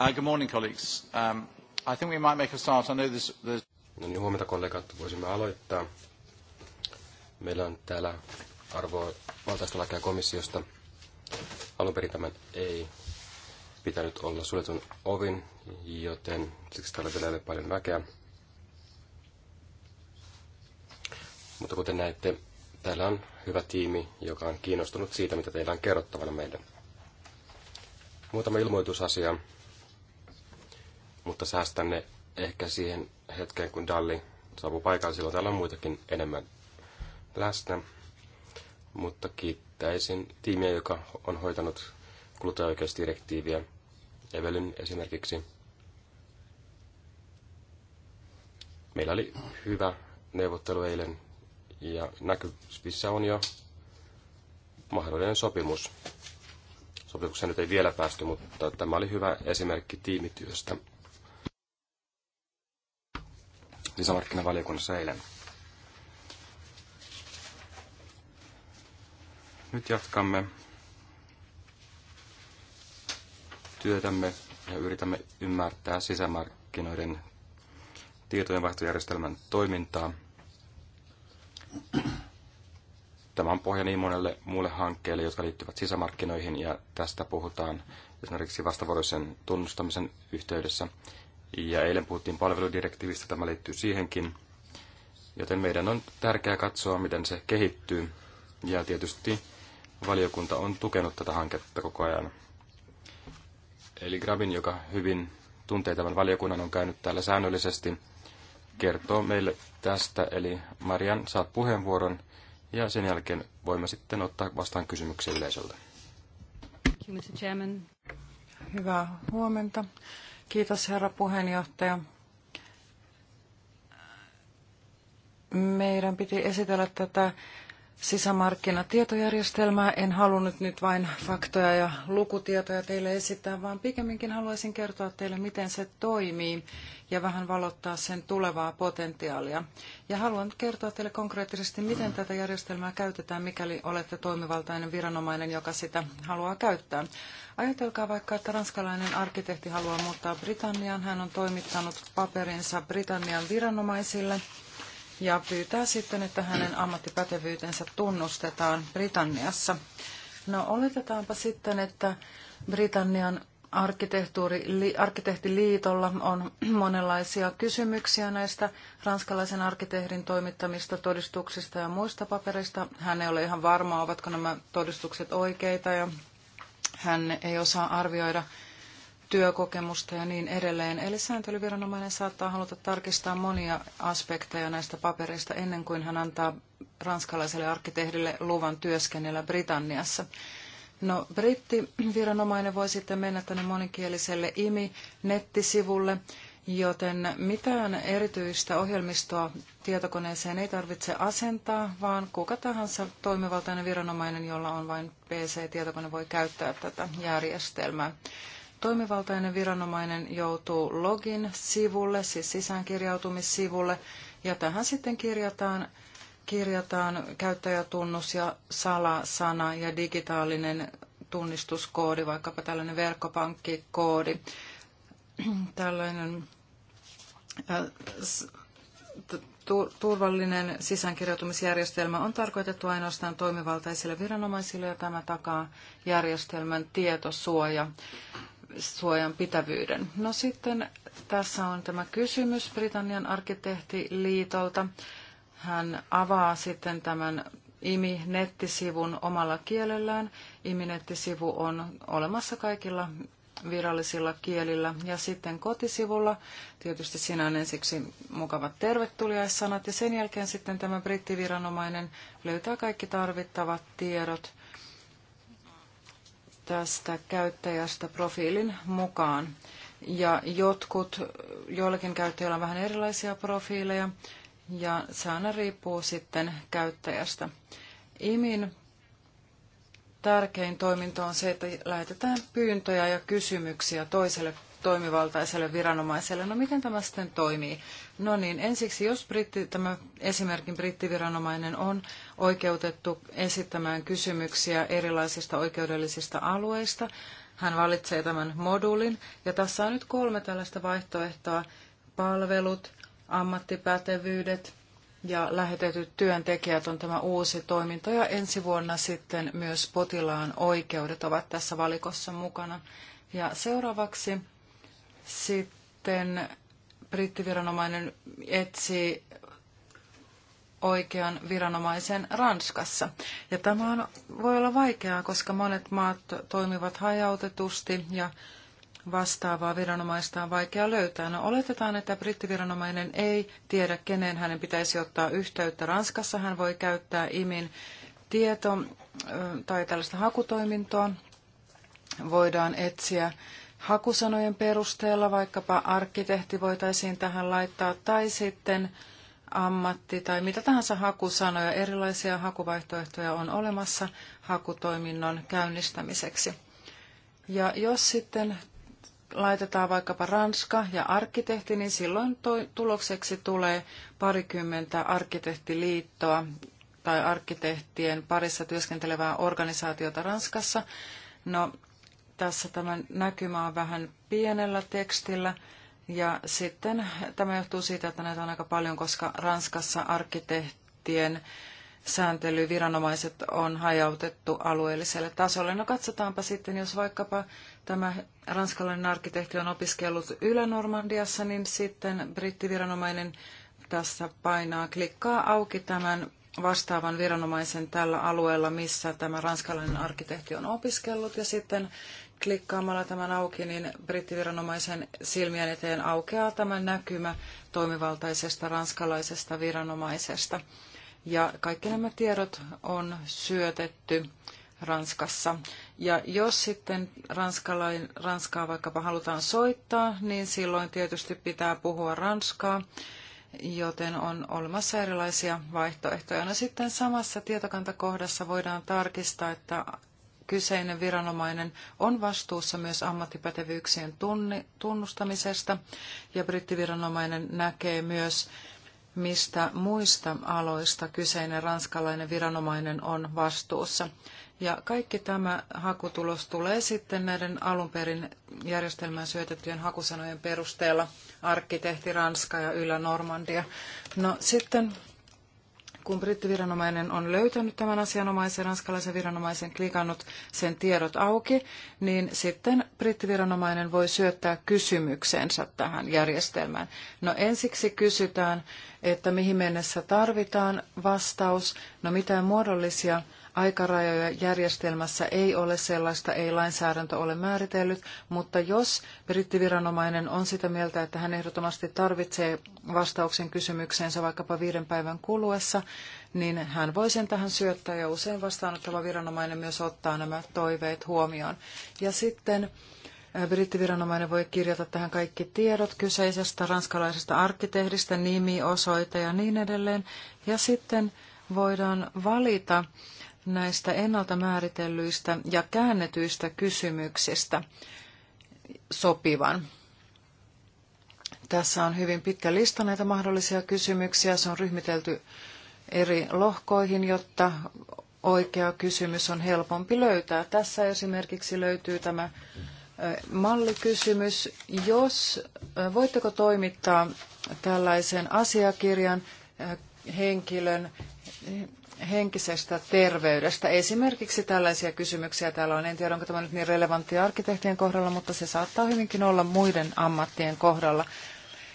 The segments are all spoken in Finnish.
Uh, good morning, colleagues. Um, I think we might make a start. I know this, No niin, huomenta kollegat, voisimme aloittaa. Meillä on täällä arvoa valtaista lakia komissiosta. Alun perin tämän ei pitänyt olla suljetun ovin, joten siksi täällä vielä ei ole paljon väkeä. Mutta kuten näette, täällä on hyvä tiimi, joka on kiinnostunut siitä, mitä teillä on kerrottavana meille. Muutama ilmoitusasia mutta säästän ne ehkä siihen hetkeen, kun Dalli saapuu paikalle. Silloin täällä on muitakin enemmän läsnä. Mutta kiittäisin tiimiä, joka on hoitanut kuluttajaoikeusdirektiiviä. Evelyn esimerkiksi. Meillä oli hyvä neuvottelu eilen ja näkyvissä on jo mahdollinen sopimus. Sopimuksen nyt ei vielä päästy, mutta tämä oli hyvä esimerkki tiimityöstä lisämarkkinavaliokunnassa eilen. Nyt jatkamme työtämme ja yritämme ymmärtää sisämarkkinoiden tietojenvaihtojärjestelmän toimintaa. Tämä on pohja niin monelle muulle hankkeelle, jotka liittyvät sisämarkkinoihin, ja tästä puhutaan esimerkiksi vastavuoroisen tunnustamisen yhteydessä. Ja eilen puhuttiin palveludirektiivistä, tämä liittyy siihenkin. Joten meidän on tärkeää katsoa, miten se kehittyy. Ja tietysti valiokunta on tukenut tätä hanketta koko ajan. Eli Grabin, joka hyvin tuntee tämän valiokunnan, on käynyt täällä säännöllisesti, kertoo meille tästä. Eli Marian, saat puheenvuoron ja sen jälkeen voimme sitten ottaa vastaan kysymyksiä yleisöltä. Hyvää huomenta. Kiitos herra puheenjohtaja. Meidän piti esitellä tätä sisämarkkinatietojärjestelmää. En halunnut nyt vain faktoja ja lukutietoja teille esittää, vaan pikemminkin haluaisin kertoa teille, miten se toimii ja vähän valottaa sen tulevaa potentiaalia. Ja haluan kertoa teille konkreettisesti, miten tätä järjestelmää käytetään, mikäli olette toimivaltainen viranomainen, joka sitä haluaa käyttää. Ajatelkaa vaikka, että ranskalainen arkkitehti haluaa muuttaa Britanniaan. Hän on toimittanut paperinsa Britannian viranomaisille – ja pyytää sitten, että hänen ammattipätevyytensä tunnustetaan Britanniassa. No oletetaanpa sitten, että Britannian arkkitehtuuri, arkkitehtiliitolla on monenlaisia kysymyksiä näistä ranskalaisen arkkitehdin toimittamista todistuksista ja muista paperista. Hän ei ole ihan varma, ovatko nämä todistukset oikeita ja hän ei osaa arvioida työkokemusta ja niin edelleen. Eli sääntelyviranomainen saattaa haluta tarkistaa monia aspekteja näistä papereista ennen kuin hän antaa ranskalaiselle arkkitehdille luvan työskennellä Britanniassa. No, brittiviranomainen voi sitten mennä tänne monikieliselle IMI-nettisivulle, joten mitään erityistä ohjelmistoa tietokoneeseen ei tarvitse asentaa, vaan kuka tahansa toimivaltainen viranomainen, jolla on vain PC-tietokone, voi käyttää tätä järjestelmää toimivaltainen viranomainen joutuu login sivulle, siis sisäänkirjautumissivulle, ja tähän sitten kirjataan, kirjataan käyttäjätunnus ja salasana ja digitaalinen tunnistuskoodi, vaikkapa tällainen verkkopankkikoodi. Tällainen turvallinen sisäänkirjautumisjärjestelmä on tarkoitettu ainoastaan toimivaltaisille viranomaisille ja tämä takaa järjestelmän tietosuoja suojan pitävyyden. No sitten tässä on tämä kysymys Britannian arkkitehtiliitolta. Hän avaa sitten tämän IMI-nettisivun omalla kielellään. IMI-nettisivu on olemassa kaikilla virallisilla kielillä. Ja sitten kotisivulla, tietysti siinä on ensiksi mukavat tervetuliaissanat ja sen jälkeen sitten tämä brittiviranomainen löytää kaikki tarvittavat tiedot tästä käyttäjästä profiilin mukaan. Ja jotkut, joillakin käyttäjillä on vähän erilaisia profiileja, ja se aina riippuu sitten käyttäjästä. IMIN tärkein toiminto on se, että lähetetään pyyntöjä ja kysymyksiä toiselle toimivaltaiselle viranomaiselle. No miten tämä sitten toimii? No niin, ensiksi jos britti, tämä esimerkin brittiviranomainen on oikeutettu esittämään kysymyksiä erilaisista oikeudellisista alueista, hän valitsee tämän moduulin. Ja tässä on nyt kolme tällaista vaihtoehtoa. Palvelut, ammattipätevyydet ja lähetetyt työntekijät on tämä uusi toiminto. Ja ensi vuonna sitten myös potilaan oikeudet ovat tässä valikossa mukana. Ja seuraavaksi sitten brittiviranomainen etsi oikean viranomaisen Ranskassa. Ja tämä on, voi olla vaikeaa, koska monet maat toimivat hajautetusti ja vastaavaa viranomaista on vaikea löytää. No oletetaan, että brittiviranomainen ei tiedä, kenen hänen pitäisi ottaa yhteyttä. Ranskassa hän voi käyttää IMIN tieto tai tällaista hakutoimintoa. Voidaan etsiä hakusanojen perusteella, vaikkapa arkkitehti voitaisiin tähän laittaa, tai sitten ammatti tai mitä tahansa hakusanoja, erilaisia hakuvaihtoehtoja on olemassa hakutoiminnon käynnistämiseksi. Ja jos sitten laitetaan vaikkapa Ranska ja arkkitehti, niin silloin toi, tulokseksi tulee parikymmentä arkkitehtiliittoa tai arkkitehtien parissa työskentelevää organisaatiota Ranskassa. No, tässä tämä näkymä on vähän pienellä tekstillä. Ja sitten tämä johtuu siitä, että näitä on aika paljon, koska Ranskassa arkkitehtien sääntelyviranomaiset on hajautettu alueelliselle tasolle. No katsotaanpa sitten, jos vaikkapa tämä ranskalainen arkkitehti on opiskellut Ylä-Normandiassa, niin sitten brittiviranomainen tässä painaa, klikkaa auki tämän vastaavan viranomaisen tällä alueella, missä tämä ranskalainen arkkitehti on opiskellut, ja sitten Klikkaamalla tämän auki, niin brittiviranomaisen silmien eteen aukeaa tämä näkymä toimivaltaisesta ranskalaisesta viranomaisesta. Ja kaikki nämä tiedot on syötetty Ranskassa. Ja jos sitten ranskalain, Ranskaa vaikkapa halutaan soittaa, niin silloin tietysti pitää puhua Ranskaa, joten on olemassa erilaisia vaihtoehtoja. No sitten samassa tietokantakohdassa voidaan tarkistaa, että kyseinen viranomainen on vastuussa myös ammattipätevyyksien tunnustamisesta ja brittiviranomainen näkee myös, mistä muista aloista kyseinen ranskalainen viranomainen on vastuussa. Ja kaikki tämä hakutulos tulee sitten näiden alun perin järjestelmään syötettyjen hakusanojen perusteella arkkitehti Ranska ja Ylä-Normandia. No sitten kun brittiviranomainen on löytänyt tämän asianomaisen ranskalaisen viranomaisen, klikannut sen tiedot auki, niin sitten brittiviranomainen voi syöttää kysymyksensä tähän järjestelmään. No ensiksi kysytään, että mihin mennessä tarvitaan vastaus. No mitään muodollisia aikarajoja järjestelmässä ei ole, sellaista ei lainsäädäntö ole määritellyt, mutta jos brittiviranomainen on sitä mieltä, että hän ehdottomasti tarvitsee vastauksen kysymykseensä vaikkapa viiden päivän kuluessa, niin hän voi sen tähän syöttää ja usein vastaanottava viranomainen myös ottaa nämä toiveet huomioon. Ja sitten Brittiviranomainen voi kirjata tähän kaikki tiedot kyseisestä ranskalaisesta arkkitehdistä, nimi, osoite ja niin edelleen. Ja sitten voidaan valita näistä ennalta määritellyistä ja käännetyistä kysymyksistä sopivan. Tässä on hyvin pitkä lista näitä mahdollisia kysymyksiä. Se on ryhmitelty eri lohkoihin, jotta oikea kysymys on helpompi löytää. Tässä esimerkiksi löytyy tämä mallikysymys. Jos, voitteko toimittaa tällaisen asiakirjan henkilön henkisestä terveydestä. Esimerkiksi tällaisia kysymyksiä täällä on. En tiedä, onko tämä nyt niin relevantti arkkitehtien kohdalla, mutta se saattaa hyvinkin olla muiden ammattien kohdalla.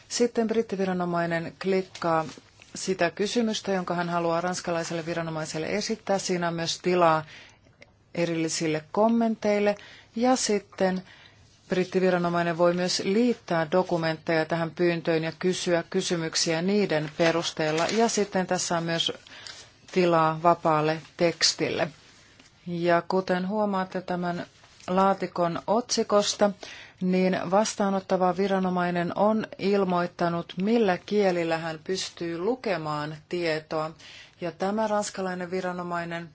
Sitten brittiviranomainen klikkaa sitä kysymystä, jonka hän haluaa ranskalaiselle viranomaiselle esittää. Siinä on myös tilaa erillisille kommenteille. Ja sitten brittiviranomainen voi myös liittää dokumentteja tähän pyyntöön ja kysyä kysymyksiä niiden perusteella. Ja sitten tässä on myös tilaa vapaalle tekstille. Ja kuten huomaatte tämän laatikon otsikosta, niin vastaanottava viranomainen on ilmoittanut, millä kielillä hän pystyy lukemaan tietoa. Ja tämä ranskalainen viranomainen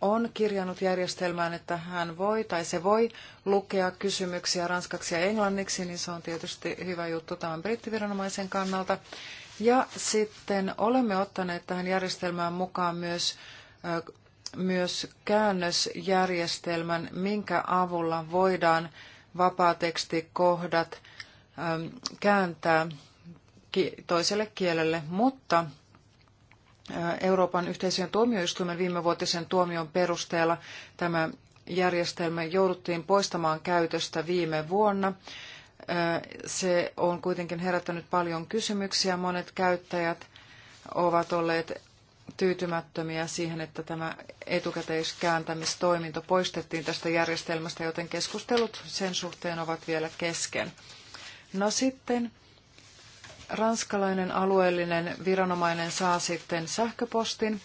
on kirjannut järjestelmään, että hän voi tai se voi lukea kysymyksiä ranskaksi ja englanniksi, niin se on tietysti hyvä juttu tämän brittiviranomaisen kannalta. Ja sitten olemme ottaneet tähän järjestelmään mukaan myös, myös käännösjärjestelmän, minkä avulla voidaan vapaatekstikohdat kääntää toiselle kielelle, mutta Euroopan yhteisön tuomioistuimen viimevuotisen tuomion perusteella tämä järjestelmä jouduttiin poistamaan käytöstä viime vuonna. Se on kuitenkin herättänyt paljon kysymyksiä. Monet käyttäjät ovat olleet tyytymättömiä siihen, että tämä etukäteiskääntämistoiminto poistettiin tästä järjestelmästä, joten keskustelut sen suhteen ovat vielä kesken. No sitten ranskalainen alueellinen viranomainen saa sitten sähköpostin,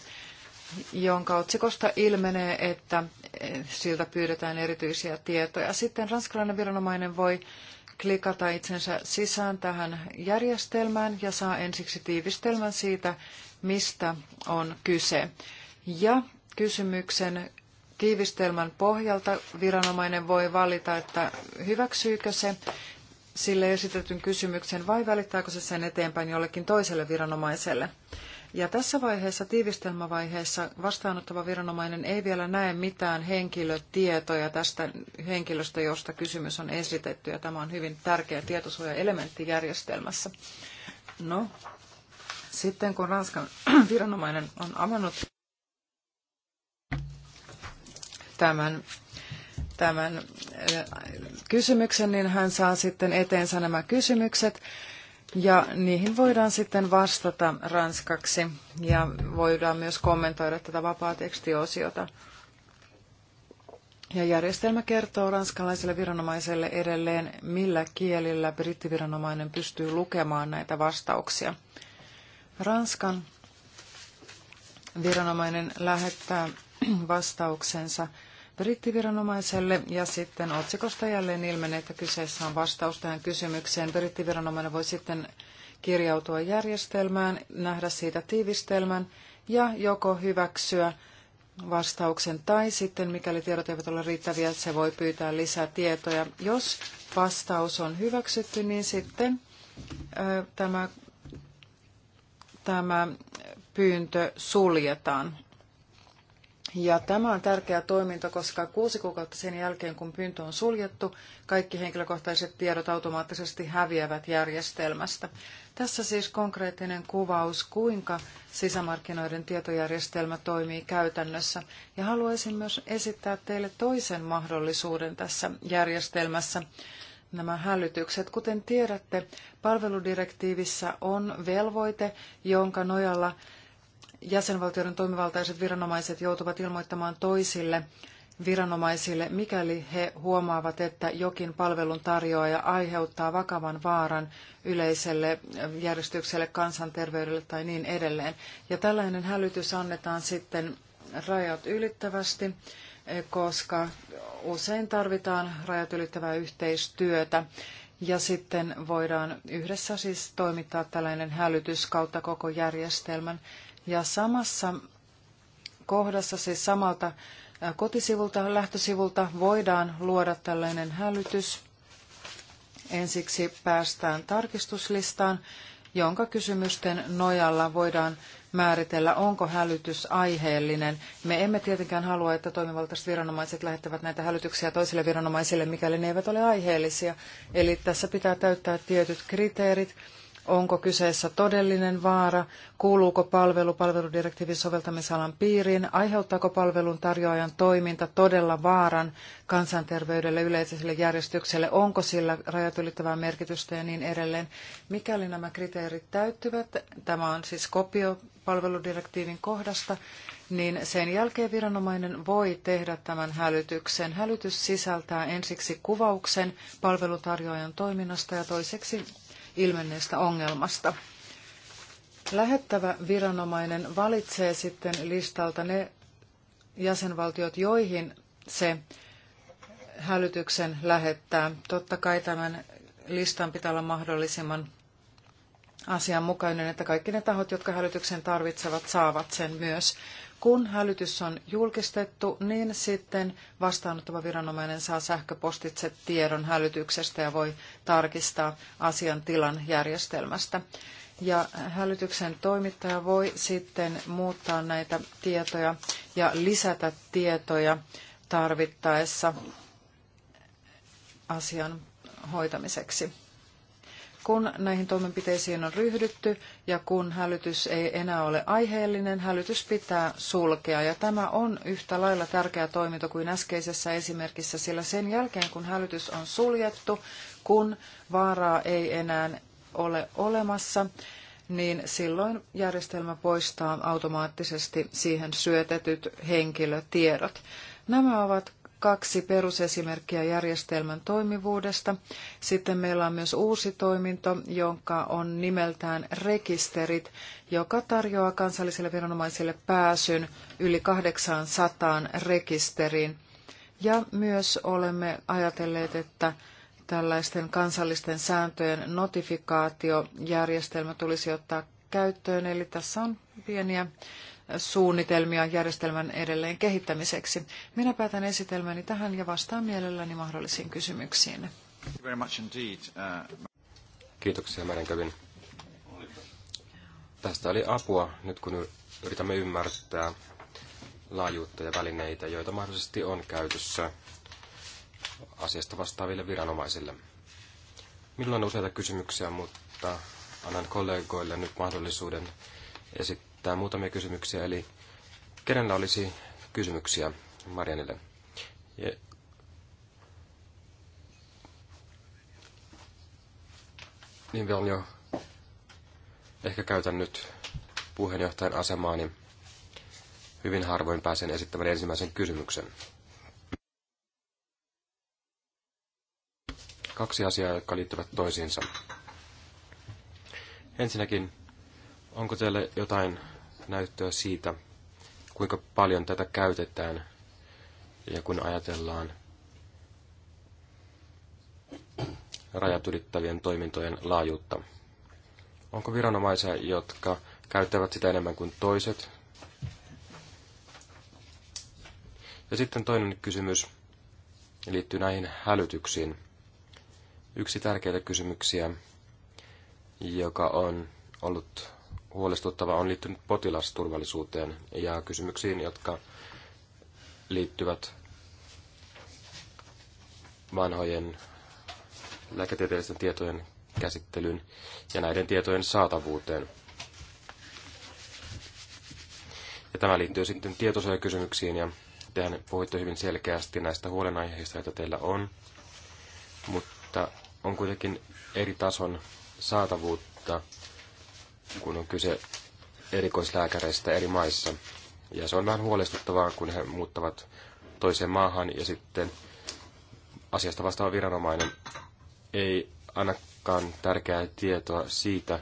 jonka otsikosta ilmenee, että siltä pyydetään erityisiä tietoja. Sitten ranskalainen viranomainen voi klikata itsensä sisään tähän järjestelmään ja saa ensiksi tiivistelmän siitä, mistä on kyse. Ja kysymyksen tiivistelmän pohjalta viranomainen voi valita, että hyväksyykö se sille esitetyn kysymyksen vai välittääkö se sen eteenpäin jollekin toiselle viranomaiselle. Ja tässä vaiheessa, tiivistelmävaiheessa, vastaanottava viranomainen ei vielä näe mitään henkilötietoja tästä henkilöstä, josta kysymys on esitetty, ja tämä on hyvin tärkeä tietosuojaelementti järjestelmässä. No, sitten kun Ranskan viranomainen on avannut tämän tämän äh, kysymyksen, niin hän saa sitten eteensä nämä kysymykset. Ja niihin voidaan sitten vastata ranskaksi ja voidaan myös kommentoida tätä vapaa tekstiosiota. Ja järjestelmä kertoo ranskalaiselle viranomaiselle edelleen, millä kielillä brittiviranomainen pystyy lukemaan näitä vastauksia. Ranskan viranomainen lähettää vastauksensa brittiviranomaiselle ja sitten otsikosta jälleen ilmenee, että kyseessä on vastaus tähän kysymykseen. Brittiviranomainen voi sitten kirjautua järjestelmään, nähdä siitä tiivistelmän ja joko hyväksyä vastauksen tai sitten, mikäli tiedot eivät ole riittäviä, se voi pyytää lisää tietoja. Jos vastaus on hyväksytty, niin sitten tämä, tämä pyyntö suljetaan. Ja tämä on tärkeä toiminto, koska kuusi kuukautta sen jälkeen, kun pyyntö on suljettu, kaikki henkilökohtaiset tiedot automaattisesti häviävät järjestelmästä. Tässä siis konkreettinen kuvaus, kuinka sisämarkkinoiden tietojärjestelmä toimii käytännössä. Ja haluaisin myös esittää teille toisen mahdollisuuden tässä järjestelmässä nämä hälytykset. Kuten tiedätte, palveludirektiivissä on velvoite, jonka nojalla jäsenvaltioiden toimivaltaiset viranomaiset joutuvat ilmoittamaan toisille viranomaisille, mikäli he huomaavat, että jokin palveluntarjoaja aiheuttaa vakavan vaaran yleiselle järjestykselle, kansanterveydelle tai niin edelleen. Ja tällainen hälytys annetaan sitten rajat ylittävästi, koska usein tarvitaan rajat ylittävää yhteistyötä. Ja sitten voidaan yhdessä siis toimittaa tällainen hälytys kautta koko järjestelmän. Ja samassa kohdassa, siis samalta kotisivulta, lähtösivulta voidaan luoda tällainen hälytys. Ensiksi päästään tarkistuslistaan, jonka kysymysten nojalla voidaan määritellä, onko hälytys aiheellinen. Me emme tietenkään halua, että toimivaltaiset viranomaiset lähettävät näitä hälytyksiä toisille viranomaisille, mikäli ne eivät ole aiheellisia. Eli tässä pitää täyttää tietyt kriteerit, onko kyseessä todellinen vaara, kuuluuko palvelu palveludirektiivin soveltamisalan piiriin, aiheuttaako palvelun tarjoajan toiminta todella vaaran kansanterveydelle, yleiselle järjestykselle, onko sillä rajat ylittävää merkitystä ja niin edelleen. Mikäli nämä kriteerit täyttyvät, tämä on siis kopio palveludirektiivin kohdasta, niin sen jälkeen viranomainen voi tehdä tämän hälytyksen. Hälytys sisältää ensiksi kuvauksen palvelutarjoajan toiminnasta ja toiseksi ilmenneestä ongelmasta. Lähettävä viranomainen valitsee sitten listalta ne jäsenvaltiot, joihin se hälytyksen lähettää. Totta kai tämän listan pitää olla mahdollisimman asianmukainen, että kaikki ne tahot, jotka hälytyksen tarvitsevat, saavat sen myös. Kun hälytys on julkistettu, niin sitten vastaanottava viranomainen saa sähköpostitse tiedon hälytyksestä ja voi tarkistaa asian tilan järjestelmästä. Ja hälytyksen toimittaja voi sitten muuttaa näitä tietoja ja lisätä tietoja tarvittaessa asian hoitamiseksi. Kun näihin toimenpiteisiin on ryhdytty ja kun hälytys ei enää ole aiheellinen, hälytys pitää sulkea. Ja tämä on yhtä lailla tärkeä toiminto kuin äskeisessä esimerkissä, sillä sen jälkeen kun hälytys on suljettu, kun vaaraa ei enää ole olemassa, niin silloin järjestelmä poistaa automaattisesti siihen syötetyt henkilötiedot. Nämä ovat kaksi perusesimerkkiä järjestelmän toimivuudesta. Sitten meillä on myös uusi toiminto, jonka on nimeltään rekisterit, joka tarjoaa kansallisille viranomaisille pääsyn yli 800 rekisteriin. Ja myös olemme ajatelleet, että tällaisten kansallisten sääntöjen notifikaatiojärjestelmä tulisi ottaa käyttöön. Eli tässä on pieniä suunnitelmia järjestelmän edelleen kehittämiseksi. Minä päätän esitelmäni tähän ja vastaan mielelläni mahdollisiin kysymyksiin. Uh, Kiitoksia Kävin. Tästä oli apua nyt kun yritämme ymmärtää laajuutta ja välineitä, joita mahdollisesti on käytössä asiasta vastaaville viranomaisille. Minulla on useita kysymyksiä, mutta annan kollegoille nyt mahdollisuuden esittää esittää muutamia kysymyksiä. Eli kenellä olisi kysymyksiä Marianille? Je- niin vielä jo ehkä käytän nyt puheenjohtajan asemaa, niin hyvin harvoin pääsen esittämään ensimmäisen kysymyksen. Kaksi asiaa, jotka liittyvät toisiinsa. Ensinnäkin, onko teille jotain näyttöä siitä, kuinka paljon tätä käytetään ja kun ajatellaan rajat ylittävien toimintojen laajuutta. Onko viranomaisia, jotka käyttävät sitä enemmän kuin toiset? Ja sitten toinen kysymys liittyy näihin hälytyksiin. Yksi tärkeitä kysymyksiä, joka on ollut huolestuttava on liittynyt potilasturvallisuuteen ja kysymyksiin, jotka liittyvät vanhojen lääketieteellisten tietojen käsittelyyn ja näiden tietojen saatavuuteen. Ja tämä liittyy sitten tietosuojakysymyksiin ja tehän puhuitte hyvin selkeästi näistä huolenaiheista, joita teillä on, mutta on kuitenkin eri tason saatavuutta kun on kyse erikoislääkäreistä eri maissa. Ja se on vähän huolestuttavaa, kun he muuttavat toiseen maahan ja sitten asiasta vastaava viranomainen ei annakaan tärkeää tietoa siitä,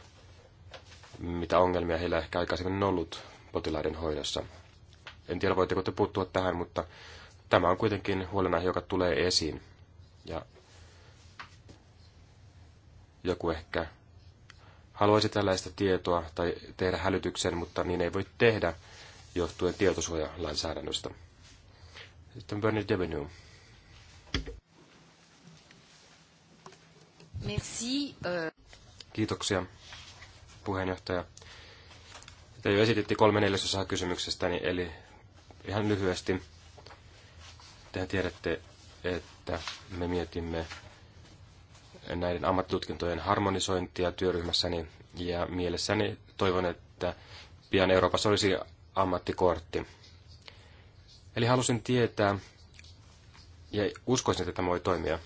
mitä ongelmia heillä ehkä aikaisemmin on ollut potilaiden hoidossa. En tiedä, voitteko te puuttua tähän, mutta tämä on kuitenkin huolenaihe, joka tulee esiin. Ja joku ehkä haluaisi tällaista tietoa tai tehdä hälytyksen, mutta niin ei voi tehdä johtuen tietosuojalainsäädännöstä. Sitten Bernie Devenue. Merci. Euh. Kiitoksia, puheenjohtaja. Te jo esitettiin kolme neljäsosaa kysymyksestäni, eli ihan lyhyesti. Tehän tiedätte, että me mietimme näiden ammattitutkintojen harmonisointia työryhmässäni ja mielessäni toivon, että pian Euroopassa olisi ammattikortti. Eli halusin tietää, ja uskoisin, että tämä voi toimia,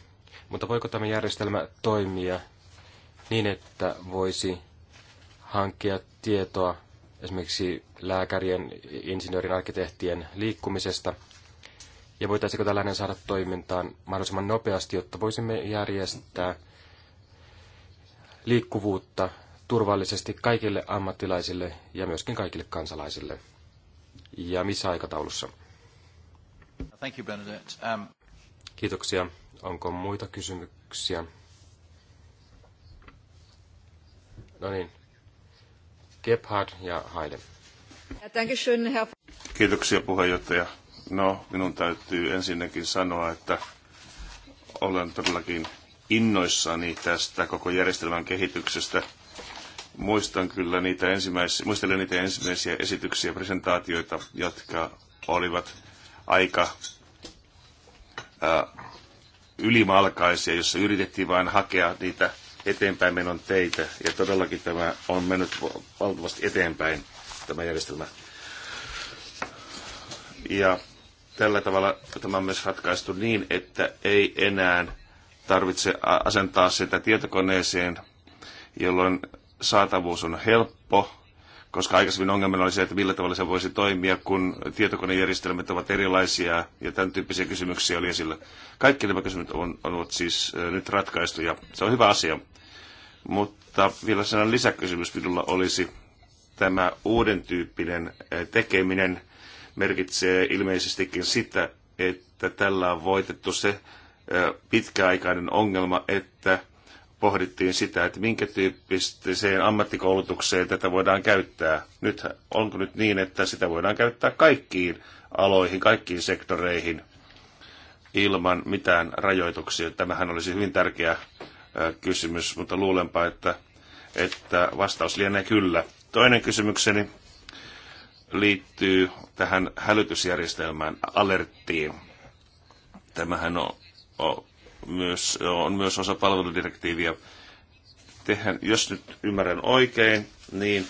mutta voiko tämä järjestelmä toimia niin, että voisi hankkia tietoa esimerkiksi lääkärien, insinöörin, arkkitehtien liikkumisesta, ja voitaisiinko tällainen saada toimintaan mahdollisimman nopeasti, jotta voisimme järjestää liikkuvuutta turvallisesti kaikille ammattilaisille ja myöskin kaikille kansalaisille? Ja missä aikataulussa? Thank you, Um... Kiitoksia. Onko muita kysymyksiä? No niin. Gebhard ja Haide. Kiitoksia puheenjohtaja. No, minun täytyy ensinnäkin sanoa, että olen todellakin innoissani tästä koko järjestelmän kehityksestä. Muistan kyllä niitä ensimmäisiä, muistelen niitä ensimmäisiä esityksiä ja presentaatioita, jotka olivat aika ää, ylimalkaisia, jossa yritettiin vain hakea niitä eteenpäin menon teitä. Ja todellakin tämä on mennyt valtavasti eteenpäin, tämä järjestelmä. Ja tällä tavalla tämä on myös ratkaistu niin, että ei enää tarvitse asentaa sitä tietokoneeseen, jolloin saatavuus on helppo, koska aikaisemmin ongelmana oli se, että millä tavalla se voisi toimia, kun tietokonejärjestelmät ovat erilaisia ja tämän tyyppisiä kysymyksiä oli esillä. Kaikki nämä kysymykset on, on ollut siis nyt ratkaistu ja se on hyvä asia. Mutta vielä sellainen lisäkysymys minulla olisi tämä uuden tyyppinen tekeminen merkitsee ilmeisestikin sitä, että tällä on voitettu se pitkäaikainen ongelma, että pohdittiin sitä, että minkä tyyppiseen ammattikoulutukseen tätä voidaan käyttää. Nyt onko nyt niin, että sitä voidaan käyttää kaikkiin aloihin, kaikkiin sektoreihin ilman mitään rajoituksia. Tämähän olisi hyvin tärkeä kysymys, mutta luulenpa, että, että vastaus lienee kyllä. Toinen kysymykseni liittyy tähän hälytysjärjestelmään, alerttiin. Tämähän on myös, on myös osa palveludirektiiviä. Tehän, jos nyt ymmärrän oikein, niin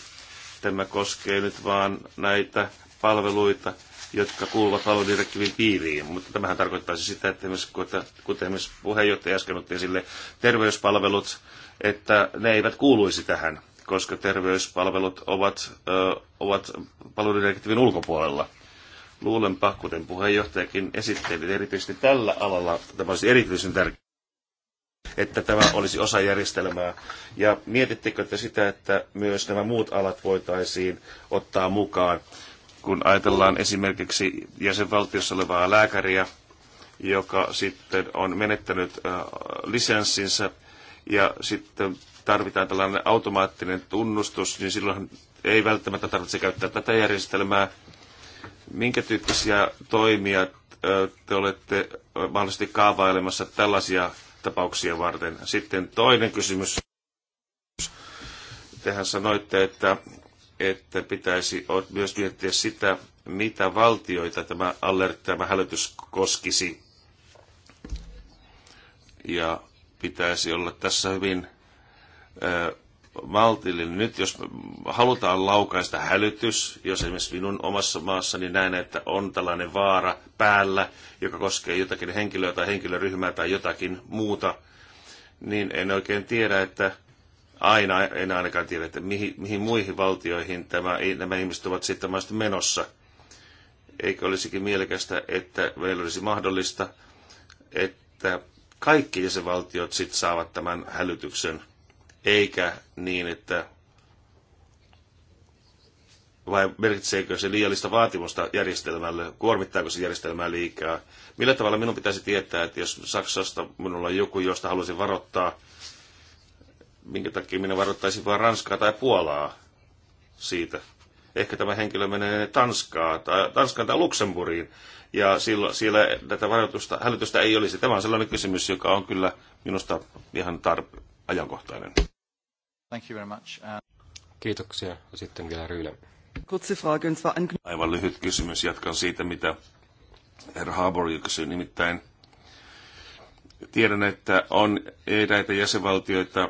tämä koskee nyt vaan näitä palveluita, jotka kuuluvat palveludirektiivin piiriin. Mutta tämähän tarkoittaisi sitä, että esimerkiksi, kuten esimerkiksi puheenjohtaja äsken otti esille, terveyspalvelut, että ne eivät kuuluisi tähän, koska terveyspalvelut ovat, ö, ovat palveludirektiivin ulkopuolella. Luulenpa, kuten puheenjohtajakin esitteli, erityisesti tällä alalla tämä olisi erityisen tärkeää, että tämä olisi osa järjestelmää. Ja mietittekö te sitä, että myös nämä muut alat voitaisiin ottaa mukaan, kun ajatellaan esimerkiksi jäsenvaltiossa olevaa lääkäriä, joka sitten on menettänyt äh, lisenssinsä ja sitten tarvitaan tällainen automaattinen tunnustus, niin silloin ei välttämättä tarvitse käyttää tätä järjestelmää, Minkä tyyppisiä toimia äh, te olette äh, mahdollisesti kaavailemassa tällaisia tapauksia varten? Sitten toinen kysymys. Tehän sanoitte, että, että pitäisi myös miettiä sitä, mitä valtioita tämä alert, tämä hälytys koskisi. Ja pitäisi olla tässä hyvin äh, maltillinen. Nyt jos halutaan laukaista hälytys, jos esimerkiksi minun omassa maassani näen, että on tällainen vaara päällä, joka koskee jotakin henkilöä tai henkilöryhmää tai jotakin muuta, niin en oikein tiedä, että aina, en ainakaan tiedä, että mihin, mihin muihin valtioihin tämä, nämä ihmiset ovat sitten menossa. Eikö olisikin mielekästä, että meillä olisi mahdollista, että kaikki jäsenvaltiot sitten saavat tämän hälytyksen – eikä niin, että vai merkitseekö se liiallista vaatimusta järjestelmälle, kuormittaako se järjestelmää liikaa. Millä tavalla minun pitäisi tietää, että jos Saksasta minulla on joku, josta haluaisin varoittaa, minkä takia minä varoittaisin vain Ranskaa tai Puolaa siitä. Ehkä tämä henkilö menee Tanskaan tai, Tanskaan tai Luxemburgiin, ja silloin, siellä tätä varoitusta, hälytystä ei olisi. Tämä on sellainen kysymys, joka on kyllä minusta ihan tarpeen ajankohtainen. Thank you very much. Uh, Kiitoksia. Ja sitten vielä Ryle. Aivan lyhyt kysymys. Jatkan siitä, mitä herra Haabor kysyi. Nimittäin tiedän, että on eräitä jäsenvaltioita,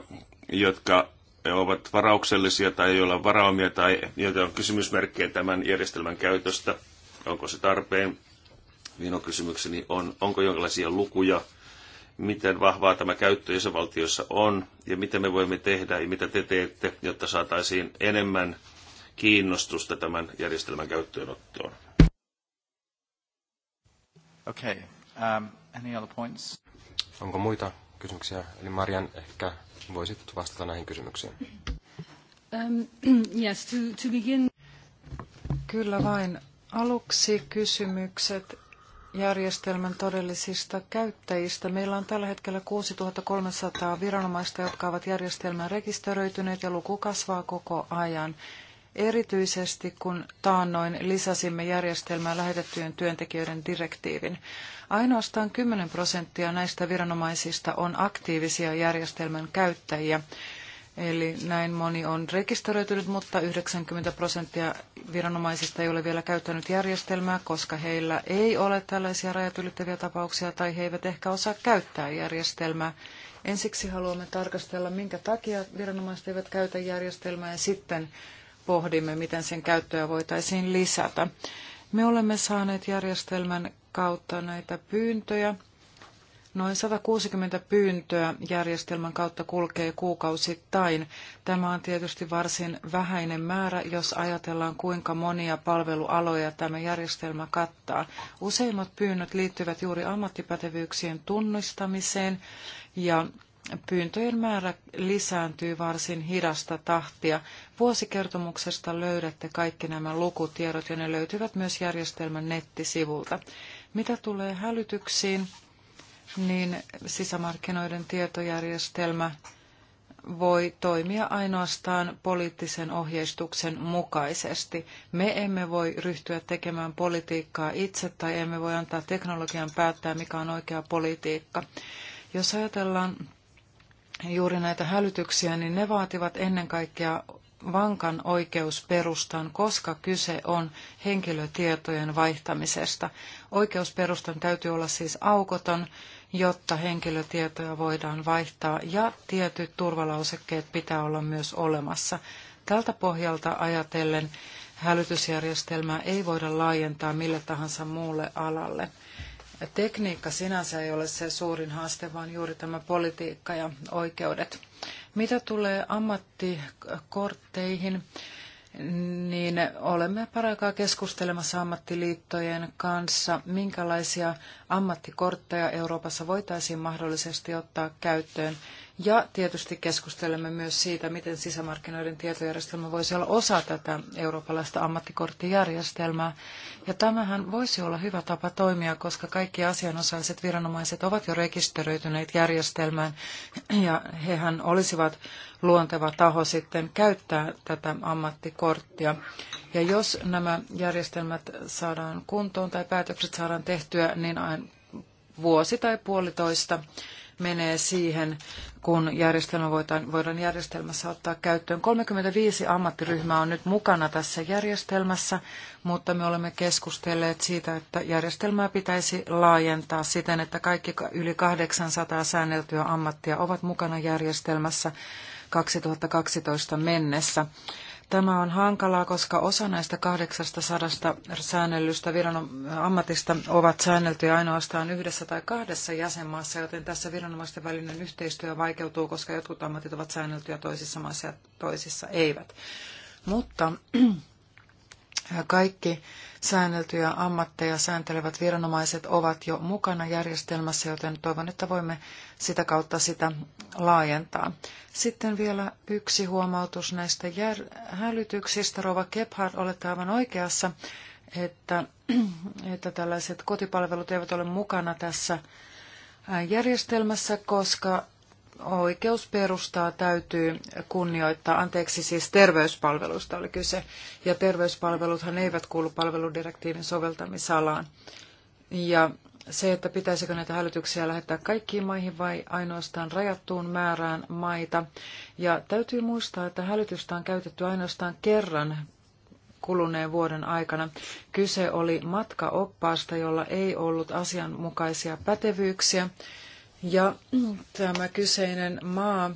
jotka ovat varauksellisia tai joilla on varaumia tai joita on kysymysmerkkejä tämän järjestelmän käytöstä. Onko se tarpeen? Minun kysymykseni on, onko jonkinlaisia lukuja, miten vahvaa tämä käyttö jäsenvaltioissa on ja mitä me voimme tehdä ja mitä te teette, jotta saataisiin enemmän kiinnostusta tämän järjestelmän käyttöönottoon. Okay. Um, any other points? Onko muita kysymyksiä? Eli Marian, ehkä voisit vastata näihin kysymyksiin. Um, yes, to, to begin. Kyllä vain. Aluksi kysymykset järjestelmän todellisista käyttäjistä. Meillä on tällä hetkellä 6300 viranomaista, jotka ovat järjestelmään rekisteröityneet ja luku kasvaa koko ajan. Erityisesti kun taannoin lisäsimme järjestelmään lähetettyjen työntekijöiden direktiivin. Ainoastaan 10 prosenttia näistä viranomaisista on aktiivisia järjestelmän käyttäjiä. Eli näin moni on rekisteröitynyt, mutta 90 prosenttia viranomaisista ei ole vielä käyttänyt järjestelmää, koska heillä ei ole tällaisia rajat ylittäviä tapauksia tai he eivät ehkä osaa käyttää järjestelmää. Ensiksi haluamme tarkastella, minkä takia viranomaiset eivät käytä järjestelmää ja sitten pohdimme, miten sen käyttöä voitaisiin lisätä. Me olemme saaneet järjestelmän kautta näitä pyyntöjä Noin 160 pyyntöä järjestelmän kautta kulkee kuukausittain. Tämä on tietysti varsin vähäinen määrä, jos ajatellaan kuinka monia palvelualoja tämä järjestelmä kattaa. Useimmat pyynnöt liittyvät juuri ammattipätevyyksien tunnistamiseen ja Pyyntöjen määrä lisääntyy varsin hidasta tahtia. Vuosikertomuksesta löydätte kaikki nämä lukutiedot ja ne löytyvät myös järjestelmän nettisivulta. Mitä tulee hälytyksiin, niin sisämarkkinoiden tietojärjestelmä voi toimia ainoastaan poliittisen ohjeistuksen mukaisesti. Me emme voi ryhtyä tekemään politiikkaa itse tai emme voi antaa teknologian päättää, mikä on oikea politiikka. Jos ajatellaan juuri näitä hälytyksiä, niin ne vaativat ennen kaikkea vankan oikeusperustan, koska kyse on henkilötietojen vaihtamisesta. Oikeusperustan täytyy olla siis aukoton jotta henkilötietoja voidaan vaihtaa ja tietyt turvalausekkeet pitää olla myös olemassa. Tältä pohjalta ajatellen hälytysjärjestelmää ei voida laajentaa mille tahansa muulle alalle. Tekniikka sinänsä ei ole se suurin haaste, vaan juuri tämä politiikka ja oikeudet. Mitä tulee ammattikortteihin, niin olemme paraikaa keskustelemassa ammattiliittojen kanssa, minkälaisia ammattikortteja Euroopassa voitaisiin mahdollisesti ottaa käyttöön ja tietysti keskustelemme myös siitä, miten sisämarkkinoiden tietojärjestelmä voisi olla osa tätä eurooppalaista ammattikorttijärjestelmää. Ja tämähän voisi olla hyvä tapa toimia, koska kaikki asianosaiset viranomaiset ovat jo rekisteröityneet järjestelmään ja hehän olisivat luonteva taho sitten käyttää tätä ammattikorttia. Ja jos nämä järjestelmät saadaan kuntoon tai päätökset saadaan tehtyä, niin vuosi tai puolitoista menee siihen, kun järjestelmä voidaan, voidaan järjestelmässä ottaa käyttöön. 35 ammattiryhmää on nyt mukana tässä järjestelmässä, mutta me olemme keskustelleet siitä, että järjestelmää pitäisi laajentaa siten, että kaikki yli 800 säänneltyä ammattia ovat mukana järjestelmässä 2012 mennessä. Tämä on hankalaa, koska osa näistä 800 säännellystä ammatista ovat säänneltyjä ainoastaan yhdessä tai kahdessa jäsenmaassa, joten tässä viranomaisten välinen yhteistyö vaikeutuu, koska jotkut ammatit ovat säänneltyjä toisissa maissa ja toisissa eivät. Mutta kaikki säänneltyjä ammatteja sääntelevät viranomaiset ovat jo mukana järjestelmässä, joten toivon, että voimme sitä kautta sitä laajentaa. Sitten vielä yksi huomautus näistä jär- hälytyksistä. Rova Gebhard, olette aivan oikeassa, että, että tällaiset kotipalvelut eivät ole mukana tässä järjestelmässä, koska oikeusperustaa täytyy kunnioittaa, anteeksi siis terveyspalveluista oli kyse, ja terveyspalveluthan eivät kuulu palveludirektiivin soveltamisalaan. Ja se, että pitäisikö näitä hälytyksiä lähettää kaikkiin maihin vai ainoastaan rajattuun määrään maita. Ja täytyy muistaa, että hälytystä on käytetty ainoastaan kerran kuluneen vuoden aikana. Kyse oli matkaoppaasta, jolla ei ollut asianmukaisia pätevyyksiä. Ja tämä kyseinen maa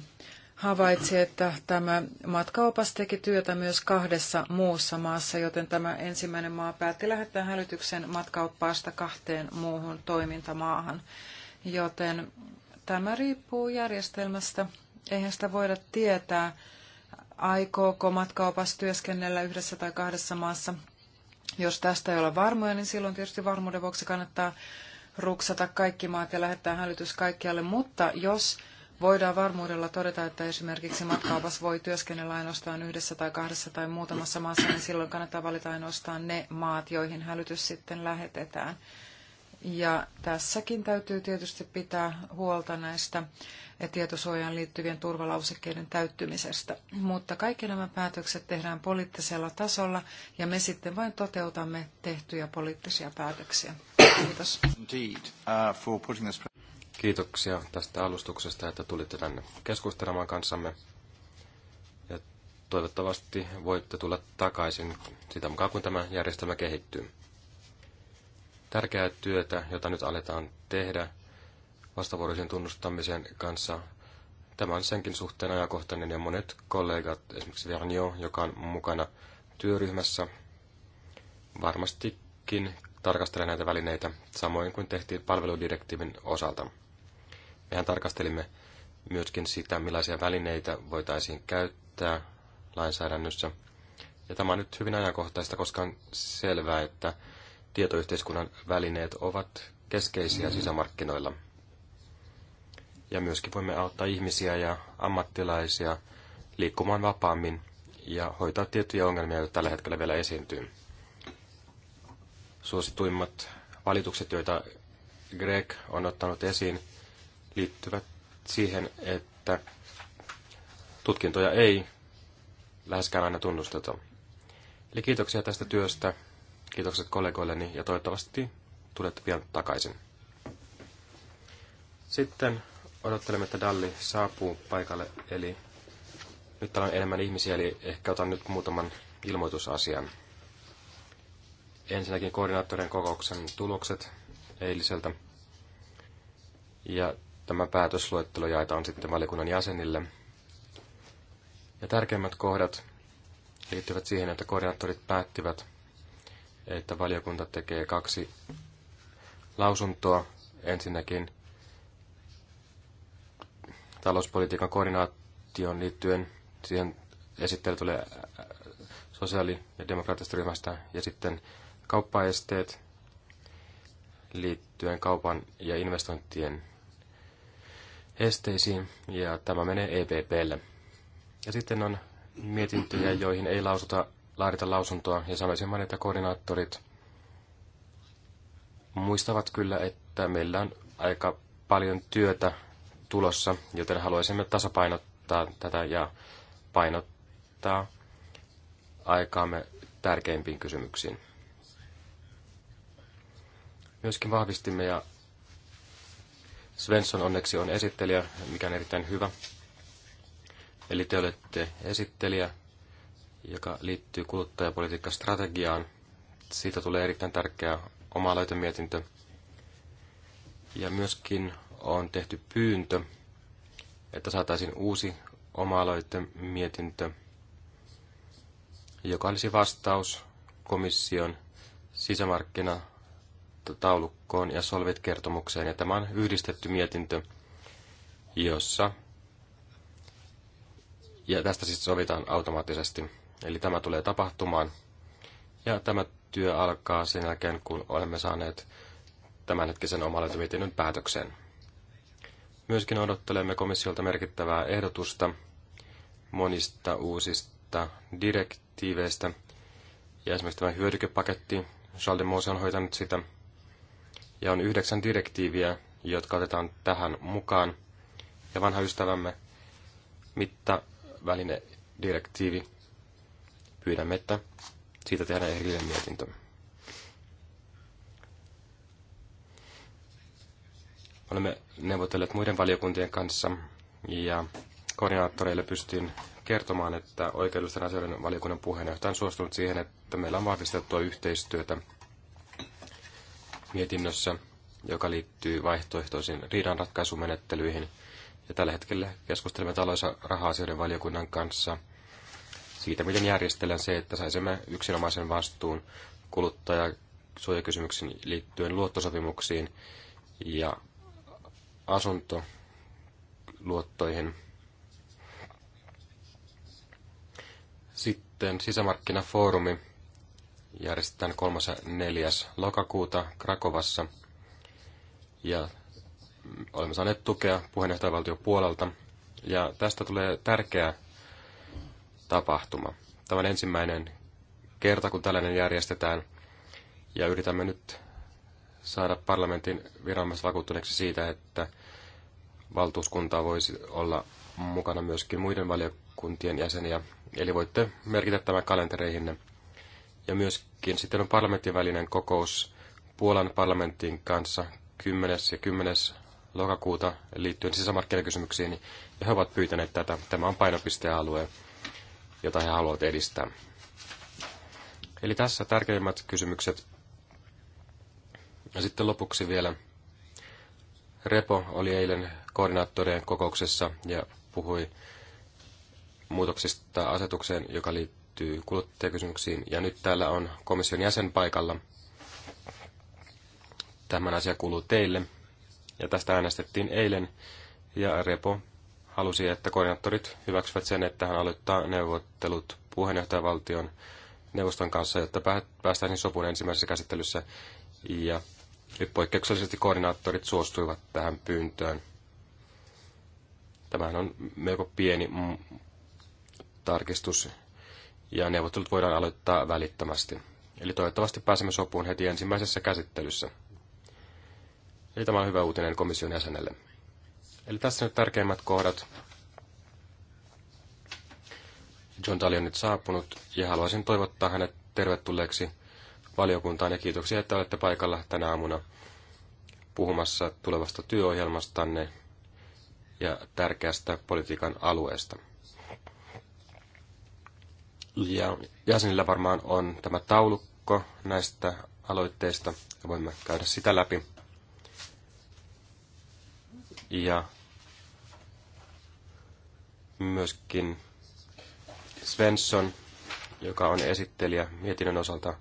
havaitsi, että tämä matkaopas teki työtä myös kahdessa muussa maassa, joten tämä ensimmäinen maa päätti lähettää hälytyksen matkaoppaasta kahteen muuhun toimintamaahan. Joten tämä riippuu järjestelmästä. Eihän sitä voida tietää, aikooko matkaopas työskennellä yhdessä tai kahdessa maassa. Jos tästä ei ole varmoja, niin silloin tietysti varmuuden vuoksi kannattaa ruksata kaikki maat ja lähettää hälytys kaikkialle, mutta jos voidaan varmuudella todeta, että esimerkiksi matkaopas voi työskennellä ainoastaan yhdessä tai kahdessa tai muutamassa maassa, niin silloin kannattaa valita ainoastaan ne maat, joihin hälytys sitten lähetetään. Ja tässäkin täytyy tietysti pitää huolta näistä tietosuojaan liittyvien turvalausekkeiden täyttymisestä. Mutta kaikki nämä päätökset tehdään poliittisella tasolla ja me sitten vain toteutamme tehtyjä poliittisia päätöksiä. Kiitos. Uh, Kiitoksia tästä alustuksesta, että tulitte tänne keskustelemaan kanssamme. Ja toivottavasti voitte tulla takaisin sitä mukaan, kun tämä järjestelmä kehittyy. Tärkeää työtä, jota nyt aletaan tehdä vastavuoroisen tunnustamisen kanssa, tämä on senkin suhteen ajankohtainen ja monet kollegat, esimerkiksi Vernio, joka on mukana työryhmässä, varmastikin tarkastella näitä välineitä, samoin kuin tehtiin palveludirektiivin osalta. Mehän tarkastelimme myöskin sitä, millaisia välineitä voitaisiin käyttää lainsäädännössä. Ja tämä on nyt hyvin ajankohtaista, koska on selvää, että tietoyhteiskunnan välineet ovat keskeisiä sisämarkkinoilla. Ja myöskin voimme auttaa ihmisiä ja ammattilaisia liikkumaan vapaammin ja hoitaa tiettyjä ongelmia, joita tällä hetkellä vielä esiintyy suosituimmat valitukset, joita Greg on ottanut esiin, liittyvät siihen, että tutkintoja ei läheskään aina tunnusteta. Eli kiitoksia tästä työstä, kiitokset kollegoilleni ja toivottavasti tulette pian takaisin. Sitten odottelemme, että Dalli saapuu paikalle, eli nyt täällä on enemmän ihmisiä, eli ehkä otan nyt muutaman ilmoitusasian. Ensinnäkin koordinaattorien kokouksen tulokset eiliseltä. Ja tämä päätösluettelo jaetaan sitten valiokunnan jäsenille. Ja tärkeimmät kohdat liittyvät siihen, että koordinaattorit päättivät, että valiokunta tekee kaksi lausuntoa. Ensinnäkin talouspolitiikan koordinaation liittyen siihen esittely tulee sosiaali- ja demokraattisesta ryhmästä ja sitten kauppaesteet liittyen kaupan ja investointien esteisiin, ja tämä menee EPPlle. Ja sitten on mietintöjä, joihin ei lausuta, laadita lausuntoa, ja sanoisin vain, että koordinaattorit muistavat kyllä, että meillä on aika paljon työtä tulossa, joten haluaisimme tasapainottaa tätä ja painottaa aikaamme tärkeimpiin kysymyksiin myöskin vahvistimme ja Svensson onneksi on esittelijä, mikä on erittäin hyvä. Eli te olette esittelijä, joka liittyy kuluttajapolitiikkastrategiaan. Siitä tulee erittäin tärkeä oma löytömietintö. Ja myöskin on tehty pyyntö, että saataisiin uusi oma mietintö, joka olisi vastaus komission sisämarkkina taulukkoon ja Solvit-kertomukseen. Ja tämä on yhdistetty mietintö, jossa... Ja tästä siis sovitaan automaattisesti. Eli tämä tulee tapahtumaan. Ja tämä työ alkaa sen jälkeen, kun olemme saaneet tämänhetkisen omalentamietinnön päätökseen. Myöskin odottelemme komissiolta merkittävää ehdotusta monista uusista direktiiveistä. Ja esimerkiksi tämä hyödykepaketti, Charles Mose on hoitanut sitä ja on yhdeksän direktiiviä, jotka otetaan tähän mukaan. Ja vanha ystävämme direktiivi pyydämme, että siitä tehdään erillinen mietintö. Olemme neuvotelleet muiden valiokuntien kanssa ja koordinaattoreille pystyin kertomaan, että oikeudellisten asioiden valiokunnan puheenjohtaja on suostunut siihen, että meillä on vahvistettua yhteistyötä mietinnössä, joka liittyy vaihtoehtoisiin riidanratkaisumenettelyihin. Ja tällä hetkellä keskustelemme taloissa raha-asioiden valiokunnan kanssa siitä, miten järjestellään se, että saisimme yksinomaisen vastuun kuluttajasuojakysymyksiin liittyen luottosopimuksiin ja asuntoluottoihin. Sitten sisämarkkinafoorumi järjestetään 3. ja 4. lokakuuta Krakovassa. Ja olemme saaneet tukea puheenjohtajavaltio puolelta. Ja tästä tulee tärkeä tapahtuma. Tämä on ensimmäinen kerta, kun tällainen järjestetään. Ja yritämme nyt saada parlamentin vakuuttuneeksi siitä, että valtuuskunta voisi olla mukana myöskin muiden valiokuntien jäseniä. Eli voitte merkitä tämän kalentereihinne. Ja myöskin sitten on parlamentin välinen kokous Puolan parlamentin kanssa 10. ja 10. lokakuuta liittyen sisämarkkinakysymyksiin. Ja he ovat pyytäneet tätä. Tämä on painopistealue, jota he haluavat edistää. Eli tässä tärkeimmät kysymykset. Ja sitten lopuksi vielä. Repo oli eilen koordinaattorien kokouksessa ja puhui muutoksista asetukseen, joka liittyy liittyy kuluttajakysymyksiin. Ja nyt täällä on komission jäsen paikalla. Tämän asia kuuluu teille. Ja tästä äänestettiin eilen. Ja Repo halusi, että koordinaattorit hyväksyvät sen, että hän aloittaa neuvottelut puheenjohtajavaltion neuvoston kanssa, jotta päästäisiin sopuun ensimmäisessä käsittelyssä. Ja nyt poikkeuksellisesti koordinaattorit suostuivat tähän pyyntöön. Tämähän on melko pieni tarkistus ja neuvottelut voidaan aloittaa välittömästi. Eli toivottavasti pääsemme sopuun heti ensimmäisessä käsittelyssä. Eli tämä on hyvä uutinen komission jäsenelle. Eli tässä nyt tärkeimmät kohdat. John Daly on nyt saapunut ja haluaisin toivottaa hänet tervetulleeksi valiokuntaan ja kiitoksia, että olette paikalla tänä aamuna puhumassa tulevasta työohjelmastanne ja tärkeästä politiikan alueesta. Ja jäsenillä varmaan on tämä taulukko näistä aloitteista. Ja voimme käydä sitä läpi. Ja myöskin Svensson, joka on esittelijä mietinnön osalta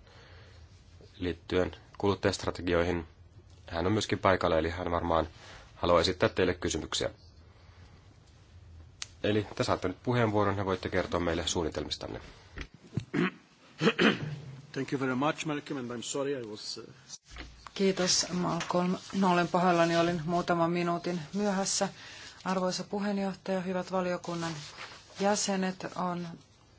liittyen kuluttajastrategioihin. Hän on myöskin paikalla, eli hän varmaan haluaa esittää teille kysymyksiä. Eli te saatte nyt puheenvuoron ja voitte kertoa meille suunnitelmistanne. Thank you very much, Malcolm, and I'm sorry I was... Uh, Kiitos, Malcolm. No, olen pahoillani, olin muutaman minuutin myöhässä. Arvoisa puheenjohtaja, hyvät valiokunnan jäsenet, on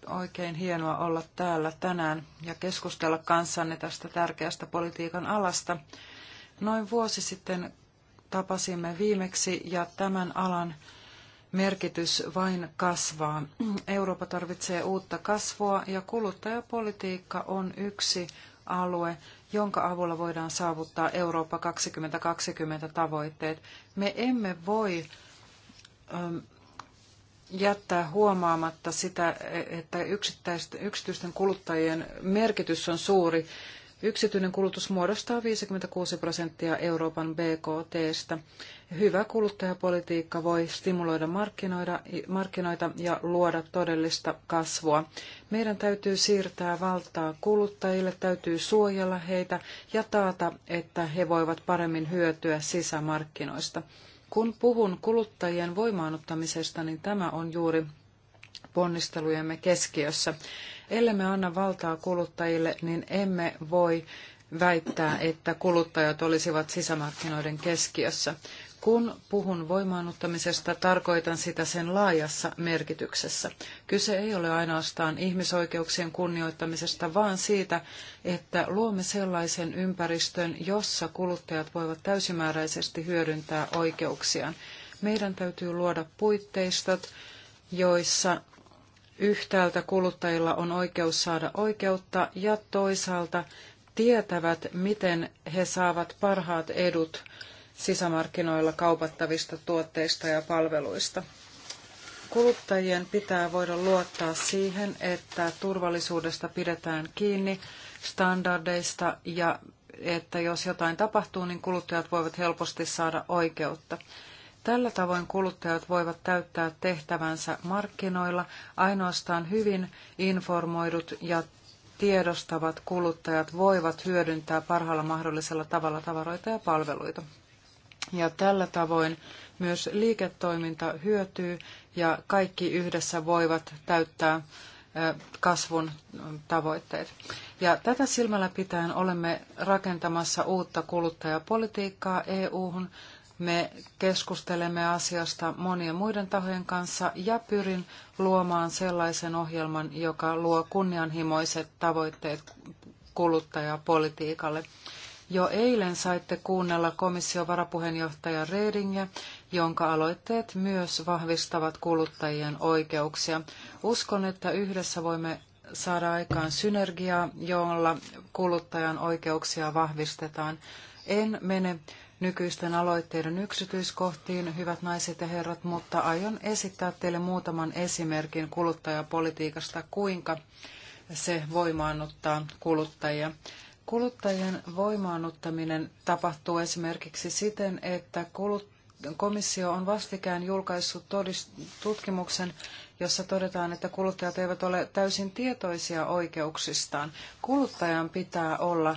oikein hienoa olla täällä tänään ja keskustella kanssanne tästä tärkeästä politiikan alasta. Noin vuosi sitten tapasimme viimeksi ja tämän alan merkitys vain kasvaa. Eurooppa tarvitsee uutta kasvua ja kuluttajapolitiikka on yksi alue, jonka avulla voidaan saavuttaa Eurooppa 2020 tavoitteet. Me emme voi ähm, jättää huomaamatta sitä, että yksittäisten, yksityisten kuluttajien merkitys on suuri. Yksityinen kulutus muodostaa 56 prosenttia Euroopan BKTstä. Hyvä kuluttajapolitiikka voi stimuloida markkinoita ja luoda todellista kasvua. Meidän täytyy siirtää valtaa kuluttajille, täytyy suojella heitä ja taata, että he voivat paremmin hyötyä sisämarkkinoista. Kun puhun kuluttajien voimaannuttamisesta, niin tämä on juuri ponnistelujemme keskiössä. Ellemme anna valtaa kuluttajille, niin emme voi väittää, että kuluttajat olisivat sisämarkkinoiden keskiössä. Kun puhun voimaannuttamisesta, tarkoitan sitä sen laajassa merkityksessä. Kyse ei ole ainoastaan ihmisoikeuksien kunnioittamisesta, vaan siitä, että luomme sellaisen ympäristön, jossa kuluttajat voivat täysimääräisesti hyödyntää oikeuksiaan. Meidän täytyy luoda puitteistot, joissa Yhtäältä kuluttajilla on oikeus saada oikeutta ja toisaalta tietävät, miten he saavat parhaat edut sisämarkkinoilla kaupattavista tuotteista ja palveluista. Kuluttajien pitää voida luottaa siihen, että turvallisuudesta pidetään kiinni standardeista ja että jos jotain tapahtuu, niin kuluttajat voivat helposti saada oikeutta. Tällä tavoin kuluttajat voivat täyttää tehtävänsä markkinoilla. Ainoastaan hyvin informoidut ja tiedostavat kuluttajat voivat hyödyntää parhaalla mahdollisella tavalla tavaroita ja palveluita. Ja tällä tavoin myös liiketoiminta hyötyy ja kaikki yhdessä voivat täyttää kasvun tavoitteet. Ja tätä silmällä pitäen olemme rakentamassa uutta kuluttajapolitiikkaa EU-hun, me keskustelemme asiasta monien muiden tahojen kanssa ja pyrin luomaan sellaisen ohjelman, joka luo kunnianhimoiset tavoitteet kuluttajapolitiikalle. Jo eilen saitte kuunnella komission varapuheenjohtaja Redingiä, jonka aloitteet myös vahvistavat kuluttajien oikeuksia. Uskon, että yhdessä voimme saada aikaan synergiaa, jolla kuluttajan oikeuksia vahvistetaan. En mene nykyisten aloitteiden yksityiskohtiin, hyvät naiset ja herrat, mutta aion esittää teille muutaman esimerkin kuluttajapolitiikasta, kuinka se voimaannuttaa kuluttajia. Kuluttajien voimaannuttaminen tapahtuu esimerkiksi siten, että komissio on vastikään julkaissut tutkimuksen, jossa todetaan, että kuluttajat eivät ole täysin tietoisia oikeuksistaan. Kuluttajan pitää olla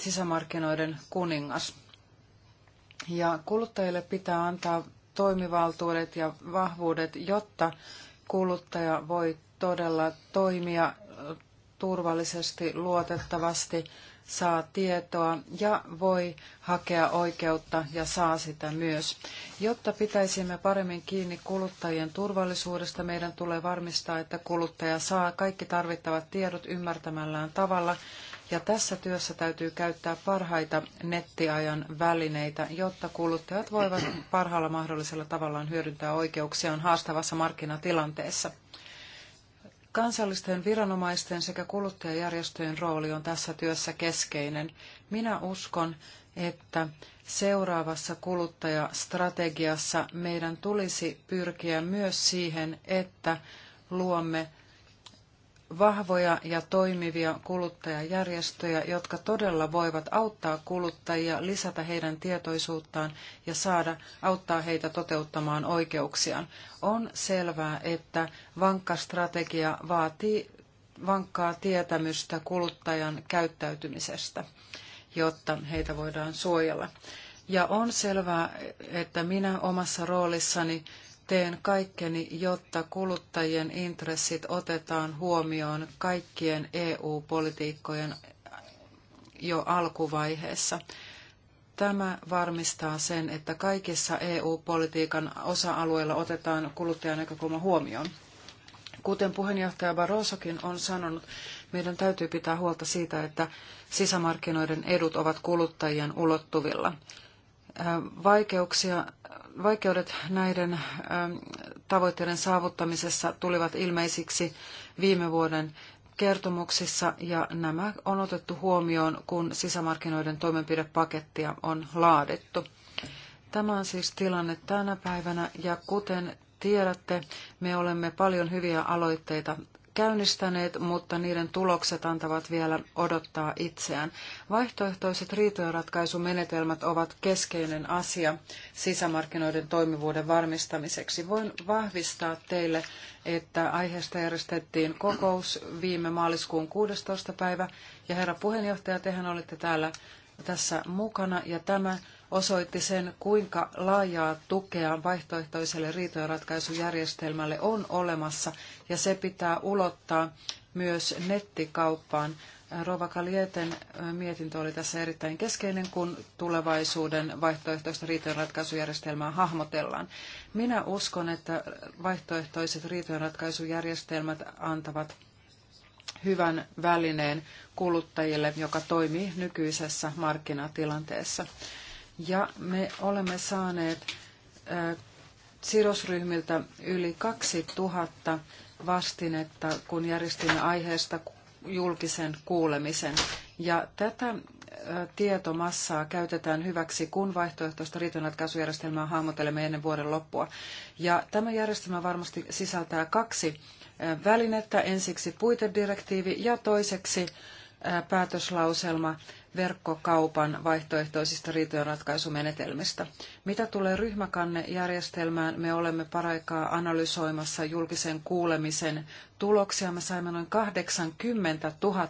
sisämarkkinoiden kuningas ja kuluttajille pitää antaa toimivaltuudet ja vahvuudet, jotta kuluttaja voi todella toimia turvallisesti, luotettavasti, saa tietoa ja voi hakea oikeutta ja saa sitä myös. Jotta pitäisimme paremmin kiinni kuluttajien turvallisuudesta, meidän tulee varmistaa, että kuluttaja saa kaikki tarvittavat tiedot ymmärtämällään tavalla ja tässä työssä täytyy käyttää parhaita nettiajan välineitä, jotta kuluttajat voivat parhaalla mahdollisella tavallaan hyödyntää oikeuksiaan haastavassa markkinatilanteessa. Kansallisten viranomaisten sekä kuluttajajärjestöjen rooli on tässä työssä keskeinen. Minä uskon, että seuraavassa kuluttajastrategiassa meidän tulisi pyrkiä myös siihen, että luomme vahvoja ja toimivia kuluttajajärjestöjä, jotka todella voivat auttaa kuluttajia, lisätä heidän tietoisuuttaan ja saada auttaa heitä toteuttamaan oikeuksiaan. On selvää, että vankka strategia vaatii vankkaa tietämystä kuluttajan käyttäytymisestä, jotta heitä voidaan suojella. Ja on selvää, että minä omassa roolissani teen kaikkeni, jotta kuluttajien intressit otetaan huomioon kaikkien EU-politiikkojen jo alkuvaiheessa. Tämä varmistaa sen, että kaikissa EU-politiikan osa-alueilla otetaan kuluttajanäkökulma huomioon. Kuten puheenjohtaja Barrosokin on sanonut, meidän täytyy pitää huolta siitä, että sisämarkkinoiden edut ovat kuluttajien ulottuvilla. Vaikeuksia, vaikeudet näiden tavoitteiden saavuttamisessa tulivat ilmeisiksi viime vuoden kertomuksissa ja nämä on otettu huomioon, kun sisämarkkinoiden toimenpidepakettia on laadittu. Tämä on siis tilanne tänä päivänä ja kuten tiedätte, me olemme paljon hyviä aloitteita käynnistäneet, mutta niiden tulokset antavat vielä odottaa itseään. Vaihtoehtoiset riitojenratkaisumenetelmät ovat keskeinen asia sisämarkkinoiden toimivuuden varmistamiseksi. Voin vahvistaa teille, että aiheesta järjestettiin kokous viime maaliskuun 16. päivä. Ja herra puheenjohtaja, tehän olitte täällä tässä mukana ja tämä osoitti sen, kuinka laajaa tukea vaihtoehtoiselle riitojenratkaisujärjestelmälle on olemassa, ja se pitää ulottaa myös nettikauppaan. Rova Kalieten mietintö oli tässä erittäin keskeinen, kun tulevaisuuden vaihtoehtoista riitojenratkaisujärjestelmää hahmotellaan. Minä uskon, että vaihtoehtoiset riitojenratkaisujärjestelmät antavat hyvän välineen kuluttajille, joka toimii nykyisessä markkinatilanteessa ja me olemme saaneet sidosryhmiltä yli 2000 vastinetta, kun järjestimme aiheesta julkisen kuulemisen. Ja tätä tietomassaa käytetään hyväksi, kun vaihtoehtoista riitonratkaisujärjestelmää hahmotelemme ennen vuoden loppua. Ja tämä järjestelmä varmasti sisältää kaksi välinettä, ensiksi puitedirektiivi ja toiseksi päätöslauselma verkkokaupan vaihtoehtoisista riitojenratkaisumenetelmistä. Mitä tulee ryhmäkannejärjestelmään, me olemme paraikaa analysoimassa julkisen kuulemisen tuloksia. Me saimme noin 80 000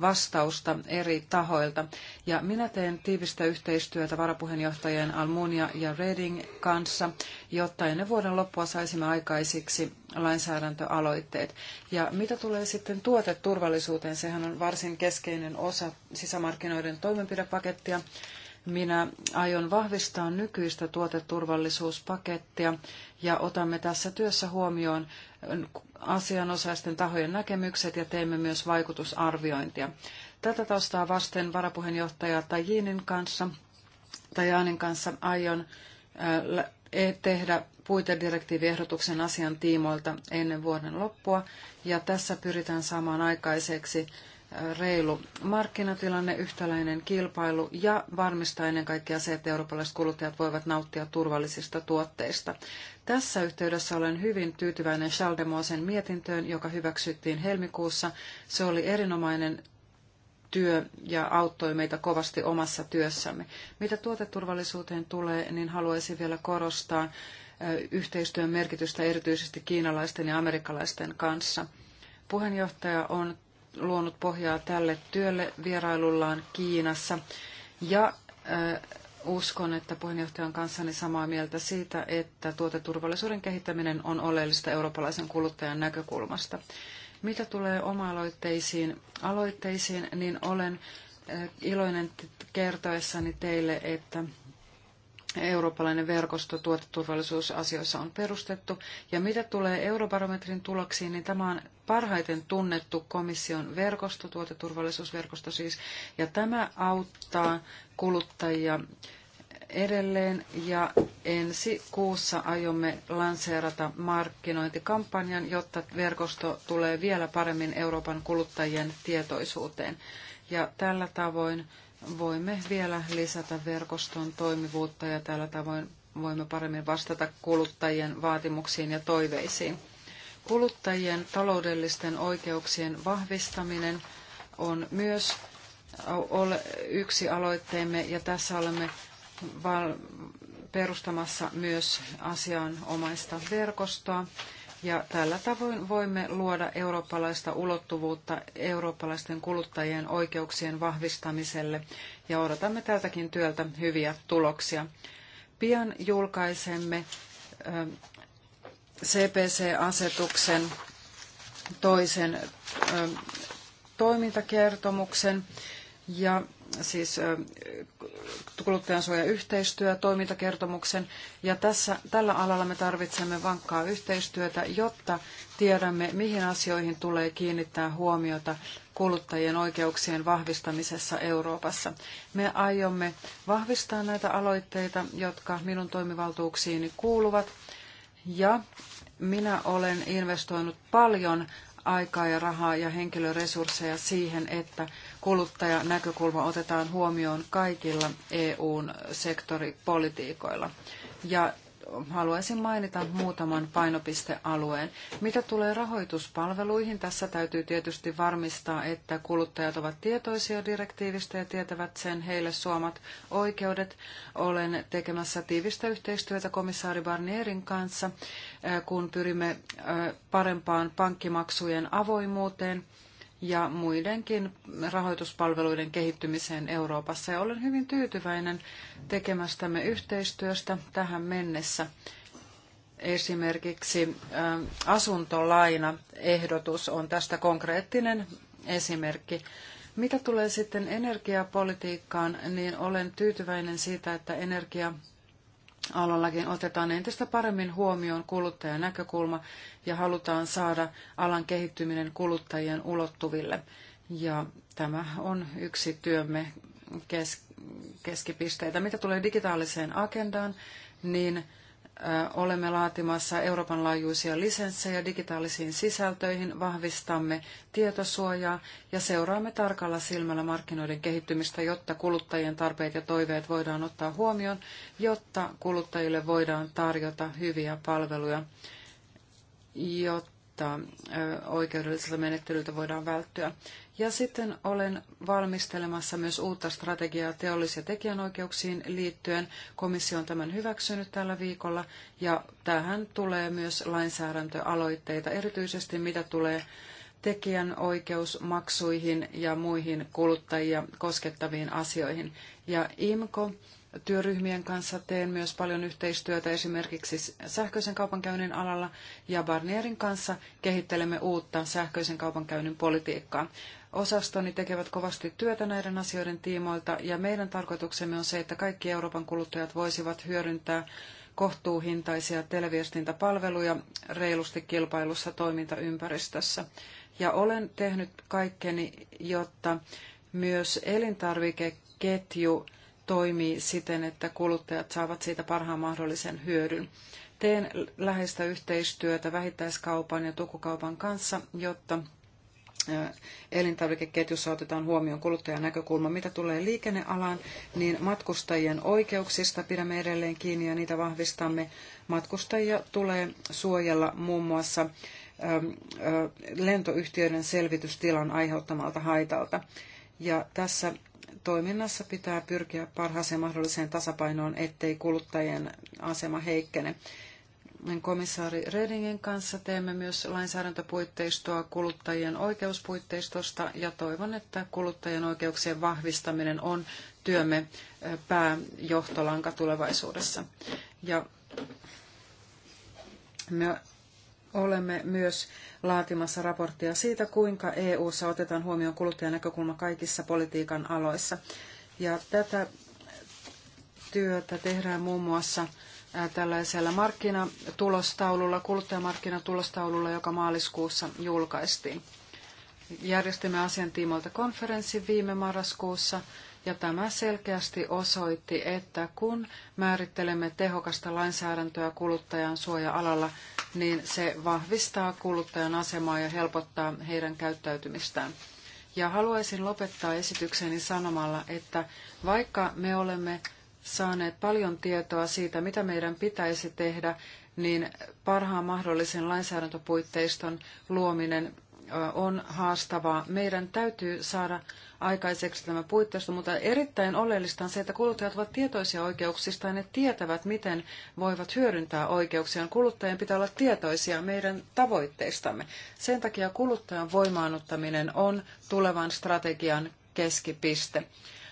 vastausta eri tahoilta. Ja minä teen tiivistä yhteistyötä varapuheenjohtajien Almunia ja Reding kanssa, jotta ennen vuoden loppua saisimme aikaisiksi lainsäädäntöaloitteet. Ja mitä tulee sitten tuoteturvallisuuteen, sehän on varsin keskeinen osa sisämarkkinoiden markkinoiden toimenpidepakettia. Minä aion vahvistaa nykyistä tuoteturvallisuuspakettia ja otamme tässä työssä huomioon asianosaisten tahojen näkemykset ja teemme myös vaikutusarviointia. Tätä taustaa vasten varapuheenjohtaja Tajinin kanssa, Tajanin kanssa aion äh, e- tehdä puitedirektiiviehdotuksen asian tiimoilta ennen vuoden loppua, ja tässä pyritään saamaan aikaiseksi reilu markkinatilanne, yhtäläinen kilpailu ja varmistaa ennen kaikkea se, että eurooppalaiset kuluttajat voivat nauttia turvallisista tuotteista. Tässä yhteydessä olen hyvin tyytyväinen Charles de mietintöön, joka hyväksyttiin helmikuussa. Se oli erinomainen työ ja auttoi meitä kovasti omassa työssämme. Mitä tuoteturvallisuuteen tulee, niin haluaisin vielä korostaa yhteistyön merkitystä erityisesti kiinalaisten ja amerikkalaisten kanssa. Puheenjohtaja on luonut pohjaa tälle työlle vierailullaan Kiinassa. Ja äh, uskon, että on kanssani samaa mieltä siitä, että tuoteturvallisuuden kehittäminen on oleellista eurooppalaisen kuluttajan näkökulmasta. Mitä tulee oma-aloitteisiin aloitteisiin, niin olen äh, iloinen kertoessani teille, että eurooppalainen verkosto tuoteturvallisuusasioissa on perustettu. Ja mitä tulee eurobarometrin tuloksiin, niin tämä on parhaiten tunnettu komission verkosto, tuoteturvallisuusverkosto siis, ja tämä auttaa kuluttajia edelleen ja ensi kuussa aiomme lanseerata markkinointikampanjan, jotta verkosto tulee vielä paremmin Euroopan kuluttajien tietoisuuteen. Ja tällä tavoin voimme vielä lisätä verkoston toimivuutta ja tällä tavoin voimme paremmin vastata kuluttajien vaatimuksiin ja toiveisiin. Kuluttajien taloudellisten oikeuksien vahvistaminen on myös yksi aloitteemme ja tässä olemme perustamassa myös asianomaista verkostoa. Ja tällä tavoin voimme luoda eurooppalaista ulottuvuutta eurooppalaisten kuluttajien oikeuksien vahvistamiselle ja odotamme tältäkin työltä hyviä tuloksia. Pian julkaisemme CPC-asetuksen toisen toimintakertomuksen ja siis kuluttajansuojayhteistyö toimintakertomuksen. Ja tässä, tällä alalla me tarvitsemme vankkaa yhteistyötä, jotta tiedämme, mihin asioihin tulee kiinnittää huomiota kuluttajien oikeuksien vahvistamisessa Euroopassa. Me aiomme vahvistaa näitä aloitteita, jotka minun toimivaltuuksiini kuuluvat. Ja minä olen investoinut paljon aikaa ja rahaa ja henkilöresursseja siihen, että kuluttajanäkökulma otetaan huomioon kaikilla EUn sektoripolitiikoilla. Ja haluaisin mainita muutaman painopistealueen. Mitä tulee rahoituspalveluihin, tässä täytyy tietysti varmistaa, että kuluttajat ovat tietoisia direktiivistä ja tietävät sen heille suomat oikeudet. Olen tekemässä tiivistä yhteistyötä komissaari Barnierin kanssa, eh, kun pyrimme eh, parempaan pankkimaksujen avoimuuteen ja muidenkin rahoituspalveluiden kehittymiseen Euroopassa. Ja olen hyvin tyytyväinen tekemästämme yhteistyöstä tähän mennessä. Esimerkiksi äh, asuntolainaehdotus on tästä konkreettinen esimerkki. Mitä tulee sitten energiapolitiikkaan, niin olen tyytyväinen siitä, että energia maatalousallallakin otetaan entistä paremmin huomioon kuluttajan näkökulma ja halutaan saada alan kehittyminen kuluttajien ulottuville. Ja tämä on yksi työmme kes- keskipisteitä. Mitä tulee digitaaliseen agendaan, niin olemme laatimassa Euroopan laajuisia lisenssejä digitaalisiin sisältöihin, vahvistamme tietosuojaa ja seuraamme tarkalla silmällä markkinoiden kehittymistä, jotta kuluttajien tarpeet ja toiveet voidaan ottaa huomioon, jotta kuluttajille voidaan tarjota hyviä palveluja, jotta oikeudelliselta menettelyltä voidaan välttyä. Ja sitten olen valmistelemassa myös uutta strategiaa teollis- ja tekijänoikeuksiin liittyen. Komissio on tämän hyväksynyt tällä viikolla ja tähän tulee myös lainsäädäntöaloitteita, erityisesti mitä tulee tekijänoikeusmaksuihin ja muihin kuluttajia koskettaviin asioihin. Ja IMKO työryhmien kanssa teen myös paljon yhteistyötä esimerkiksi sähköisen kaupankäynnin alalla ja Barnierin kanssa kehittelemme uutta sähköisen kaupankäynnin politiikkaa. Osastoni tekevät kovasti työtä näiden asioiden tiimoilta ja meidän tarkoituksemme on se, että kaikki Euroopan kuluttajat voisivat hyödyntää kohtuuhintaisia televiestintäpalveluja reilusti kilpailussa toimintaympäristössä. Ja olen tehnyt kaikkeni, jotta myös elintarvikeketju toimii siten, että kuluttajat saavat siitä parhaan mahdollisen hyödyn. Teen läheistä yhteistyötä vähittäiskaupan ja tukukaupan kanssa, jotta elintarvikeketjussa otetaan huomioon kuluttajan näkökulma. Mitä tulee liikennealaan, niin matkustajien oikeuksista pidämme edelleen kiinni ja niitä vahvistamme. Matkustajia tulee suojella muun muassa lentoyhtiöiden selvitystilan aiheuttamalta haitalta. Ja tässä toiminnassa pitää pyrkiä parhaaseen mahdolliseen tasapainoon, ettei kuluttajien asema heikkene. Niin komissaari Redingin kanssa teemme myös lainsäädäntöpuitteistoa kuluttajien oikeuspuitteistosta ja toivon, että kuluttajien oikeuksien vahvistaminen on työmme pääjohtolanka tulevaisuudessa. Ja me Olemme myös laatimassa raporttia siitä, kuinka EU EU-ssa otetaan huomioon kuluttajan näkökulma kaikissa politiikan aloissa. Ja tätä työtä tehdään muun muassa tällaisella markkinatulostaululla, kuluttajamarkkinatulostaululla, joka maaliskuussa julkaistiin. Järjestimme asian tiimoilta konferenssin viime marraskuussa ja tämä selkeästi osoitti, että kun määrittelemme tehokasta lainsäädäntöä kuluttajan suoja-alalla, niin se vahvistaa kuluttajan asemaa ja helpottaa heidän käyttäytymistään. Ja haluaisin lopettaa esitykseni sanomalla, että vaikka me olemme saaneet paljon tietoa siitä, mitä meidän pitäisi tehdä, niin parhaan mahdollisen lainsäädäntöpuitteiston luominen on haastavaa. Meidän täytyy saada aikaiseksi tämä puitteisto, mutta erittäin oleellista on se, että kuluttajat ovat tietoisia oikeuksista ja ne tietävät, miten voivat hyödyntää oikeuksiaan. Kuluttajien pitää olla tietoisia meidän tavoitteistamme. Sen takia kuluttajan voimaannuttaminen on tulevan strategian keskipiste.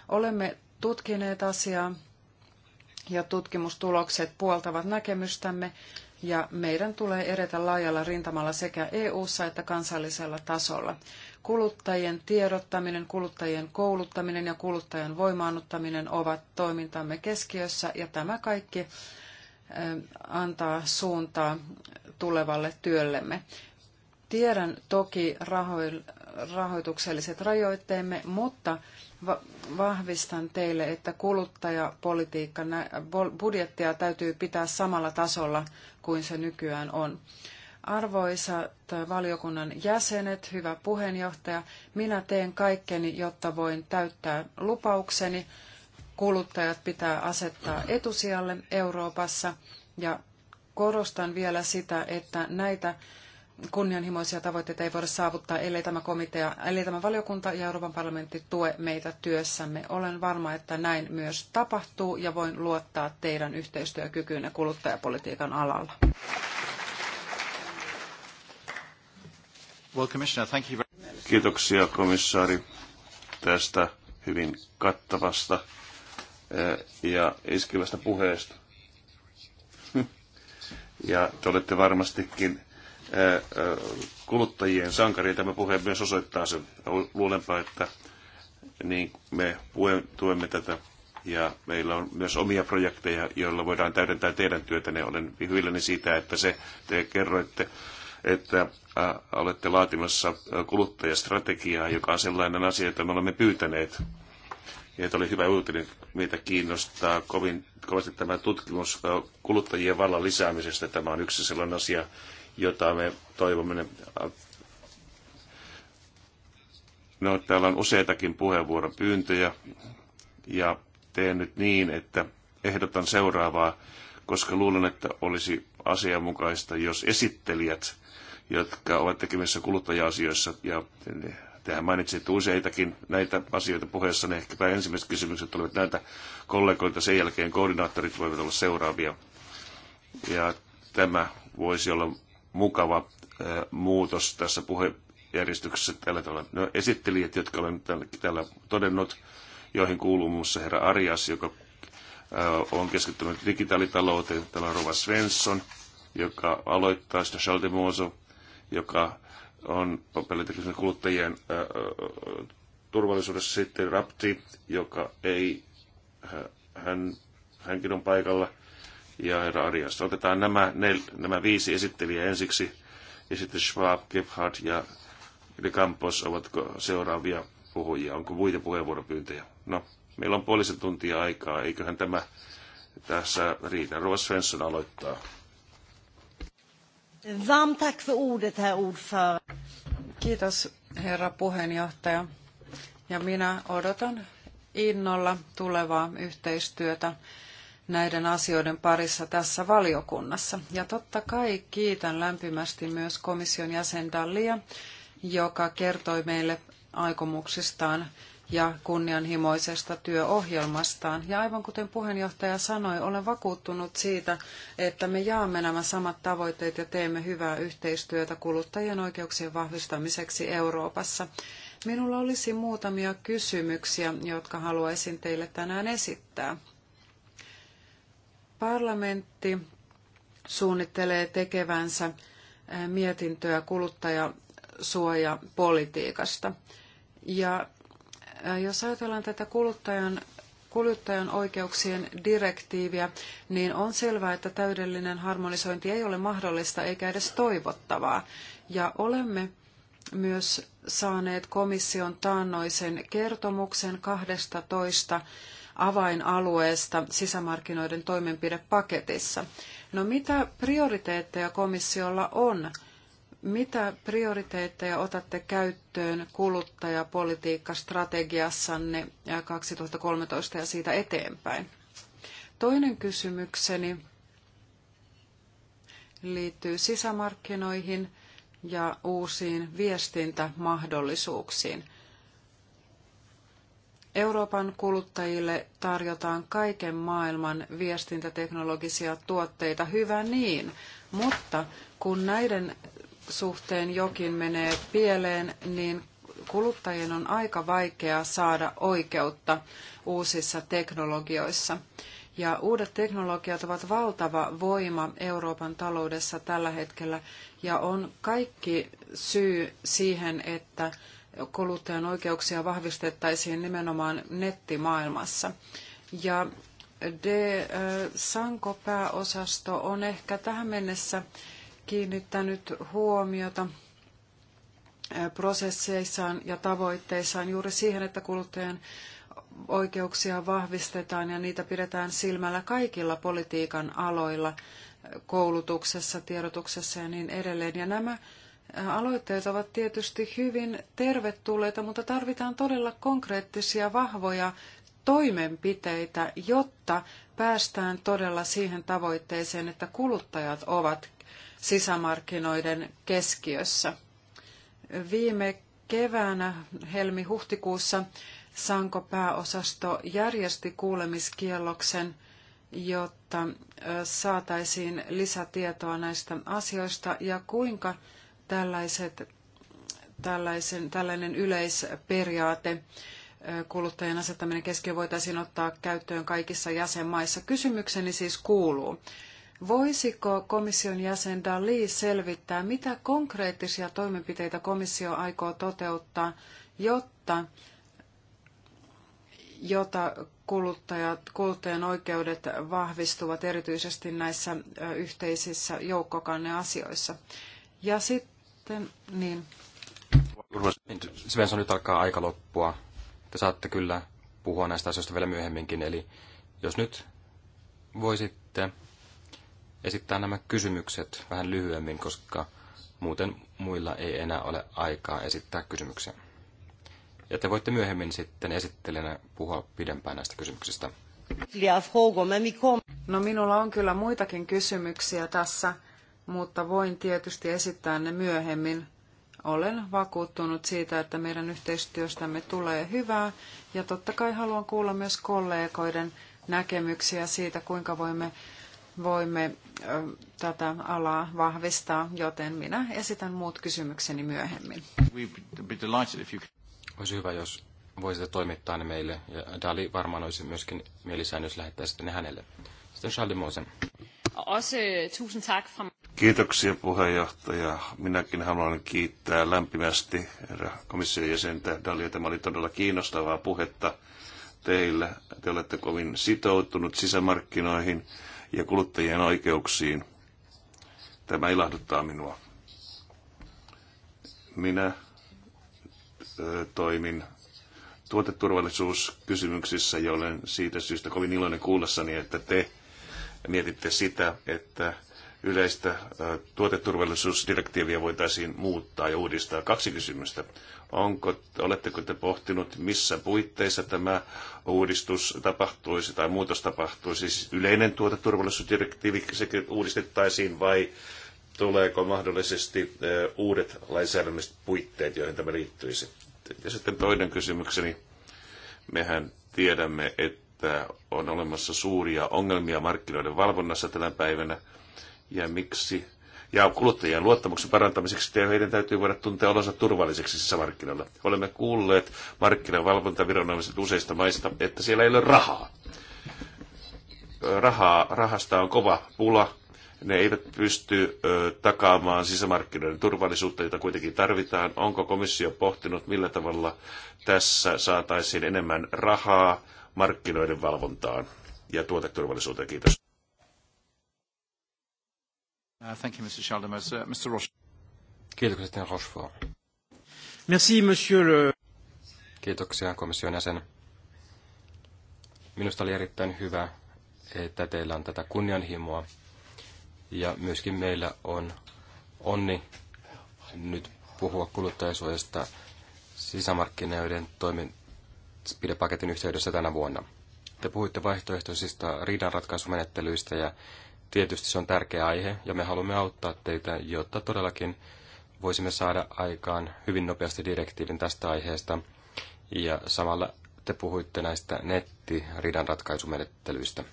Olemme tutkineet asiaa ja tutkimustulokset puoltavat näkemystämme ja meidän tulee edetä laajalla rintamalla sekä EU-ssa että kansallisella tasolla. Kuluttajien tiedottaminen, kuluttajien kouluttaminen ja kuluttajan voimaannuttaminen ovat toimintamme keskiössä ja tämä kaikki eh, antaa suuntaa tulevalle työllemme. Tiedän toki rahoitukselliset rajoitteemme, mutta vahvistan teille, että kuluttajapolitiikka budjettia täytyy pitää samalla tasolla kuin se nykyään on. Arvoisat valiokunnan jäsenet, hyvä puheenjohtaja, minä teen kaikkeni, jotta voin täyttää lupaukseni. Kuluttajat pitää asettaa etusijalle Euroopassa ja korostan vielä sitä, että näitä kunnianhimoisia tavoitteita ei voida saavuttaa, ellei tämä, komitea, ellei tämä valiokunta ja Euroopan parlamentti tue meitä työssämme. Olen varma, että näin myös tapahtuu ja voin luottaa teidän yhteistyökykyynne kuluttajapolitiikan alalla. Kiitoksia komissaari tästä hyvin kattavasta eh, ja iskevästä puheesta. Ja te olette varmastikin kuluttajien sankari. Tämä puhe myös osoittaa sen. Luulenpa, että niin me tuemme tätä ja meillä on myös omia projekteja, joilla voidaan täydentää teidän Ne Olen hyvilläni siitä, että se te kerroitte, että olette laatimassa kuluttajastrategiaa, joka on sellainen asia, jota me olemme pyytäneet. Ja että oli hyvä uutinen, meitä kiinnostaa kovin, kovasti tämä tutkimus kuluttajien vallan lisäämisestä. Tämä on yksi sellainen asia, jota me toivomme. No, täällä on useitakin pyyntöjä ja teen nyt niin, että ehdotan seuraavaa, koska luulen, että olisi asianmukaista, jos esittelijät, jotka ovat tekemissä kuluttaja-asioissa ja tehän mainitsitte useitakin näitä asioita puheessa, ne niin ehkäpä ensimmäiset kysymykset olivat näitä kollegoilta, sen jälkeen koordinaattorit voivat olla seuraavia. Ja tämä voisi olla mukava muutos tässä puhejärjestyksessä tällä tavalla. No, esittelijät, jotka olen täällä todennut, joihin kuuluu muun muassa herra Arias, joka on keskittynyt digitaalitalouteen, täällä on Rova Svensson, joka aloittaa sitä Schaldemoso, joka on pelitekijöiden kuluttajien turvallisuudessa sitten Rapti, joka ei, hän, hänkin on paikalla, ja herra Arias. Otetaan nämä, nel, nämä viisi esittelijää ensiksi, ja sitten Schwab, Gebhardt ja De Campos, ovatko seuraavia puhujia, onko muita puheenvuoropyyntöjä? No, meillä on puolisen tuntia aikaa, eiköhän tämä tässä riitä. Rova Svensson aloittaa. ordet, Kiitos, herra puheenjohtaja. Ja minä odotan innolla tulevaa yhteistyötä näiden asioiden parissa tässä valiokunnassa. Ja totta kai kiitän lämpimästi myös komission jäsen Dallia, joka kertoi meille aikomuksistaan ja kunnianhimoisesta työohjelmastaan. Ja aivan kuten puheenjohtaja sanoi, olen vakuuttunut siitä, että me jaamme nämä samat tavoitteet ja teemme hyvää yhteistyötä kuluttajien oikeuksien vahvistamiseksi Euroopassa. Minulla olisi muutamia kysymyksiä, jotka haluaisin teille tänään esittää. Parlamentti suunnittelee tekevänsä äh, mietintöä kuluttajasuojapolitiikasta. Ja äh, jos ajatellaan tätä kuluttajan kuluttajan oikeuksien direktiiviä, niin on selvää, että täydellinen harmonisointi ei ole mahdollista eikä edes toivottavaa. Ja olemme myös saaneet komission taannoisen kertomuksen 12 avainalueesta sisämarkkinoiden toimenpidepaketissa. No mitä prioriteetteja komissiolla on? Mitä prioriteetteja otatte käyttöön kuluttajapolitiikkastrategiassanne 2013 ja siitä eteenpäin? Toinen kysymykseni liittyy sisämarkkinoihin ja uusiin viestintämahdollisuuksiin – Euroopan kuluttajille tarjotaan kaiken maailman viestintäteknologisia tuotteita, hyvä niin, mutta kun näiden suhteen jokin menee pieleen, niin kuluttajien on aika vaikea saada oikeutta uusissa teknologioissa. Ja uudet teknologiat ovat valtava voima Euroopan taloudessa tällä hetkellä ja on kaikki syy siihen, että kuluttajan oikeuksia vahvistettaisiin nimenomaan nettimaailmassa. Ja De eh, Sanko pääosasto on ehkä tähän mennessä kiinnittänyt huomiota eh, prosesseissaan ja tavoitteissaan juuri siihen, että kuluttajan oikeuksia vahvistetaan ja niitä pidetään silmällä kaikilla politiikan aloilla, eh, koulutuksessa, tiedotuksessa ja niin edelleen. Ja nämä Aloitteet ovat tietysti hyvin tervetulleita, mutta tarvitaan todella konkreettisia, vahvoja toimenpiteitä, jotta päästään todella siihen tavoitteeseen, että kuluttajat ovat sisämarkkinoiden keskiössä. Viime keväänä helmi-huhtikuussa Sanko pääosasto järjesti kuulemiskielloksen, jotta saataisiin lisätietoa näistä asioista ja kuinka tällaiset, tällaisen, tällainen yleisperiaate kuluttajien asettaminen keskiö voitaisiin ottaa käyttöön kaikissa jäsenmaissa. Kysymykseni siis kuuluu, voisiko komission jäsen Dali selvittää, mitä konkreettisia toimenpiteitä komissio aikoo toteuttaa, jotta jota kuluttajat, kuluttajan oikeudet vahvistuvat erityisesti näissä yhteisissä joukkokanneasioissa. Ja sitten sitten, niin... Svensson, nyt alkaa aika loppua. Te saatte kyllä puhua näistä asioista vielä myöhemminkin, eli jos nyt voisitte esittää nämä kysymykset vähän lyhyemmin, koska muuten muilla ei enää ole aikaa esittää kysymyksiä. Ja te voitte myöhemmin sitten esittelijänä puhua pidempään näistä kysymyksistä. No minulla on kyllä muitakin kysymyksiä tässä mutta voin tietysti esittää ne myöhemmin. Olen vakuuttunut siitä, että meidän yhteistyöstämme tulee hyvää ja totta kai haluan kuulla myös kollegoiden näkemyksiä siitä, kuinka voimme, voimme tätä alaa vahvistaa, joten minä esitän muut kysymykseni myöhemmin. Olisi hyvä, jos voisitte toimittaa ne meille, ja Dali varmaan olisi myöskin mielisään, jos lähettäisitte ne hänelle. Sitten Charlie Mosen. Også, øh, tak fra... Kiitoksia puheenjohtaja. Minäkin haluan kiittää lämpimästi herra komission jäsentä Dalia. Tämä oli todella kiinnostavaa puhetta teillä. Te olette kovin sitoutunut sisämarkkinoihin ja kuluttajien oikeuksiin. Tämä ilahduttaa minua. Minä toimin tuoteturvallisuuskysymyksissä, ja olen siitä syystä kovin iloinen kuullessani, että te mietitte sitä, että yleistä tuoteturvallisuusdirektiiviä voitaisiin muuttaa ja uudistaa. Kaksi kysymystä. Onko, oletteko te pohtinut, missä puitteissa tämä uudistus tapahtuisi tai muutos tapahtuisi? Siis yleinen tuoteturvallisuusdirektiivi sekin uudistettaisiin vai tuleeko mahdollisesti uudet lainsäädännölliset puitteet, joihin tämä liittyisi? Ja sitten toinen kysymykseni. Mehän tiedämme, että että on olemassa suuria ongelmia markkinoiden valvonnassa tänä päivänä ja miksi ja kuluttajien luottamuksen parantamiseksi heidän täytyy voida tuntea olonsa turvalliseksi markkinoilla. Olemme kuulleet markkinavalvontaviranomaiset useista maista, että siellä ei ole rahaa. Rahaa, rahasta on kova pula. Ne eivät pysty ö, takaamaan sisämarkkinoiden turvallisuutta, jota kuitenkin tarvitaan. Onko komissio pohtinut, millä tavalla tässä saataisiin enemmän rahaa markkinoiden valvontaan ja tuoteturvallisuuteen. Kiitos. Uh, thank you, Mr. Chalmers. Uh, Mr. Roche. Kiitoksia, Mr. Rochefort. Merci, monsieur le... Kiitoksia, komission jäsen. Minusta oli erittäin hyvä, että teillä on tätä kunnianhimoa. Ja myöskin meillä on onni nyt puhua kuluttajasuojasta sisämarkkinoiden toimin, toimenpidepaketin yhteydessä tänä vuonna. Te puhuitte vaihtoehtoisista riidanratkaisumenettelyistä ja tietysti se on tärkeä aihe ja me haluamme auttaa teitä, jotta todellakin voisimme saada aikaan hyvin nopeasti direktiivin tästä aiheesta. Ja samalla te puhuitte näistä nettiridanratkaisumenettelyistä.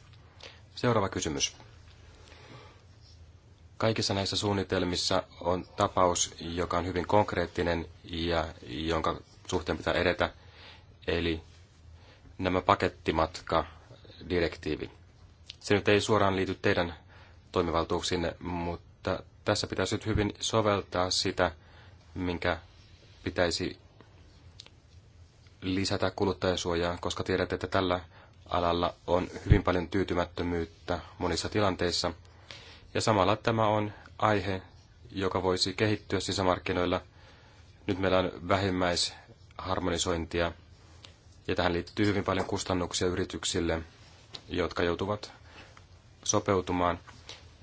Seuraava kysymys. Kaikissa näissä suunnitelmissa on tapaus, joka on hyvin konkreettinen ja jonka suhteen pitää edetä – eli nämä pakettimatka-direktiivi. Se nyt ei suoraan liity teidän toimivaltuuksinne, mutta tässä pitäisi nyt hyvin soveltaa sitä, minkä pitäisi lisätä kuluttajasuojaa, koska tiedät, että tällä alalla on hyvin paljon tyytymättömyyttä monissa tilanteissa. Ja samalla tämä on aihe, joka voisi kehittyä sisämarkkinoilla. Nyt meillä on vähimmäisharmonisointia ja tähän liittyy hyvin paljon kustannuksia yrityksille, jotka joutuvat sopeutumaan.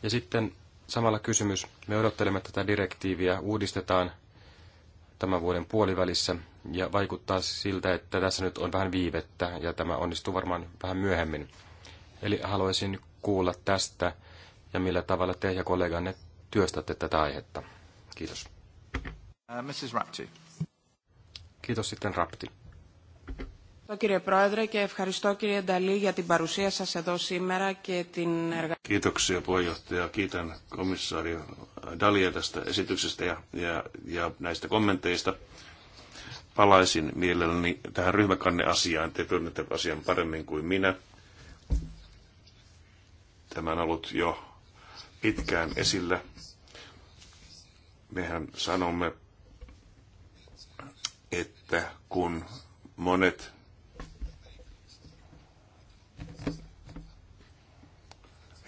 Ja sitten samalla kysymys. Me odottelemme, että tätä direktiiviä uudistetaan tämän vuoden puolivälissä ja vaikuttaa siltä, että tässä nyt on vähän viivettä ja tämä onnistuu varmaan vähän myöhemmin. Eli haluaisin kuulla tästä ja millä tavalla te ja kolleganne työstätte tätä aihetta. Kiitos. Uh, Mrs. Rapti. Kiitos sitten Rapti. Κύριε Πρόεδρε και ευχαριστώ κύριε Νταλή για την παρουσία σας εδώ σήμερα και την εργασία. Kiitoksia puheenjohtaja. Kiitän komissaari Dalia tästä esityksestä ja, ja, ja näistä kommenteista. Palaisin mielelläni tähän ryhmäkanneasiaan. Te tunnette asian paremmin kuin minä. Tämä on ollut jo pitkään esillä. Mehän sanomme, että kun monet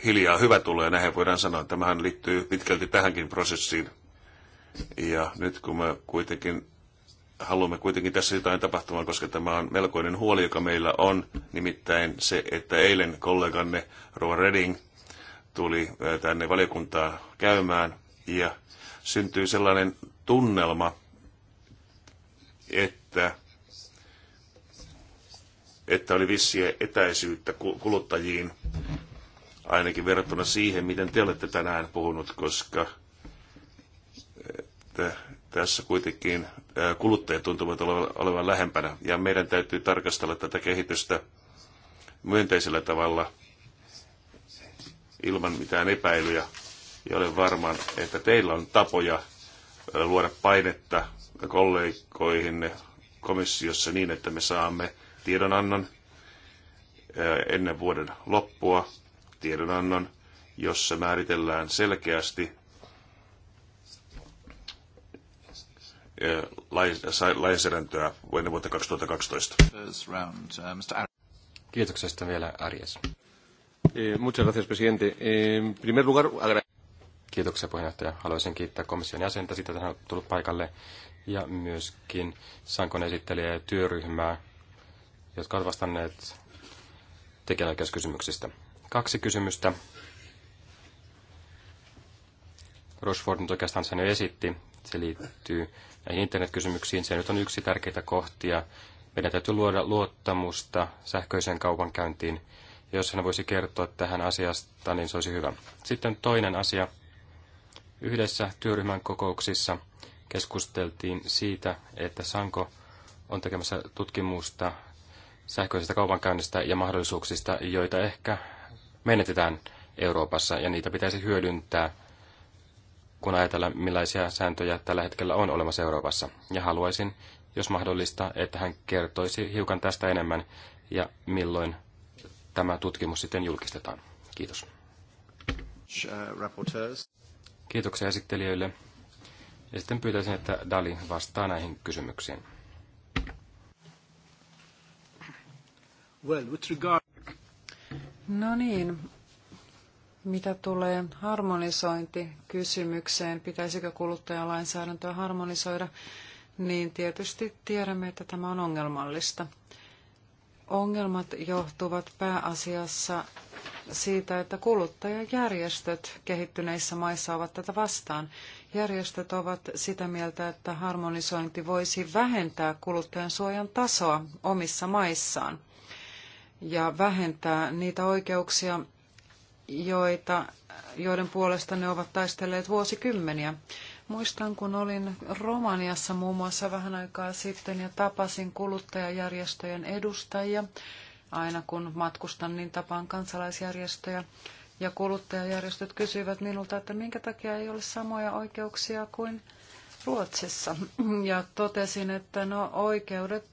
hiljaa hyvä tulee, näin voidaan sanoa. Tämähän liittyy pitkälti tähänkin prosessiin. Ja nyt kun me kuitenkin haluamme kuitenkin tässä jotain tapahtumaan, koska tämä on melkoinen huoli, joka meillä on, nimittäin se, että eilen kolleganne Roa Redding tuli tänne valiokuntaa käymään ja syntyi sellainen tunnelma, että, että oli vissiä etäisyyttä kuluttajiin ainakin verrattuna siihen, miten te olette tänään puhunut, koska eh, tässä kuitenkin eh, kuluttajat tuntuvat olevan lähempänä, ja meidän täytyy tarkastella tätä kehitystä myönteisellä tavalla ilman mitään epäilyjä, ja olen varma, että teillä on tapoja eh, luoda painetta kollegoihin komissiossa niin, että me saamme tiedonannon ennen vuoden loppua, tiedonannon, jossa määritellään selkeästi lainsäädäntöä vuonna vuotta 2012. Kiitoksia sitten vielä Arjes. Eh, muchas gracias, presidente. Eh, en primer lugar, Kiitoksia puheenjohtaja. Haluaisin kiittää komission jäsentä siitä, että hän on tullut paikalle ja myöskin Sankon esittelijä ja työryhmää, jotka ovat vastanneet tekijänoikeuskysymyksistä. Kaksi kysymystä. Rushford nyt oikeastaan sen jo esitti. Se liittyy näihin internetkysymyksiin. Se nyt on yksi tärkeitä kohtia. Meidän täytyy luoda luottamusta sähköiseen kaupankäyntiin. jos hän voisi kertoa tähän asiasta, niin se olisi hyvä. Sitten toinen asia. Yhdessä työryhmän kokouksissa keskusteltiin siitä, että Sanko on tekemässä tutkimusta sähköisestä kaupankäynnistä ja mahdollisuuksista, joita ehkä menetetään Euroopassa, ja niitä pitäisi hyödyntää, kun ajatellaan, millaisia sääntöjä tällä hetkellä on olemassa Euroopassa. Ja haluaisin, jos mahdollista, että hän kertoisi hiukan tästä enemmän, ja milloin tämä tutkimus sitten julkistetaan. Kiitos. Kiitoksia esittelijöille. Ja sitten pyytäisin, että Dali vastaa näihin kysymyksiin. Well, with regard... No niin, mitä tulee harmonisointikysymykseen, pitäisikö kuluttajalainsäädäntöä harmonisoida, niin tietysti tiedämme, että tämä on ongelmallista. Ongelmat johtuvat pääasiassa siitä, että kuluttajajärjestöt kehittyneissä maissa ovat tätä vastaan. Järjestöt ovat sitä mieltä, että harmonisointi voisi vähentää kuluttajan suojan tasoa omissa maissaan ja vähentää niitä oikeuksia, joita, joiden puolesta ne ovat taistelleet vuosikymmeniä. Muistan, kun olin Romaniassa muun muassa vähän aikaa sitten ja tapasin kuluttajajärjestöjen edustajia. Aina kun matkustan, niin tapaan kansalaisjärjestöjä. Ja kuluttajajärjestöt kysyivät minulta, että minkä takia ei ole samoja oikeuksia kuin Ruotsissa. Ja totesin, että no oikeudet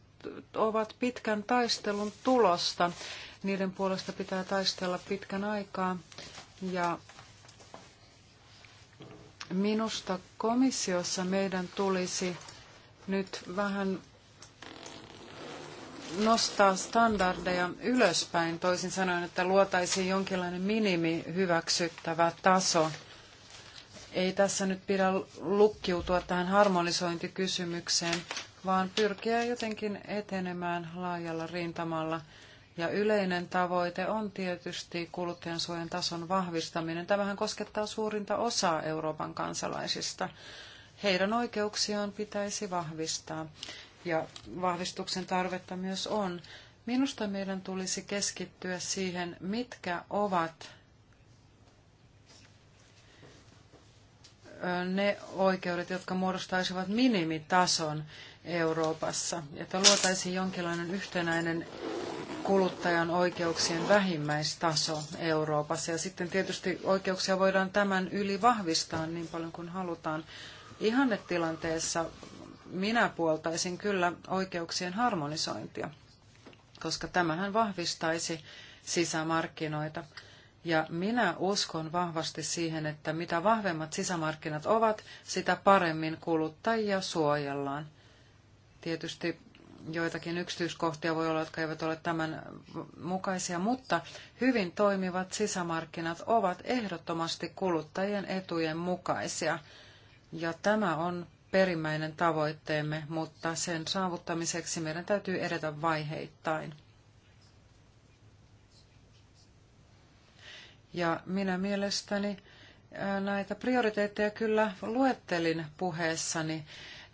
ovat pitkän taistelun tulosta. Niiden puolesta pitää taistella pitkän aikaa. Ja minusta komissiossa meidän tulisi nyt vähän nostaa standardeja ylöspäin, toisin sanoen, että luotaisiin jonkinlainen minimi hyväksyttävä taso. Ei tässä nyt pidä lukkiutua tähän harmonisointikysymykseen vaan pyrkiä jotenkin etenemään laajalla rintamalla. Ja yleinen tavoite on tietysti kuluttajansuojan tason vahvistaminen. Tämähän koskettaa suurinta osaa Euroopan kansalaisista. Heidän oikeuksiaan pitäisi vahvistaa ja vahvistuksen tarvetta myös on. Minusta meidän tulisi keskittyä siihen, mitkä ovat ne oikeudet, jotka muodostaisivat minimitason Euroopassa, että luotaisiin jonkinlainen yhtenäinen kuluttajan oikeuksien vähimmäistaso Euroopassa. Ja sitten tietysti oikeuksia voidaan tämän yli vahvistaa niin paljon kuin halutaan. Ihannetilanteessa minä puoltaisin kyllä oikeuksien harmonisointia, koska tämähän vahvistaisi sisämarkkinoita. Ja minä uskon vahvasti siihen, että mitä vahvemmat sisämarkkinat ovat, sitä paremmin kuluttajia suojellaan. Tietysti joitakin yksityiskohtia voi olla, jotka eivät ole tämän mukaisia, mutta hyvin toimivat sisämarkkinat ovat ehdottomasti kuluttajien etujen mukaisia. Ja tämä on perimmäinen tavoitteemme, mutta sen saavuttamiseksi meidän täytyy edetä vaiheittain. Ja minä mielestäni näitä prioriteetteja kyllä luettelin puheessani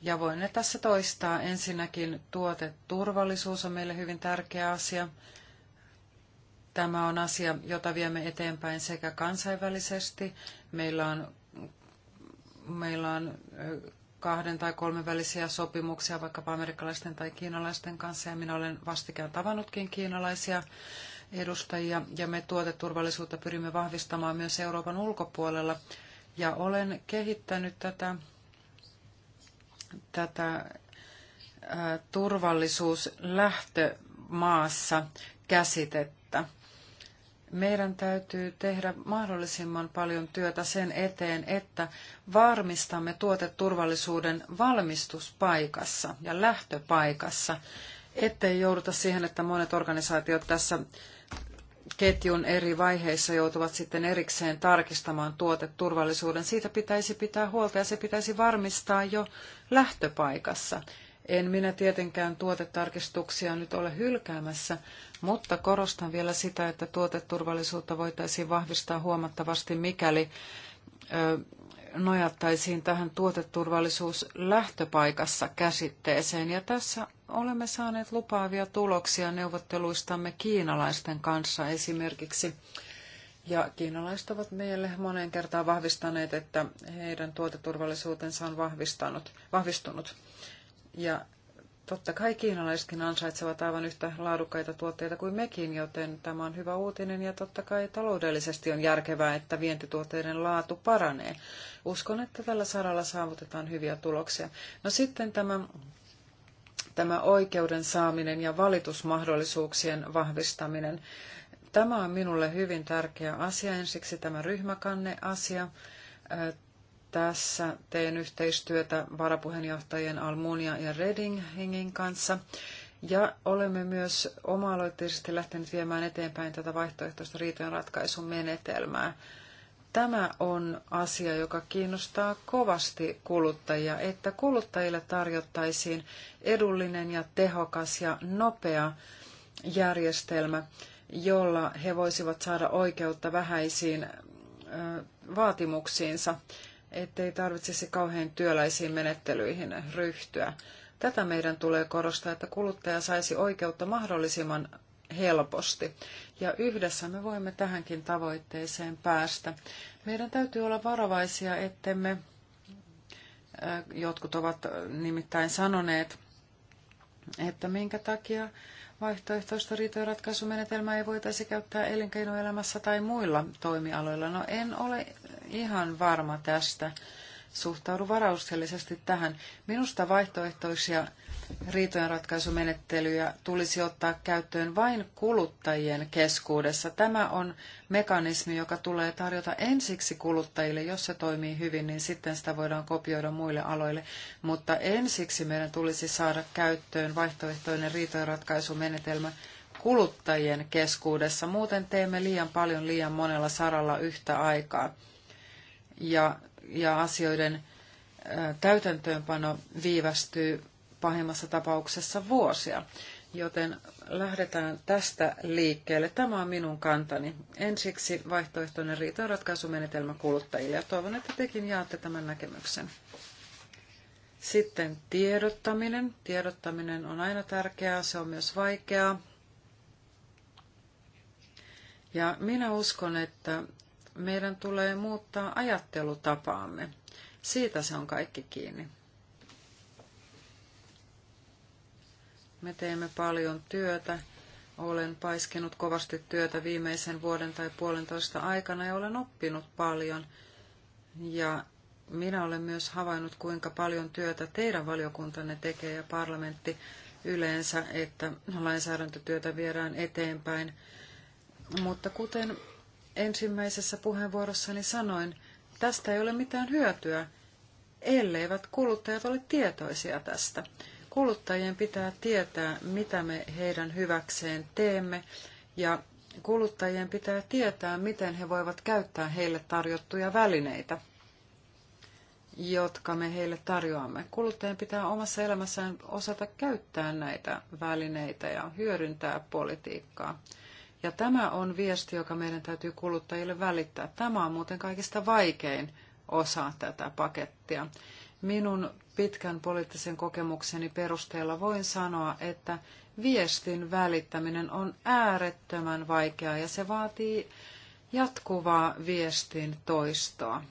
ja voin ne tässä toistaa. Ensinnäkin tuoteturvallisuus on meille hyvin tärkeä asia. Tämä on asia, jota viemme eteenpäin sekä kansainvälisesti. Meillä on, meillä on kahden tai kolmen välisiä sopimuksia vaikkapa amerikkalaisten tai kiinalaisten kanssa, ja minä olen vastikään tavannutkin kiinalaisia edustajia, ja me tuoteturvallisuutta pyrimme vahvistamaan myös Euroopan ulkopuolella. Ja olen kehittänyt tätä tätä äh, turvallisuuslähtömaassa käsitettä. Meidän täytyy tehdä mahdollisimman paljon työtä sen eteen, että varmistamme tuoteturvallisuuden valmistuspaikassa ja lähtöpaikassa, ettei jouduta siihen, että monet organisaatiot tässä ketjun eri vaiheissa joutuvat sitten erikseen tarkistamaan tuoteturvallisuuden. Siitä pitäisi pitää huolta ja se pitäisi varmistaa jo lähtöpaikassa. En minä tietenkään tuotetarkistuksia nyt ole hylkäämässä, mutta korostan vielä sitä, että tuoteturvallisuutta voitaisiin vahvistaa huomattavasti, mikäli nojattaisiin tähän tuoteturvallisuuslähtöpaikassa käsitteeseen. Ja tässä olemme saaneet lupaavia tuloksia neuvotteluistamme kiinalaisten kanssa esimerkiksi. Ja kiinalaiset ovat meille moneen kertaan vahvistaneet, että heidän tuoteturvallisuutensa on vahvistanut, vahvistunut. Ja Totta kai kiinalaisetkin ansaitsevat aivan yhtä laadukkaita tuotteita kuin mekin, joten tämä on hyvä uutinen ja totta kai taloudellisesti on järkevää, että vientituotteiden laatu paranee. Uskon, että tällä saralla saavutetaan hyviä tuloksia. No sitten tämä, tämä oikeuden saaminen ja valitusmahdollisuuksien vahvistaminen. Tämä on minulle hyvin tärkeä asia. Ensiksi tämä ryhmäkanneasia tässä teen yhteistyötä varapuheenjohtajien Almunia ja Redingin kanssa. Ja olemme myös oma-aloitteisesti lähteneet viemään eteenpäin tätä vaihtoehtoista riitojen ratkaisun menetelmää. Tämä on asia, joka kiinnostaa kovasti kuluttajia, että kuluttajille tarjottaisiin edullinen ja tehokas ja nopea järjestelmä, jolla he voisivat saada oikeutta vähäisiin vaatimuksiinsa ettei tarvitsisi kauhean työläisiin menettelyihin ryhtyä. Tätä meidän tulee korostaa, että kuluttaja saisi oikeutta mahdollisimman helposti. Ja yhdessä me voimme tähänkin tavoitteeseen päästä. Meidän täytyy olla varovaisia, ettemme, jotkut ovat nimittäin sanoneet, että minkä takia vaihtoehtoista riitojenratkaisumenetelmää ei voitaisi käyttää elinkeinoelämässä tai muilla toimialoilla. No en ole ihan varma tästä. Suhtaudu varauksellisesti tähän. Minusta vaihtoehtoisia riitojenratkaisumenettelyjä tulisi ottaa käyttöön vain kuluttajien keskuudessa. Tämä on mekanismi, joka tulee tarjota ensiksi kuluttajille. Jos se toimii hyvin, niin sitten sitä voidaan kopioida muille aloille. Mutta ensiksi meidän tulisi saada käyttöön vaihtoehtoinen riitojenratkaisumenetelmä kuluttajien keskuudessa. Muuten teemme liian paljon liian monella saralla yhtä aikaa. Ja, ja asioiden täytäntöönpano viivästyy pahimmassa tapauksessa vuosia. Joten lähdetään tästä liikkeelle. Tämä on minun kantani. Ensiksi vaihtoehtoinen riitojenratkaisumenetelmä kuluttajille ja toivon, että tekin jaatte tämän näkemyksen. Sitten tiedottaminen. Tiedottaminen on aina tärkeää, se on myös vaikeaa. Ja minä uskon, että meidän tulee muuttaa ajattelutapaamme. Siitä se on kaikki kiinni. Me teemme paljon työtä. Olen paiskenut kovasti työtä viimeisen vuoden tai puolentoista aikana ja olen oppinut paljon. Ja minä olen myös havainnut, kuinka paljon työtä teidän valiokuntanne tekee ja parlamentti yleensä, että lainsäädäntötyötä viedään eteenpäin. Mutta kuten ensimmäisessä puheenvuorossani sanoin, tästä ei ole mitään hyötyä, elleivät kuluttajat ole tietoisia tästä. Kuluttajien pitää tietää, mitä me heidän hyväkseen teemme ja kuluttajien pitää tietää, miten he voivat käyttää heille tarjottuja välineitä, jotka me heille tarjoamme. Kuluttajien pitää omassa elämässään osata käyttää näitä välineitä ja hyödyntää politiikkaa. Ja tämä on viesti, joka meidän täytyy kuluttajille välittää. Tämä on muuten kaikista vaikein osa tätä pakettia. Minun pitkän poliittisen kokemukseni perusteella voin sanoa, että viestin välittäminen on äärettömän vaikeaa ja se vaatii jatkuvaa viestin toistoa.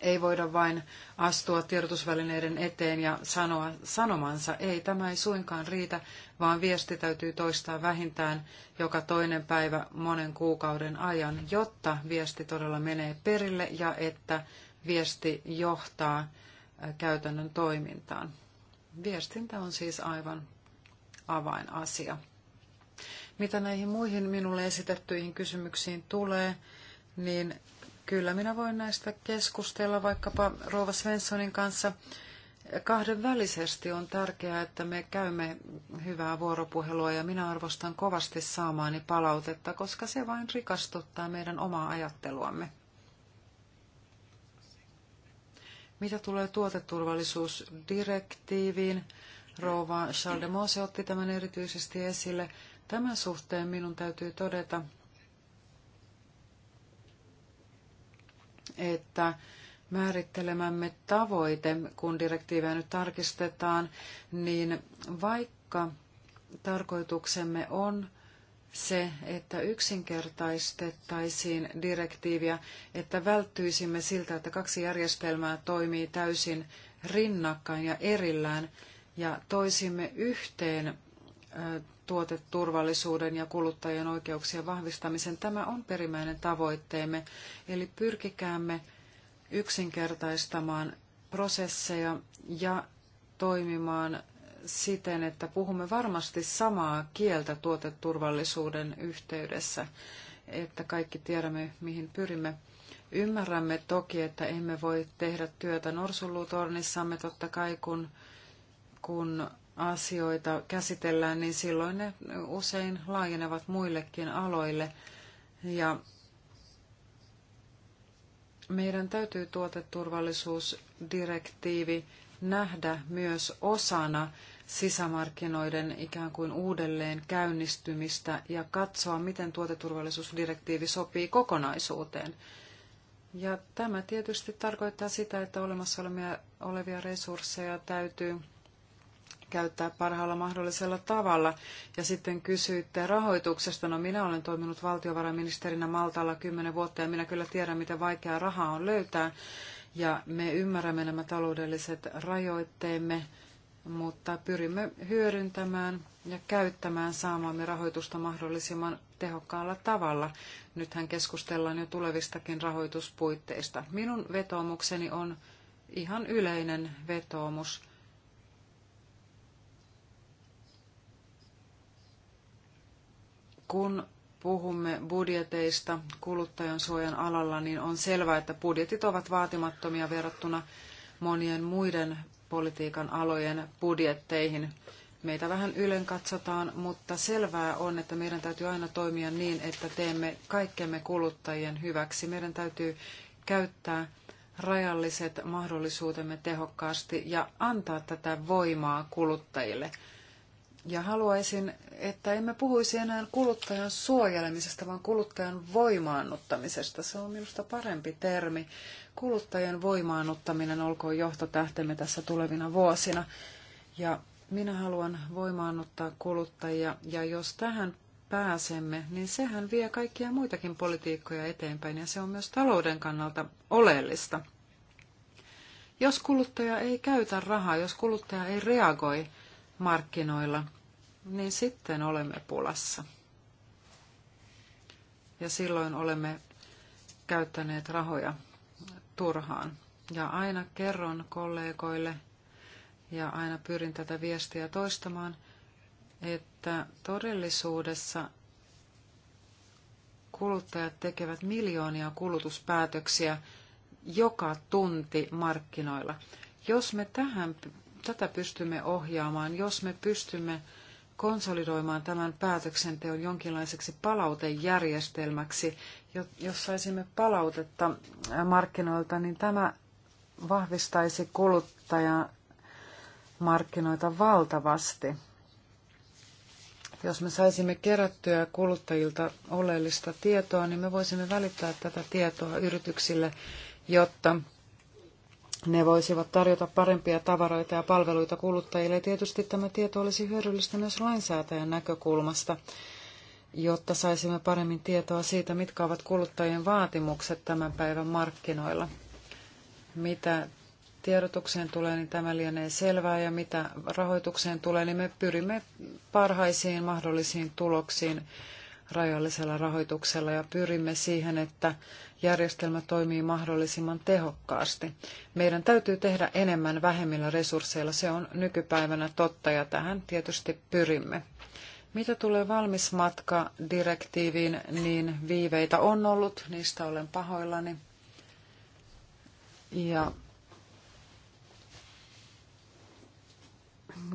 Ei voida vain astua tiedotusvälineiden eteen ja sanoa sanomansa, ei tämä ei suinkaan riitä, vaan viesti täytyy toistaa vähintään joka toinen päivä monen kuukauden ajan, jotta viesti todella menee perille ja että viesti johtaa äh, käytännön toimintaan. Viestintä on siis aivan avainasia. Mitä näihin muihin minulle esitettyihin kysymyksiin tulee, niin kyllä minä voin näistä keskustella vaikkapa Rova Svenssonin kanssa. Kahdenvälisesti on tärkeää, että me käymme hyvää vuoropuhelua ja minä arvostan kovasti saamaani palautetta, koska se vain rikastuttaa meidän omaa ajatteluamme. Mitä tulee tuoteturvallisuusdirektiiviin, Rova Charles de Mose otti tämän erityisesti esille. Tämän suhteen minun täytyy todeta, että määrittelemämme tavoite, kun direktiivejä nyt tarkistetaan, niin vaikka tarkoituksemme on se, että yksinkertaistettaisiin direktiiviä, että välttyisimme siltä, että kaksi järjestelmää toimii täysin rinnakkain ja erillään, ja toisimme yhteen tuoteturvallisuuden ja kuluttajien oikeuksien vahvistamisen. Tämä on perimmäinen tavoitteemme, eli pyrkikäämme yksinkertaistamaan prosesseja ja toimimaan siten, että puhumme varmasti samaa kieltä tuoteturvallisuuden yhteydessä, että kaikki tiedämme, mihin pyrimme. Ymmärrämme toki, että emme voi tehdä työtä norsulluutornissamme totta kai, kun, kun asioita käsitellään, niin silloin ne usein laajenevat muillekin aloille. Ja meidän täytyy tuoteturvallisuusdirektiivi nähdä myös osana sisämarkkinoiden ikään kuin uudelleen käynnistymistä ja katsoa, miten tuoteturvallisuusdirektiivi sopii kokonaisuuteen. Ja tämä tietysti tarkoittaa sitä, että olemassa olevia resursseja täytyy käyttää parhaalla mahdollisella tavalla. Ja sitten kysyitte rahoituksesta. No minä olen toiminut valtiovarainministerinä Maltalla kymmenen vuotta ja minä kyllä tiedän, miten vaikeaa rahaa on löytää ja me ymmärrämme nämä taloudelliset rajoitteemme, mutta pyrimme hyödyntämään ja käyttämään saamaamme rahoitusta mahdollisimman tehokkaalla tavalla. Nythän keskustellaan jo tulevistakin rahoituspuitteista. Minun vetoomukseni on ihan yleinen vetoomus. Kun puhumme budjeteista kuluttajansuojan alalla, niin on selvää, että budjetit ovat vaatimattomia verrattuna monien muiden politiikan alojen budjetteihin. Meitä vähän ylen katsotaan, mutta selvää on, että meidän täytyy aina toimia niin, että teemme kaikkemme kuluttajien hyväksi. Meidän täytyy käyttää rajalliset mahdollisuutemme tehokkaasti ja antaa tätä voimaa kuluttajille. Ja haluaisin, että emme puhuisi enää kuluttajan suojelemisesta, vaan kuluttajan voimaannuttamisesta. Se on minusta parempi termi. Kuluttajan voimaannuttaminen olkoon johtotähtemme tässä tulevina vuosina. Ja minä haluan voimaannuttaa kuluttajia, ja jos tähän pääsemme, niin sehän vie kaikkia muitakin politiikkoja eteenpäin, ja se on myös talouden kannalta oleellista. Jos kuluttaja ei käytä rahaa, jos kuluttaja ei reagoi, markkinoilla, niin sitten olemme pulassa. Ja silloin olemme käyttäneet rahoja turhaan. Ja aina kerron kollegoille, ja aina pyrin tätä viestiä toistamaan, että todellisuudessa kuluttajat tekevät miljoonia kulutuspäätöksiä joka tunti markkinoilla. Jos me tähän tätä pystymme ohjaamaan, jos me pystymme konsolidoimaan tämän päätöksenteon jonkinlaiseksi palautejärjestelmäksi, jos saisimme palautetta markkinoilta, niin tämä vahvistaisi kuluttajamarkkinoita valtavasti. Jos me saisimme kerättyä kuluttajilta oleellista tietoa, niin me voisimme välittää tätä tietoa yrityksille, jotta ne voisivat tarjota parempia tavaroita ja palveluita kuluttajille. Tietysti tämä tieto olisi hyödyllistä myös lainsäätäjän näkökulmasta, jotta saisimme paremmin tietoa siitä, mitkä ovat kuluttajien vaatimukset tämän päivän markkinoilla. Mitä tiedotukseen tulee, niin tämä lienee selvää, ja mitä rahoitukseen tulee, niin me pyrimme parhaisiin mahdollisiin tuloksiin rajallisella rahoituksella ja pyrimme siihen, että järjestelmä toimii mahdollisimman tehokkaasti. Meidän täytyy tehdä enemmän vähemmillä resursseilla, se on nykypäivänä totta ja tähän tietysti pyrimme. Mitä tulee valmismatkadirektiiviin, niin viiveitä on ollut, niistä olen pahoillani. Ja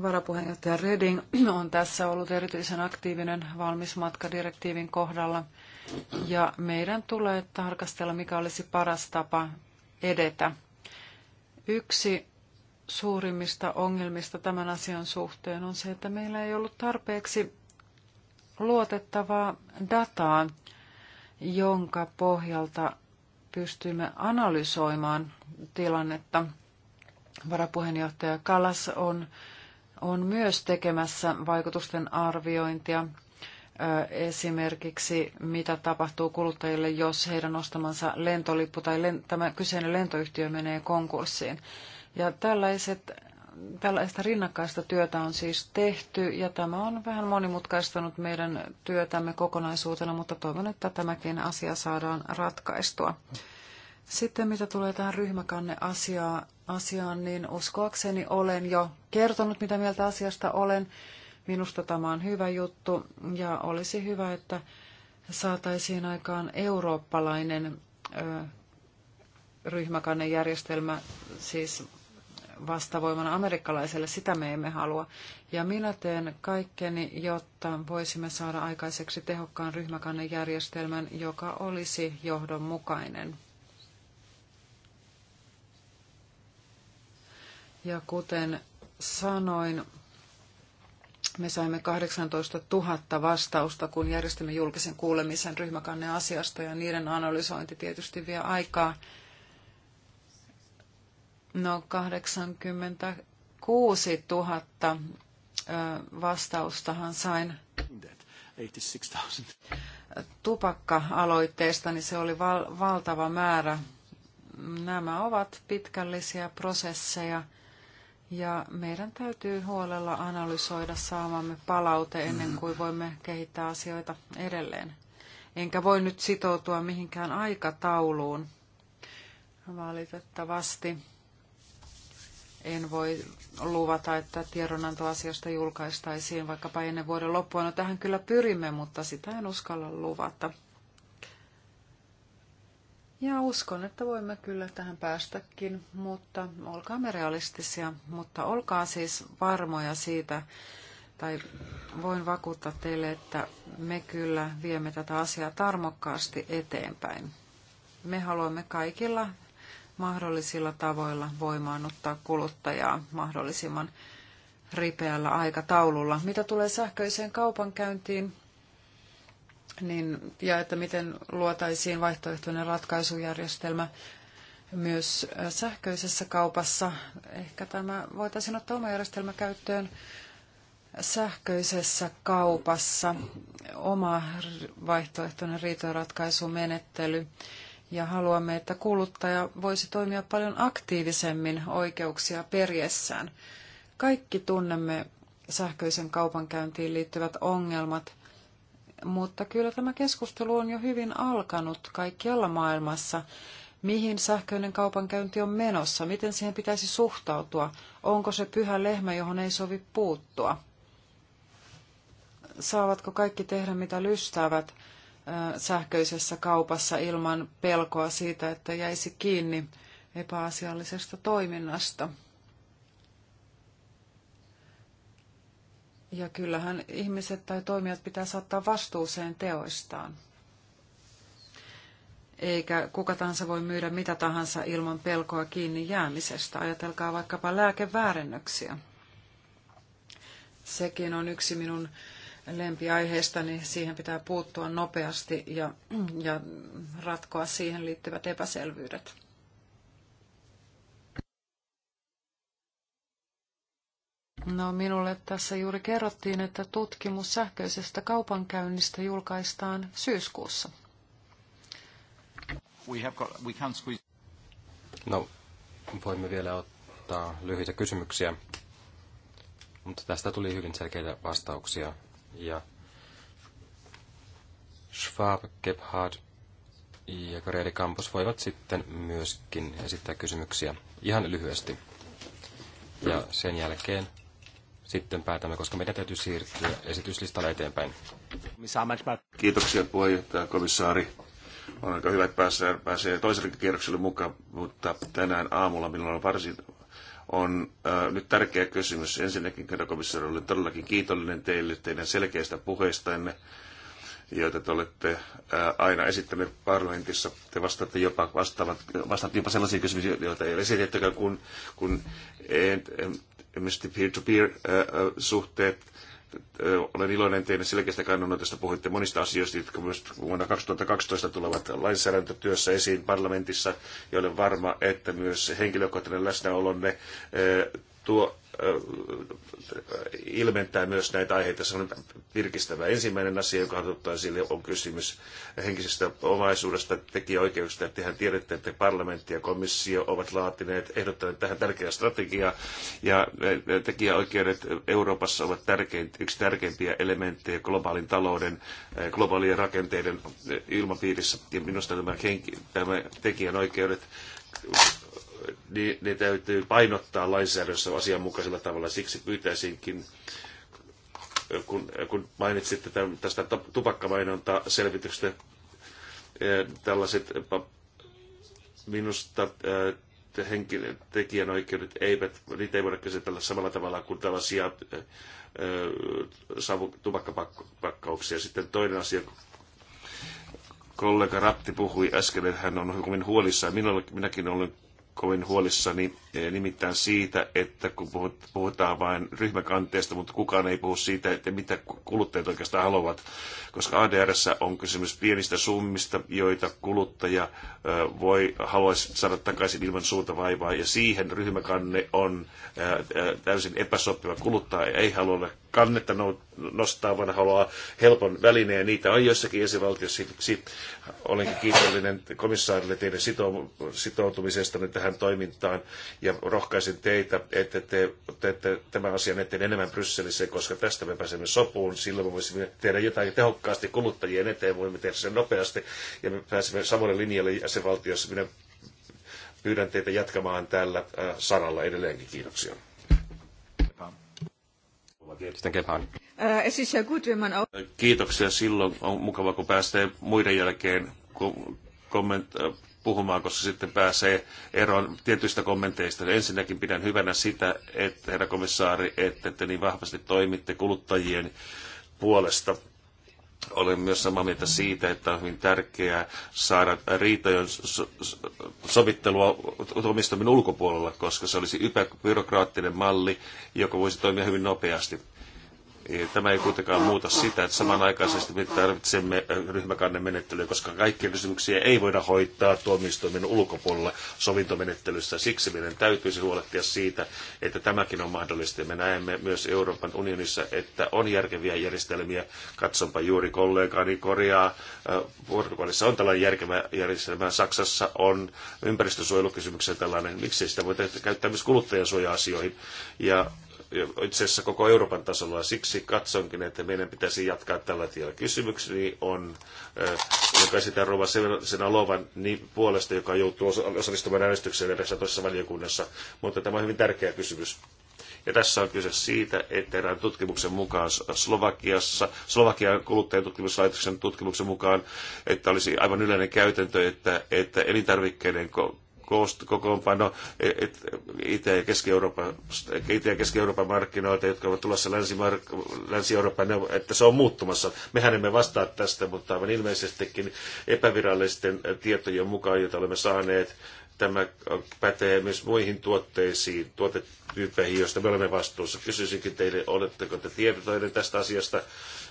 varapuheenjohtaja Reding on tässä ollut erityisen aktiivinen valmismatkadirektiivin kohdalla. Ja meidän tulee tarkastella, mikä olisi paras tapa edetä. Yksi suurimmista ongelmista tämän asian suhteen on se, että meillä ei ollut tarpeeksi luotettavaa dataa, jonka pohjalta pystymme analysoimaan tilannetta. Varapuheenjohtaja Kalas on on myös tekemässä vaikutusten arviointia esimerkiksi mitä tapahtuu kuluttajille, jos heidän ostamansa lentolippu tai tämä kyseinen lentoyhtiö menee konkurssiin. Ja tällaiset, tällaista rinnakkaista työtä on siis tehty ja tämä on vähän monimutkaistanut meidän työtämme kokonaisuutena, mutta toivon, että tämäkin asia saadaan ratkaistua. Sitten mitä tulee tähän ryhmäkanneasiaan, asiaan, niin uskoakseni olen jo kertonut, mitä mieltä asiasta olen. Minusta tämä on hyvä juttu ja olisi hyvä, että saataisiin aikaan eurooppalainen ö, ryhmäkannejärjestelmä, siis vastavoimana amerikkalaiselle, sitä me emme halua. Ja minä teen kaikkeni, jotta voisimme saada aikaiseksi tehokkaan ryhmäkannejärjestelmän, joka olisi johdonmukainen. Ja kuten sanoin, me saimme 18 000 vastausta, kun järjestimme julkisen kuulemisen ryhmäkanneasiasta ja niiden analysointi tietysti vie aikaa. No 86 000 vastaustahan sain tupakka-aloitteesta, niin se oli val- valtava määrä. Nämä ovat pitkällisiä prosesseja ja meidän täytyy huolella analysoida saamamme palaute ennen mm. kuin voimme kehittää asioita edelleen. Enkä voi nyt sitoutua mihinkään aikatauluun. Valitettavasti en voi luvata, että tiedonantoasiasta julkaistaisiin vaikkapa ennen vuoden loppua. No tähän kyllä pyrimme, mutta sitä en uskalla luvata. Ja uskon, että voimme kyllä tähän päästäkin, mutta olkaamme realistisia, mutta olkaa siis varmoja siitä, tai voin vakuuttaa teille, että me kyllä viemme tätä asiaa tarmokkaasti eteenpäin. Me haluamme kaikilla mahdollisilla tavoilla voimaannuttaa kuluttajaa mahdollisimman ripeällä aikataululla. Mitä tulee sähköiseen kaupankäyntiin, niin, ja että miten luotaisiin vaihtoehtoinen ratkaisujärjestelmä myös äh, sähköisessä kaupassa. Ehkä tämä voitaisiin ottaa oma järjestelmä käyttöön sähköisessä kaupassa oma vaihtoehtoinen riitojenratkaisumenettely ja haluamme, että kuluttaja voisi toimia paljon aktiivisemmin oikeuksia perjessään. Kaikki tunnemme sähköisen kaupankäyntiin liittyvät ongelmat – mutta kyllä tämä keskustelu on jo hyvin alkanut kaikkialla maailmassa. Mihin sähköinen kaupankäynti on menossa? Miten siihen pitäisi suhtautua? Onko se pyhä lehmä, johon ei sovi puuttua? Saavatko kaikki tehdä mitä lystäävät sähköisessä kaupassa ilman pelkoa siitä, että jäisi kiinni epäasiallisesta toiminnasta? Ja kyllähän ihmiset tai toimijat pitää saattaa vastuuseen teoistaan. Eikä kuka tahansa voi myydä mitä tahansa ilman pelkoa kiinni jäämisestä. Ajatelkaa vaikkapa lääkeväärennöksiä. Sekin on yksi minun lempiaiheestani. Siihen pitää puuttua nopeasti ja, ja ratkoa siihen liittyvät epäselvyydet. No minulle tässä juuri kerrottiin, että tutkimus sähköisestä kaupankäynnistä julkaistaan syyskuussa. We have got, we can squeeze... No, voimme vielä ottaa lyhyitä kysymyksiä, mutta tästä tuli hyvin selkeitä vastauksia. Ja Schwab, Gebhard ja Kareli Kampus voivat sitten myöskin esittää kysymyksiä ihan lyhyesti. Ja sen jälkeen sitten päätämme, koska meidän täytyy siirtyä esityslistalle eteenpäin. Kiitoksia puheenjohtaja komissaari. On aika hyvä, että pääsee, pääsee toiselle kierrokselle mukaan, mutta tänään aamulla minulla on varsin on äh, nyt tärkeä kysymys. Ensinnäkin, herra komissaari, olen todellakin kiitollinen teille teidän selkeistä puheistanne, joita te olette äh, aina esittäneet parlamentissa. Te vastaatte jopa, vastaavat, vastaatte jopa sellaisia kysymyksiä, joita ei ole esitettykään, kun, kun ilmeisesti peer-to-peer-suhteet. Olen iloinen teidän selkeästä kannanotosta. Puhuitte monista asioista, jotka myös vuonna 2012 tulevat lainsäädäntötyössä esiin parlamentissa, ja olen varma, että myös henkilökohtainen läsnäolonne tuo ilmentää myös näitä aiheita. Se on virkistävä ensimmäinen asia, joka ottaa sille, on kysymys henkisestä omaisuudesta, tekijäoikeuksista. Tehän tiedätte, että parlamentti ja komissio ovat laatineet, ehdottaneet tähän tärkeää strategiaa, ja tekijäoikeudet Euroopassa ovat tärkein, yksi tärkeimpiä elementtejä globaalin talouden, globaalien rakenteiden ilmapiirissä. Ja minusta tämä, henki, tämä tekijänoikeudet niin ne täytyy painottaa lainsäädännössä asianmukaisella tavalla. Siksi pyytäisinkin, kun, kun mainitsitte tämän, tästä tupakkamainonta selvityksestä, eh, tällaiset minusta eh, tekijänoikeudet eivät, niitä ei voida käsitellä samalla tavalla kuin tällaisia eh, savu, tupakkapakkauksia. Sitten toinen asia, kollega Rapti puhui äsken, että hän on hyvin huolissaan. Minä, minäkin olen kovin huolissani eh, nimittäin siitä, että kun puhutaan vain ryhmäkanteesta, mutta kukaan ei puhu siitä, että mitä kuluttajat oikeastaan haluavat, koska adr on kysymys pienistä summista, joita kuluttaja eh, voi haluaisi saada takaisin ilman suurta vaivaa, ja siihen ryhmäkanne on eh, täysin epäsopiva. Kuluttaja ei halua kannetta no-, nostaa, vaan haluaa helpon välineen. Niitä on joissakin jäsenvaltiossa. Olenkin kiitollinen komissaarille teidän sitoutumisesta tähän tähän toimintaan ja rohkaisin teitä, että te teette tämän asian eteen enemmän Brysselissä, koska tästä me pääsemme sopuun. Silloin me voisimme tehdä jotain tehokkaasti kuluttajien eteen, voimme tehdä sen nopeasti ja me pääsemme samalle linjalle jäsenvaltiossa. Minä pyydän teitä jatkamaan tällä äh, saralla edelleenkin. Kiitoksia. Äh, Kiitoksia silloin. On mukava, kun pääsee muiden jälkeen komment- äh, puhumaan, koska sitten pääsee eroon tietyistä kommenteista. Ensinnäkin pidän hyvänä sitä, että herra komissaari, että te niin vahvasti toimitte kuluttajien puolesta. Olen myös samaa mieltä siitä, että on hyvin tärkeää saada riitojen sovittelua omistamin ulkopuolella, koska se olisi ypäbyrokraattinen malli, joka voisi toimia hyvin nopeasti Tämä ei kuitenkaan muuta sitä, että samanaikaisesti me tarvitsemme äh, ryhmäkannemenettelyä, koska kaikkia kysymyksiä ei voida hoitaa tuomioistuimen ulkopuolella sovintomenettelyssä. Siksi meidän täytyisi huolehtia siitä, että tämäkin on mahdollista. Me näemme myös Euroopan unionissa, että on järkeviä järjestelmiä. Katsonpa juuri kollegaani Korjaa. Äh, Portugalissa on tällainen järkevä järjestelmä. Saksassa on ympäristösuojelukysymyksessä tällainen. Miksi sitä voi käyttää myös kuluttajansuoja-asioihin? Ja itse asiassa koko Euroopan tasolla. Siksi katsonkin, että meidän pitäisi jatkaa tällä tiellä. Kysymykseni on, eh, joka sitä Rova Senalovan niin puolesta, joka joutuu osallistumaan äänestykseen edessä toisessa valiokunnassa, mutta tämä on hyvin tärkeä kysymys. Ja tässä on kyse siitä, että erään tutkimuksen mukaan Slovakiassa, Slovakian kuluttajatutkimuslaitoksen tutkimuksen mukaan, että olisi aivan yleinen käytäntö, että, että elintarvikkeiden kokoonpano e, Itä- ja Keski-Euroopan, Itä- Keski-Euroopan markkinoita, jotka ovat tulossa Länsi-Euroopan, että se on muuttumassa. Mehän emme vastaa tästä, mutta aivan ilmeisestikin epävirallisten tietojen mukaan, joita olemme saaneet, Tämä pätee myös muihin tuotteisiin, tuotetyyppeihin, joista me olemme vastuussa. Kysyisinkin teille, oletteko te tietoinen tästä asiasta?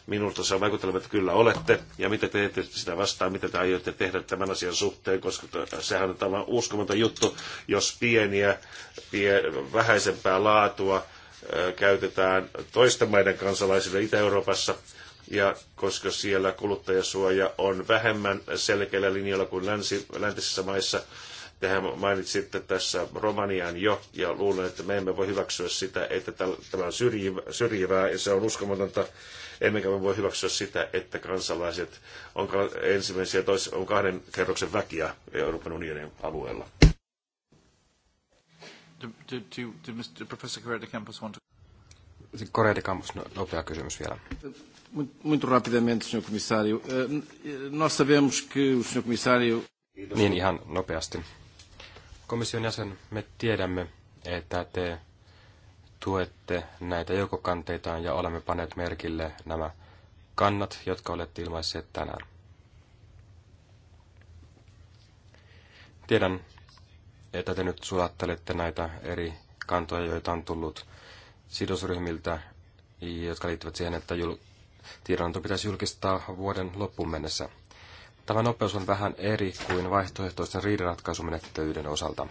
Minulta saa vaikutelma, että kyllä olette. Ja mitä teette sitä vastaan, mitä te aiotte tehdä tämän asian suhteen, koska sehän on tämä uskomaton juttu, jos pieniä, pie, vähäisempää laatua käytetään toisten maiden kansalaisille Itä-Euroopassa, ja koska siellä kuluttajasuoja on vähemmän selkeällä linjalla kuin länsi, läntisissä maissa, Tehän mainitsitte tässä Romanian jo, ja luulen, että me emme voi hyväksyä sitä, että tämä on syrjivää, ja se on uskomatonta, emmekä me voi hyväksyä sitä, että kansalaiset on ensimmäisen ja toisen, on kahden kerroksen väkiä Euroopan unionin alueella. Korea Professor de Campos to... de no, nopea kysymys vielä. Muito rapidamente, senhor Comissário. Eh, nós sabemos que o senhor Comissário... Niin ihan nopeasti. Komission jäsen, me tiedämme, että te tuette näitä joukokanteitaan ja olemme paneet merkille nämä kannat, jotka olette ilmaisseet tänään. Tiedän, että te nyt sulattelette näitä eri kantoja, joita on tullut sidosryhmiltä, jotka liittyvät siihen, että jul- tiedonanto pitäisi julkistaa vuoden loppuun mennessä – Tämä nopeus on vähän eri kuin vaihtoehtoisten riidanratkaisumenettelyiden osalta.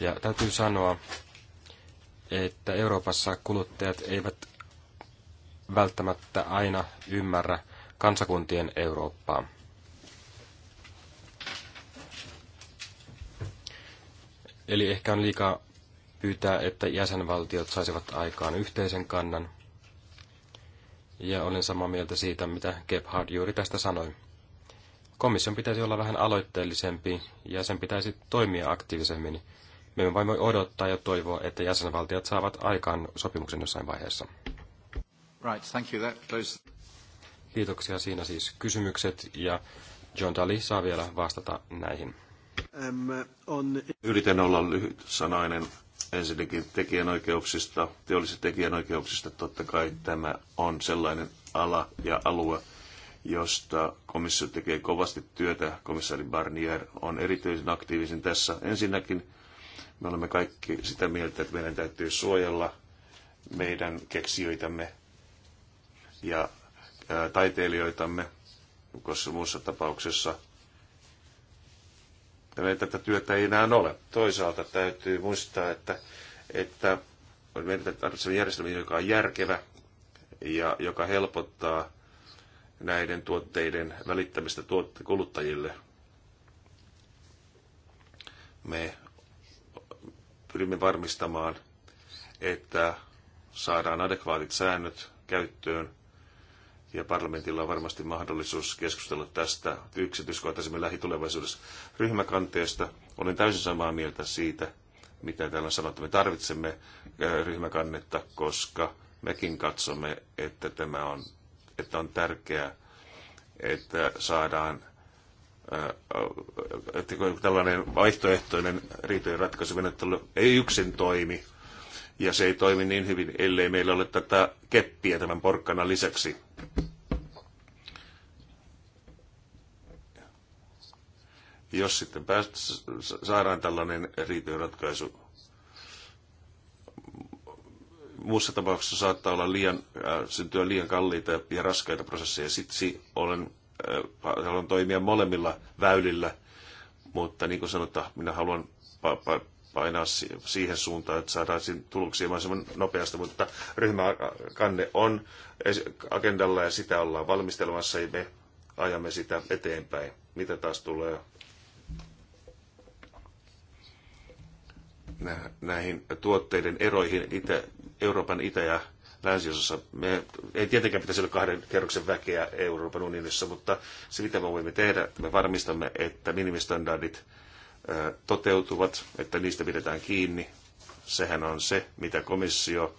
Ja täytyy sanoa, että Euroopassa kuluttajat eivät välttämättä aina ymmärrä kansakuntien Eurooppaa. Eli ehkä on liikaa pyytää, että jäsenvaltiot saisivat aikaan yhteisen kannan. Ja olen samaa mieltä siitä, mitä Gebhard juuri tästä sanoi komission pitäisi olla vähän aloitteellisempi ja sen pitäisi toimia aktiivisemmin. Me emme vain voi odottaa ja toivoa, että jäsenvaltiot saavat aikaan sopimuksen jossain vaiheessa. Right, thank you. That close... Kiitoksia siinä siis kysymykset ja John Daly saa vielä vastata näihin. Um, on... Yritän olla lyhyt sanainen ensinnäkin tekijänoikeuksista, teollisista tekijänoikeuksista. Totta kai tämä on sellainen ala ja alue, josta komissio tekee kovasti työtä. Komissaari Barnier on erityisen aktiivisin tässä. Ensinnäkin me olemme kaikki sitä mieltä, että meidän täytyy suojella meidän keksijöitämme ja taiteilijoitamme, koska muussa tapauksessa tätä työtä ei enää ole. Toisaalta täytyy muistaa, että, että meidän tarvitsemme järjestelmä, joka on järkevä ja joka helpottaa näiden tuotteiden välittämistä tuotte- kuluttajille. Me pyrimme varmistamaan, että saadaan adekvaatit säännöt käyttöön ja parlamentilla on varmasti mahdollisuus keskustella tästä yksityiskohtaisemmin lähitulevaisuudessa. Ryhmäkanteesta olen täysin samaa mieltä siitä, mitä täällä on sanottu. Me tarvitsemme ryhmäkannetta, koska mekin katsomme, että tämä on että on tärkeää, että saadaan että tällainen vaihtoehtoinen riitojen ratkaisumenettely ei yksin toimi, ja se ei toimi niin hyvin, ellei meillä ole tätä keppiä tämän porkkana lisäksi. Jos sitten päästä, saadaan tällainen riitojen ratkaisu muussa tapauksessa saattaa olla liian, äh, syntyä liian kalliita ja raskaita prosesseja. Siksi olen, äh, haluan toimia molemmilla väylillä, mutta niin kuin sanotaan, minä haluan painaa siihen suuntaan, että saadaan tuloksia mahdollisimman nopeasti, mutta ryhmäkanne äh, on agendalla ja sitä ollaan valmistelemassa ja me ajamme sitä eteenpäin. Mitä taas tulee näihin tuotteiden eroihin itä, Euroopan itä- ja länsiosassa. Me ei tietenkään pitäisi olla kahden kerroksen väkeä Euroopan unionissa, mutta se mitä me voimme tehdä, me varmistamme, että minimistandardit toteutuvat, että niistä pidetään kiinni. Sehän on se, mitä komissio,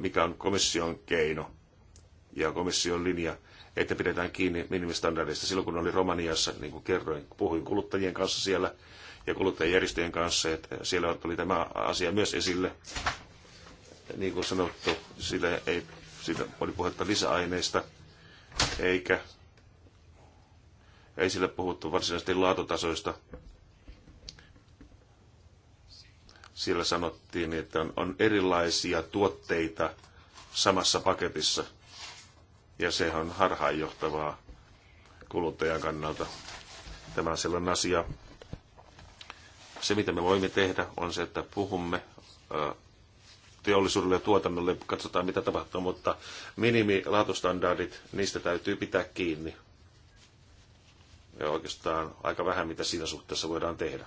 mikä on komission keino ja komission linja, että pidetään kiinni minimistandardista. Silloin kun oli Romaniassa, niin kuin kerroin, puhuin kuluttajien kanssa siellä, ja kuluttajajärjestöjen kanssa. Että siellä tuli tämä asia myös esille. Niin kuin sanottu, sillä ei, siitä oli puhetta lisäaineista, eikä ei sillä puhuttu varsinaisesti laatutasoista. Siellä sanottiin, että on, on erilaisia tuotteita samassa paketissa, ja se on harhaanjohtavaa kuluttajan kannalta. Tämä on sellainen asia, se, mitä me voimme tehdä, on se, että puhumme teollisuudelle ja tuotannolle, katsotaan mitä tapahtuu, mutta minimilaatustandardit, niistä täytyy pitää kiinni. Ja oikeastaan aika vähän, mitä siinä suhteessa voidaan tehdä.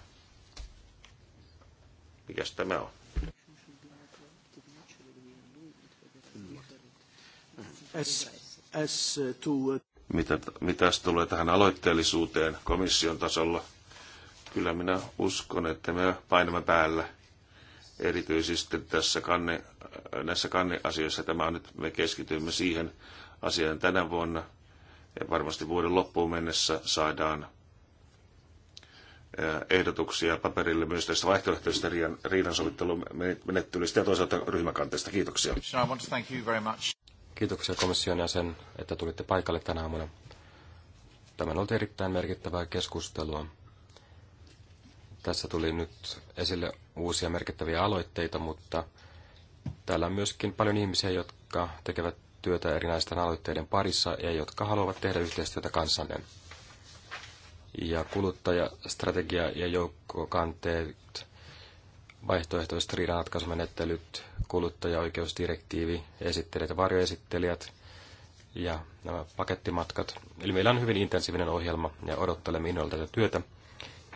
Mikäs tämä on? Uh, uh, mitä, mitäs tulee tähän aloitteellisuuteen komission tasolla? Kyllä minä uskon, että me painamme päällä erityisesti tässä kanne, näissä kanneasioissa. Tämä on nyt, me keskitymme siihen asiaan tänä vuonna. Ja varmasti vuoden loppuun mennessä saadaan ehdotuksia paperille myös tästä vaihtoehtoisesta riidansovittelun ja toisaalta ryhmäkanteesta. Kiitoksia. Kiitoksia komission jäsen, että tulitte paikalle tänä aamuna. Tämä on ollut erittäin merkittävää keskustelua. Tässä tuli nyt esille uusia merkittäviä aloitteita, mutta täällä on myöskin paljon ihmisiä, jotka tekevät työtä erinäisten aloitteiden parissa ja jotka haluavat tehdä yhteistyötä kanssanne. Ja kuluttajastrategia ja joukkokanteet, vaihtoehtoiset riidanratkaisumenettelyt, kuluttajaoikeusdirektiivi, esittelijät ja varjoesittelijät ja nämä pakettimatkat. Eli meillä on hyvin intensiivinen ohjelma ja odottelemme innolla tätä työtä.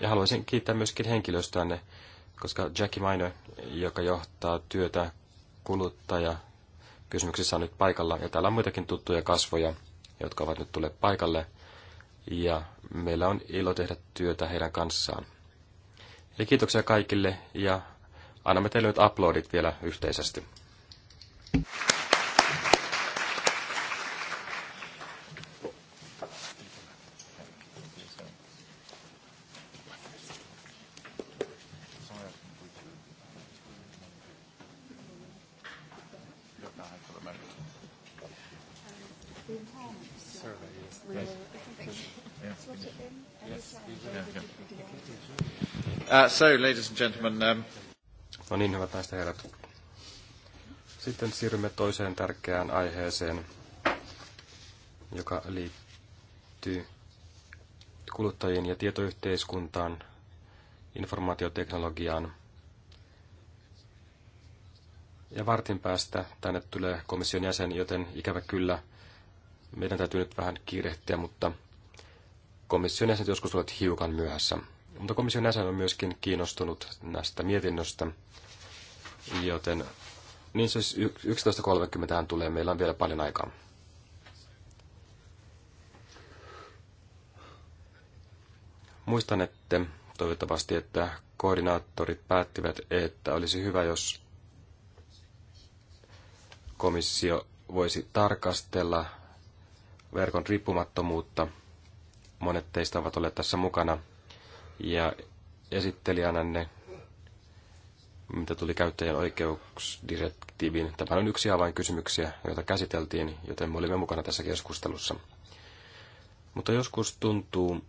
Ja haluaisin kiittää myöskin henkilöstöänne, koska Jackie Maino, joka johtaa työtä kuluttaja kysymyksissä on nyt paikalla. Ja täällä on muitakin tuttuja kasvoja, jotka ovat nyt tulleet paikalle. Ja meillä on ilo tehdä työtä heidän kanssaan. Eli kiitoksia kaikille ja annamme teille nyt uploadit vielä yhteisesti. So, ladies and gentlemen, um... No niin, hyvät naiset herrat. Sitten siirrymme toiseen tärkeään aiheeseen, joka liittyy kuluttajien ja tietoyhteiskuntaan, informaatioteknologiaan. Ja vartin päästä tänne tulee komission jäsen, joten ikävä kyllä meidän täytyy nyt vähän kiirehtiä, mutta komission jäsenet joskus olet hiukan myöhässä. Mutta komission jäsen on myöskin kiinnostunut näistä mietinnöstä, joten niin siis 11.30 hän tulee, meillä on vielä paljon aikaa. Muistan, että toivottavasti, että koordinaattorit päättivät, että olisi hyvä, jos komissio voisi tarkastella verkon riippumattomuutta. Monet teistä ovat olleet tässä mukana – ja esittelijänänne, mitä tuli käyttäjän oikeusdirektiiviin. Tämä on yksi avainkysymyksiä, joita käsiteltiin, joten me olimme mukana tässä keskustelussa. Mutta joskus tuntuu,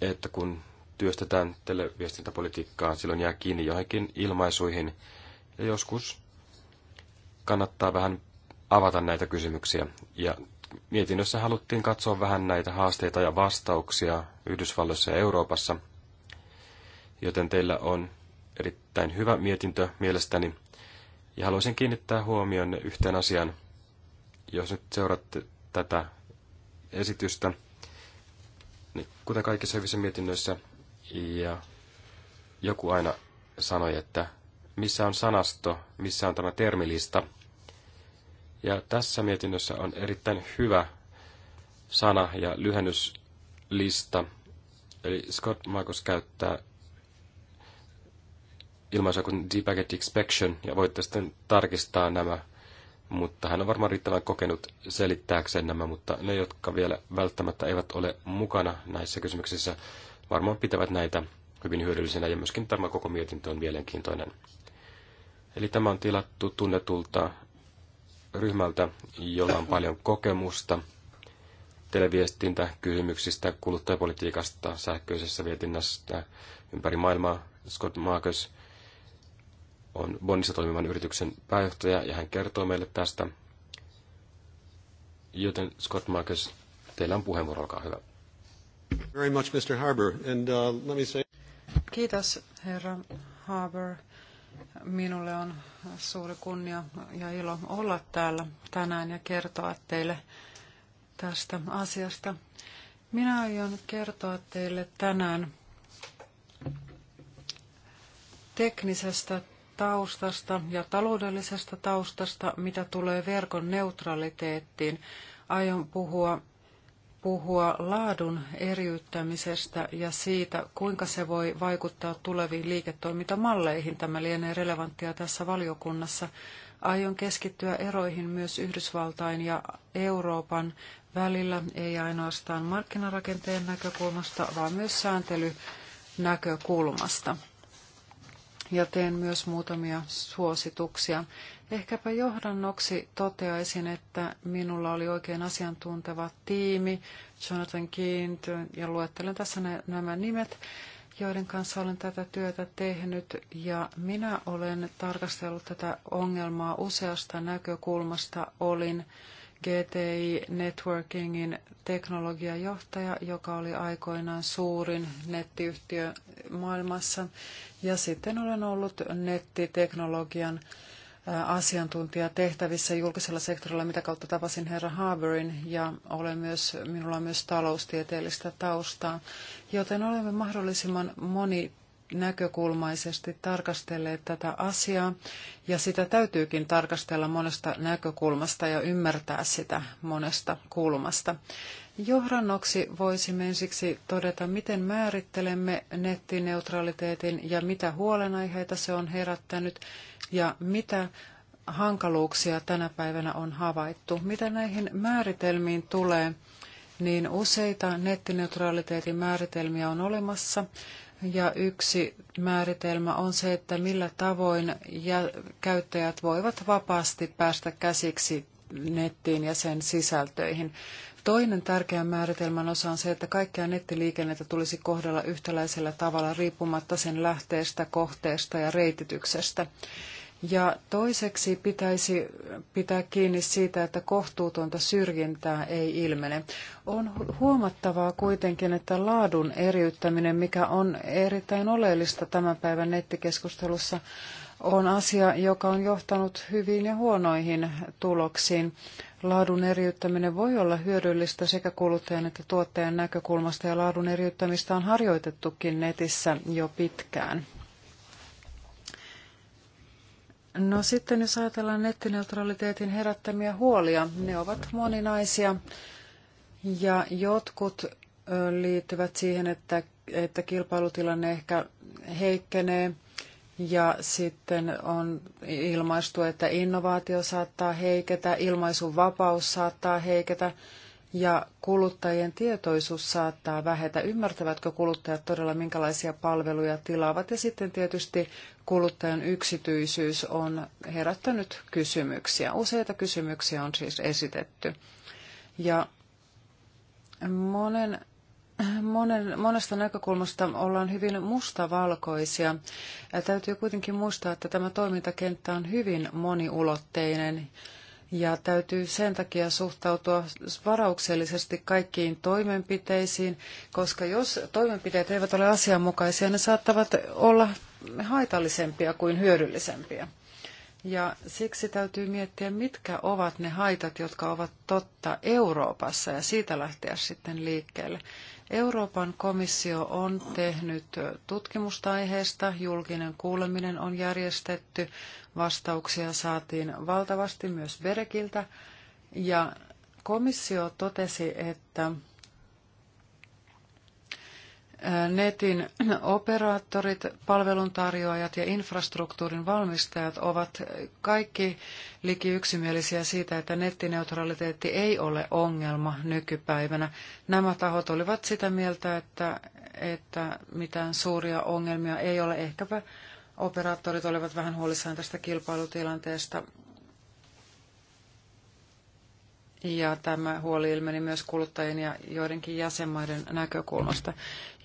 että kun työstetään televiestintäpolitiikkaa, silloin jää kiinni johonkin ilmaisuihin, ja joskus kannattaa vähän avata näitä kysymyksiä. Ja mietinnössä haluttiin katsoa vähän näitä haasteita ja vastauksia Yhdysvalloissa ja Euroopassa, joten teillä on erittäin hyvä mietintö mielestäni. Ja haluaisin kiinnittää huomioon yhteen asiaan, jos nyt seuraatte tätä esitystä, niin kuten kaikissa hyvissä mietinnöissä, ja joku aina sanoi, että missä on sanasto, missä on tämä termilista – ja tässä mietinnössä on erittäin hyvä sana ja lyhennyslista. Eli Scott Marcus käyttää ilmaisua kuin debugged inspection, ja voitte sitten tarkistaa nämä, mutta hän on varmaan riittävän kokenut selittääkseen nämä, mutta ne, jotka vielä välttämättä eivät ole mukana näissä kysymyksissä, varmaan pitävät näitä hyvin hyödyllisenä, ja myöskin tämä koko mietintö on mielenkiintoinen. Eli tämä on tilattu tunnetulta ryhmältä, jolla on paljon kokemusta televiestintäkysymyksistä, kuluttajapolitiikasta, sähköisessä viestinnässä ympäri maailmaa. Scott Marcus on Bonnissa toimivan yrityksen pääjohtaja ja hän kertoo meille tästä. Joten Scott Marcus, teillä on puheenvuoro, olkaa hyvä. Very much, Mr. Harbour. And, uh, let me say... Kiitos, herra Harbour. Minulle on suuri kunnia ja ilo olla täällä tänään ja kertoa teille tästä asiasta. Minä aion kertoa teille tänään teknisestä taustasta ja taloudellisesta taustasta, mitä tulee verkon neutraliteettiin. Aion puhua puhua laadun eriyttämisestä ja siitä, kuinka se voi vaikuttaa tuleviin liiketoimintamalleihin. Tämä lienee relevanttia tässä valiokunnassa. Aion keskittyä eroihin myös Yhdysvaltain ja Euroopan välillä, ei ainoastaan markkinarakenteen näkökulmasta, vaan myös sääntelynäkökulmasta ja teen myös muutamia suosituksia. Ehkäpä johdannoksi toteaisin, että minulla oli oikein asiantunteva tiimi, Jonathan Kint, ja luettelen tässä nämä nimet, joiden kanssa olen tätä työtä tehnyt, ja minä olen tarkastellut tätä ongelmaa useasta näkökulmasta. Olin GTI Networkingin teknologiajohtaja, joka oli aikoinaan suurin nettiyhtiö maailmassa. Ja sitten olen ollut nettiteknologian asiantuntija tehtävissä julkisella sektorilla, mitä kautta tapasin herra Haberin, ja olen myös, minulla on myös taloustieteellistä taustaa, joten olemme mahdollisimman moni näkökulmaisesti tarkastelleet tätä asiaa ja sitä täytyykin tarkastella monesta näkökulmasta ja ymmärtää sitä monesta kulmasta. Johdannoksi voisimme ensiksi todeta, miten määrittelemme nettineutraliteetin ja mitä huolenaiheita se on herättänyt ja mitä hankaluuksia tänä päivänä on havaittu. Mitä näihin määritelmiin tulee, niin useita nettineutraliteetin määritelmiä on olemassa. Ja yksi määritelmä on se, että millä tavoin käyttäjät voivat vapaasti päästä käsiksi nettiin ja sen sisältöihin. Toinen tärkeä määritelmän osa on se, että kaikkea nettiliikennettä tulisi kohdella yhtäläisellä tavalla riippumatta sen lähteestä, kohteesta ja reitityksestä. Ja toiseksi pitäisi pitää kiinni siitä, että kohtuutonta syrjintää ei ilmene. On huomattavaa kuitenkin, että laadun eriyttäminen, mikä on erittäin oleellista tämän päivän nettikeskustelussa, on asia, joka on johtanut hyviin ja huonoihin tuloksiin. Laadun eriyttäminen voi olla hyödyllistä sekä kuluttajan että tuottajan näkökulmasta ja laadun eriyttämistä on harjoitettukin netissä jo pitkään. No sitten jos ajatellaan nettineutraliteetin herättämiä huolia, ne ovat moninaisia ja jotkut liittyvät siihen, että, että kilpailutilanne ehkä heikkenee ja sitten on ilmaistu, että innovaatio saattaa heiketä, ilmaisun vapaus saattaa heiketä ja kuluttajien tietoisuus saattaa vähetä. Ymmärtävätkö kuluttajat todella, minkälaisia palveluja tilaavat? Ja sitten tietysti kuluttajan yksityisyys on herättänyt kysymyksiä. Useita kysymyksiä on siis esitetty. Ja monen Monen, monesta näkökulmasta ollaan hyvin mustavalkoisia. Ja täytyy kuitenkin muistaa, että tämä toimintakenttä on hyvin moniulotteinen ja täytyy sen takia suhtautua varauksellisesti kaikkiin toimenpiteisiin, koska jos toimenpiteet eivät ole asianmukaisia, ne saattavat olla haitallisempia kuin hyödyllisempiä. Ja siksi täytyy miettiä, mitkä ovat ne haitat, jotka ovat totta Euroopassa ja siitä lähteä sitten liikkeelle. Euroopan komissio on tehnyt tutkimusta aiheesta, julkinen kuuleminen on järjestetty, vastauksia saatiin valtavasti myös Berekiltä ja komissio totesi, että Netin operaattorit, palveluntarjoajat ja infrastruktuurin valmistajat ovat kaikki liki yksimielisiä siitä, että nettineutraliteetti ei ole ongelma nykypäivänä. Nämä tahot olivat sitä mieltä, että, että mitään suuria ongelmia ei ole. Ehkäpä operaattorit olivat vähän huolissaan tästä kilpailutilanteesta ja tämä huoli ilmeni myös kuluttajien ja joidenkin jäsenmaiden näkökulmasta.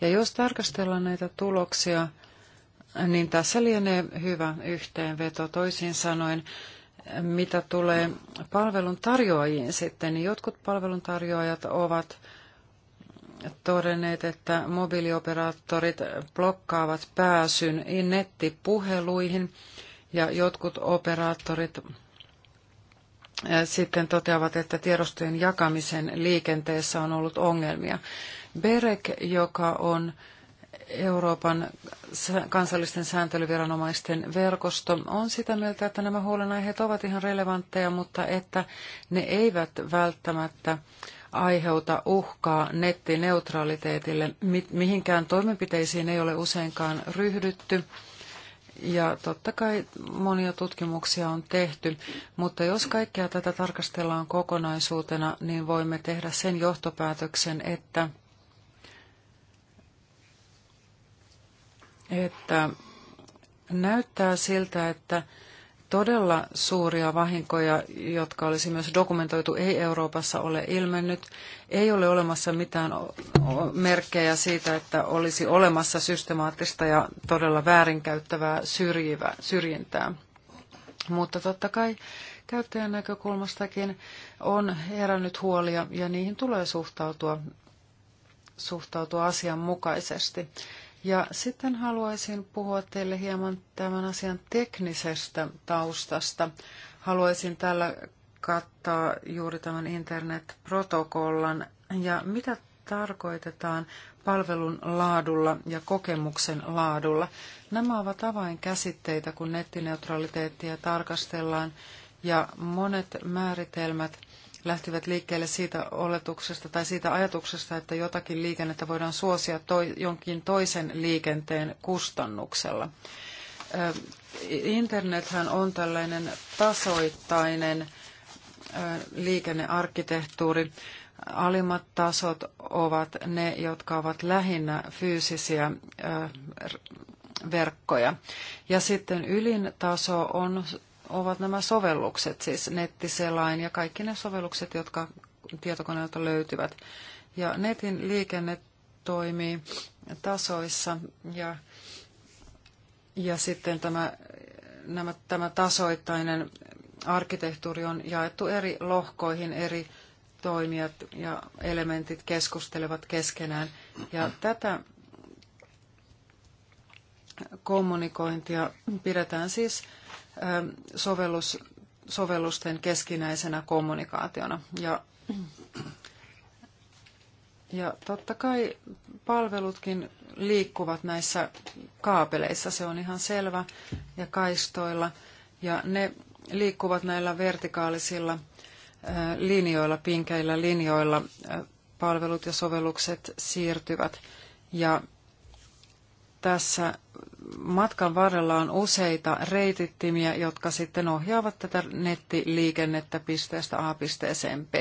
Ja jos tarkastellaan näitä tuloksia, niin tässä lienee hyvä yhteenveto. Toisin sanoen, mitä tulee palvelun tarjoajiin sitten, niin jotkut palveluntarjoajat ovat todenneet, että mobiilioperaattorit blokkaavat pääsyn nettipuheluihin ja jotkut operaattorit sitten toteavat, että tiedostojen jakamisen liikenteessä on ollut ongelmia. BEREC, joka on Euroopan kansallisten sääntelyviranomaisten verkosto on sitä mieltä, että nämä huolenaiheet ovat ihan relevantteja, mutta että ne eivät välttämättä aiheuta uhkaa nettineutraliteetille. Mihinkään toimenpiteisiin ei ole useinkaan ryhdytty ja totta kai monia tutkimuksia on tehty, mutta jos kaikkea tätä tarkastellaan kokonaisuutena, niin voimme tehdä sen johtopäätöksen, että, että näyttää siltä, että todella suuria vahinkoja, jotka olisi myös dokumentoitu, ei Euroopassa ole ilmennyt. Ei ole olemassa mitään merkkejä siitä, että olisi olemassa systemaattista ja todella väärinkäyttävää syrjivä, syrjintää. Mutta totta kai käyttäjän näkökulmastakin on herännyt huolia ja niihin tulee suhtautua, suhtautua asianmukaisesti. Ja sitten haluaisin puhua teille hieman tämän asian teknisestä taustasta. Haluaisin tällä kattaa juuri tämän internetprotokollan ja mitä tarkoitetaan palvelun laadulla ja kokemuksen laadulla. Nämä ovat avainkäsitteitä, kun nettineutraliteettia tarkastellaan ja monet määritelmät – lähtivät liikkeelle siitä oletuksesta tai siitä ajatuksesta, että jotakin liikennettä voidaan suosia toi, jonkin toisen liikenteen kustannuksella. Internethän on tällainen tasoittainen liikennearkkitehtuuri. Alimmat tasot ovat ne, jotka ovat lähinnä fyysisiä verkkoja. Ja sitten ylin taso on ovat nämä sovellukset, siis nettiselain ja kaikki ne sovellukset, jotka tietokoneelta löytyvät. Ja netin liikenne toimii tasoissa ja, ja sitten tämä, nämä, tämä tasoittainen arkkitehtuuri on jaettu eri lohkoihin, eri toimijat ja elementit keskustelevat keskenään. Ja tätä kommunikointia pidetään siis Ähm, sovellus, sovellusten keskinäisenä kommunikaationa. Ja, ja totta kai palvelutkin liikkuvat näissä kaapeleissa, se on ihan selvä, ja kaistoilla. Ja ne liikkuvat näillä vertikaalisilla äh, linjoilla, pinkeillä linjoilla äh, palvelut ja sovellukset siirtyvät. Ja tässä matkan varrella on useita reitittimiä, jotka sitten ohjaavat tätä nettiliikennettä pisteestä A pisteeseen B.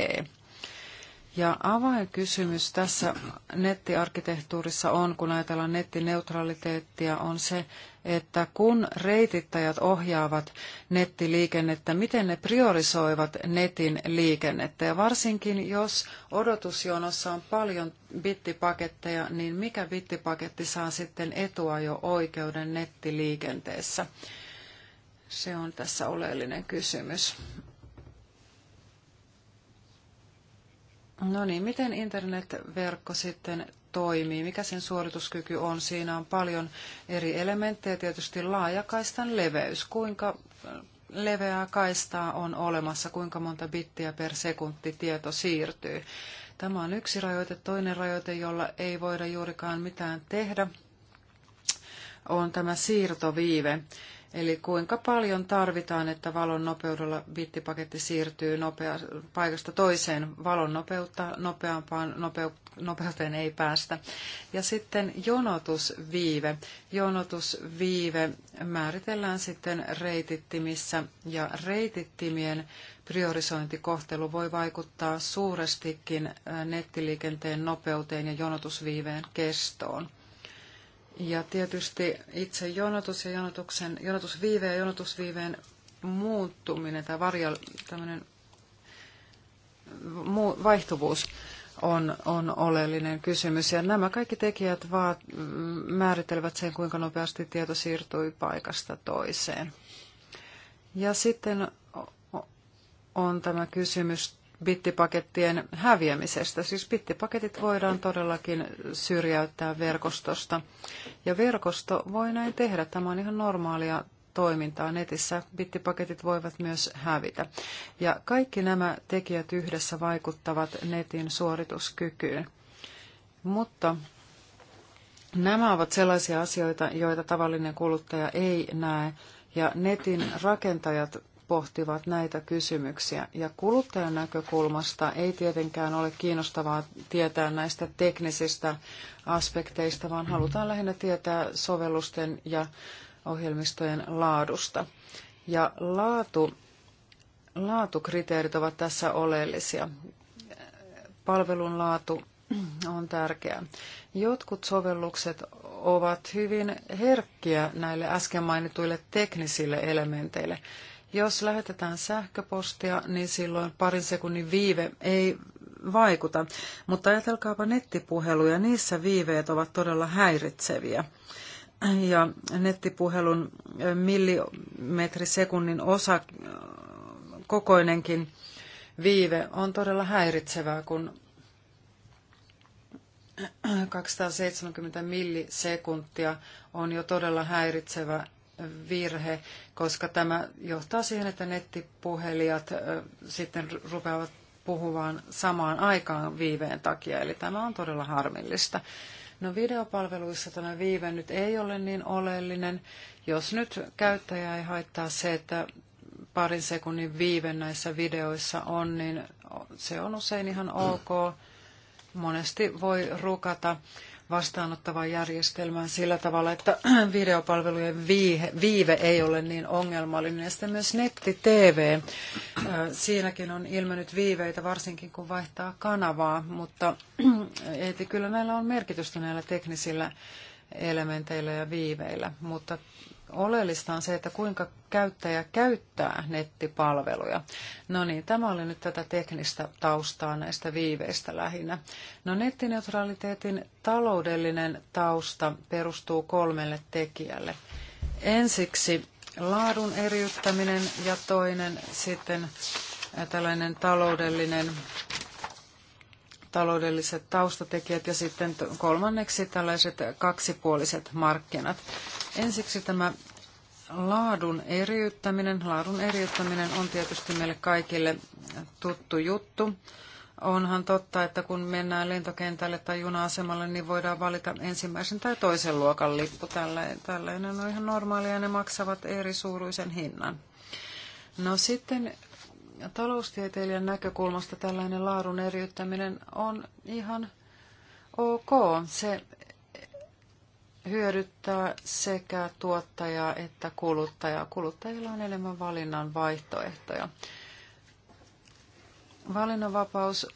Ja avainkysymys tässä nettiarkkitehtuurissa on, kun ajatellaan nettineutraliteettia, on se, että kun reitittäjät ohjaavat nettiliikennettä, miten ne priorisoivat netin liikennettä. Ja varsinkin jos odotusjonossa on paljon bittipaketteja, niin mikä bittipaketti saa sitten etuajo-oikeuden nettiliikenteessä? Se on tässä oleellinen kysymys. No niin, miten internetverkko sitten toimii, mikä sen suorituskyky on. Siinä on paljon eri elementtejä, tietysti laajakaistan leveys, kuinka leveää kaistaa on olemassa, kuinka monta bittiä per sekunti tieto siirtyy. Tämä on yksi rajoite. Toinen rajoite, jolla ei voida juurikaan mitään tehdä, on tämä siirtoviive. Eli kuinka paljon tarvitaan, että valon nopeudella bittipaketti siirtyy nopea, paikasta toiseen valon nopeutta, nopeampaan nopeu, nopeuteen ei päästä. Ja sitten jonotusviive. Jonotusviive määritellään sitten reitittimissä ja reitittimien priorisointikohtelu voi vaikuttaa suurestikin nettiliikenteen nopeuteen ja jonotusviiveen kestoon. Ja tietysti itse jonotus ja jonotuksen, jonotusviive ja jonotusviiveen muuttuminen tai varjo, tämmöinen vaihtuvuus on, on oleellinen kysymys. Ja nämä kaikki tekijät vaat, määrittelevät sen, kuinka nopeasti tieto siirtyy paikasta toiseen. Ja sitten on tämä kysymys bittipakettien häviämisestä. Siis bittipaketit voidaan todellakin syrjäyttää verkostosta. Ja verkosto voi näin tehdä. Tämä on ihan normaalia toimintaa netissä, bittipaketit voivat myös hävitä. Ja kaikki nämä tekijät yhdessä vaikuttavat netin suorituskykyyn. Mutta nämä ovat sellaisia asioita, joita tavallinen kuluttaja ei näe, ja netin rakentajat pohtivat näitä kysymyksiä. Ja kuluttajan näkökulmasta ei tietenkään ole kiinnostavaa tietää näistä teknisistä aspekteista, vaan halutaan lähinnä tietää sovellusten ja ohjelmistojen laadusta. Ja laatu, laatukriteerit ovat tässä oleellisia. Palvelun laatu on tärkeää. Jotkut sovellukset ovat hyvin herkkiä näille äsken mainituille teknisille elementeille. Jos lähetetään sähköpostia, niin silloin parin sekunnin viive ei vaikuta. Mutta ajatelkaapa nettipuheluja, niissä viiveet ovat todella häiritseviä ja nettipuhelun millimetrisekunnin osa kokoinenkin viive on todella häiritsevää, kun 270 millisekuntia on jo todella häiritsevä virhe, koska tämä johtaa siihen, että nettipuhelijat sitten rupeavat puhumaan samaan aikaan viiveen takia, eli tämä on todella harmillista. No videopalveluissa tämä viive nyt ei ole niin oleellinen. Jos nyt käyttäjä ei haittaa se, että parin sekunnin viive näissä videoissa on, niin se on usein ihan ok. Monesti voi rukata vastaanottavaan järjestelmään sillä tavalla, että videopalvelujen viive ei ole niin ongelmallinen. Ja sitten myös netti-TV. Äh, siinäkin on ilmennyt viiveitä, varsinkin kun vaihtaa kanavaa, mutta eti kyllä näillä on merkitystä näillä teknisillä elementeillä ja viiveillä, mutta Oleellista on se, että kuinka käyttäjä käyttää nettipalveluja. No niin, tämä oli nyt tätä teknistä taustaa näistä viiveistä lähinnä. No nettineutraliteetin taloudellinen tausta perustuu kolmelle tekijälle. Ensiksi laadun eriyttäminen ja toinen sitten tällainen taloudellinen taloudelliset taustatekijät ja sitten kolmanneksi tällaiset kaksipuoliset markkinat. Ensiksi tämä laadun eriyttäminen. Laadun eriyttäminen on tietysti meille kaikille tuttu juttu. Onhan totta, että kun mennään lentokentälle tai juna-asemalle, niin voidaan valita ensimmäisen tai toisen luokan lippu. Tällainen on ihan normaalia ja ne maksavat eri suuruisen hinnan. No sitten taloustieteilijän näkökulmasta tällainen laadun eriyttäminen on ihan ok. Se hyödyttää sekä tuottajaa että kuluttajaa. Kuluttajilla on enemmän valinnan vaihtoehtoja. Valinnanvapaus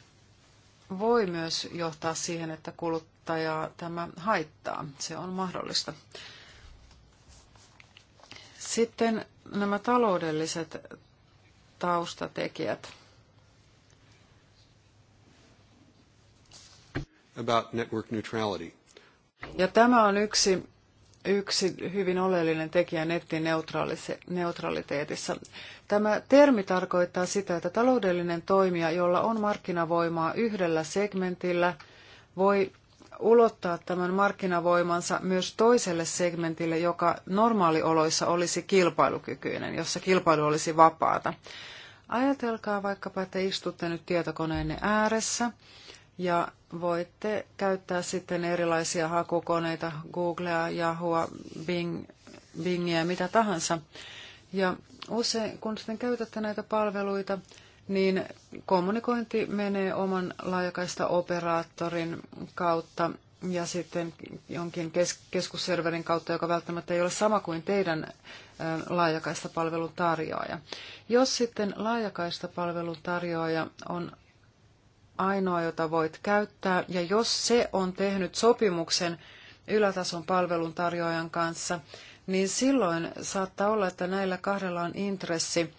voi myös johtaa siihen, että kuluttajaa tämä haittaa. Se on mahdollista. Sitten nämä taloudelliset taustatekijät. About network neutrality. Ja tämä on yksi, yksi hyvin oleellinen tekijä netin neutraliteetissa. Tämä termi tarkoittaa sitä, että taloudellinen toimija, jolla on markkinavoimaa yhdellä segmentillä, voi ulottaa tämän markkinavoimansa myös toiselle segmentille, joka normaalioloissa olisi kilpailukykyinen, jossa kilpailu olisi vapaata. Ajatelkaa vaikkapa, että istutte nyt tietokoneenne ääressä ja voitte käyttää sitten erilaisia hakukoneita, Googlea, Yahoo, Bing, Bingia mitä tahansa. Ja usein, kun sitten käytätte näitä palveluita, niin kommunikointi menee oman laajakaista operaattorin kautta ja sitten jonkin kes- keskusserverin kautta, joka välttämättä ei ole sama kuin teidän laajakaista palvelun Jos sitten laajakaista palvelun on ainoa, jota voit käyttää, ja jos se on tehnyt sopimuksen ylätason palveluntarjoajan kanssa, niin silloin saattaa olla, että näillä kahdella on intressi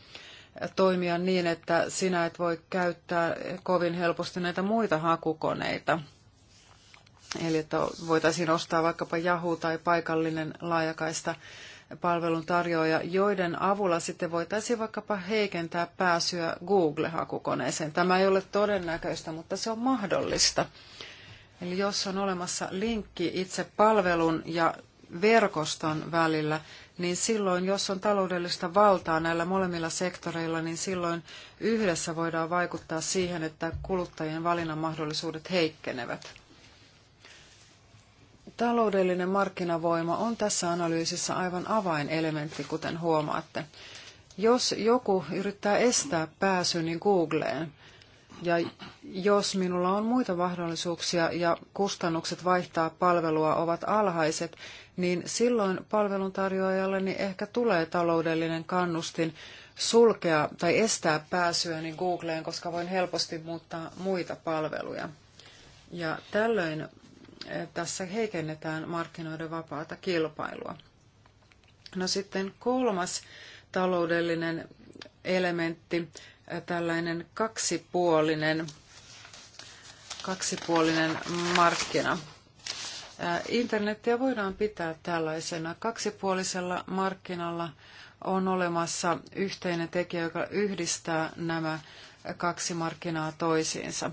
toimia niin, että sinä et voi käyttää kovin helposti näitä muita hakukoneita. Eli että voitaisiin ostaa vaikkapa Yahoo tai paikallinen laajakaista palvelun tarjoaja, joiden avulla sitten voitaisiin vaikkapa heikentää pääsyä Google-hakukoneeseen. Tämä ei ole todennäköistä, mutta se on mahdollista. Eli jos on olemassa linkki itse palvelun ja verkoston välillä, niin silloin, jos on taloudellista valtaa näillä molemmilla sektoreilla, niin silloin yhdessä voidaan vaikuttaa siihen, että kuluttajien valinnan mahdollisuudet heikkenevät. Taloudellinen markkinavoima on tässä analyysissä aivan avainelementti, kuten huomaatte. Jos joku yrittää estää pääsyn niin Googleen, ja jos minulla on muita mahdollisuuksia ja kustannukset vaihtaa palvelua ovat alhaiset, niin silloin palveluntarjoajalle niin ehkä tulee taloudellinen kannustin sulkea tai estää pääsyä niin Googleen, koska voin helposti muuttaa muita palveluja. Ja tällöin eh, tässä heikennetään markkinoiden vapaata kilpailua. No sitten kolmas taloudellinen elementti, eh, tällainen kaksipuolinen, kaksipuolinen markkina. Internettiä voidaan pitää tällaisena kaksipuolisella markkinalla. On olemassa yhteinen tekijä, joka yhdistää nämä kaksi markkinaa toisiinsa.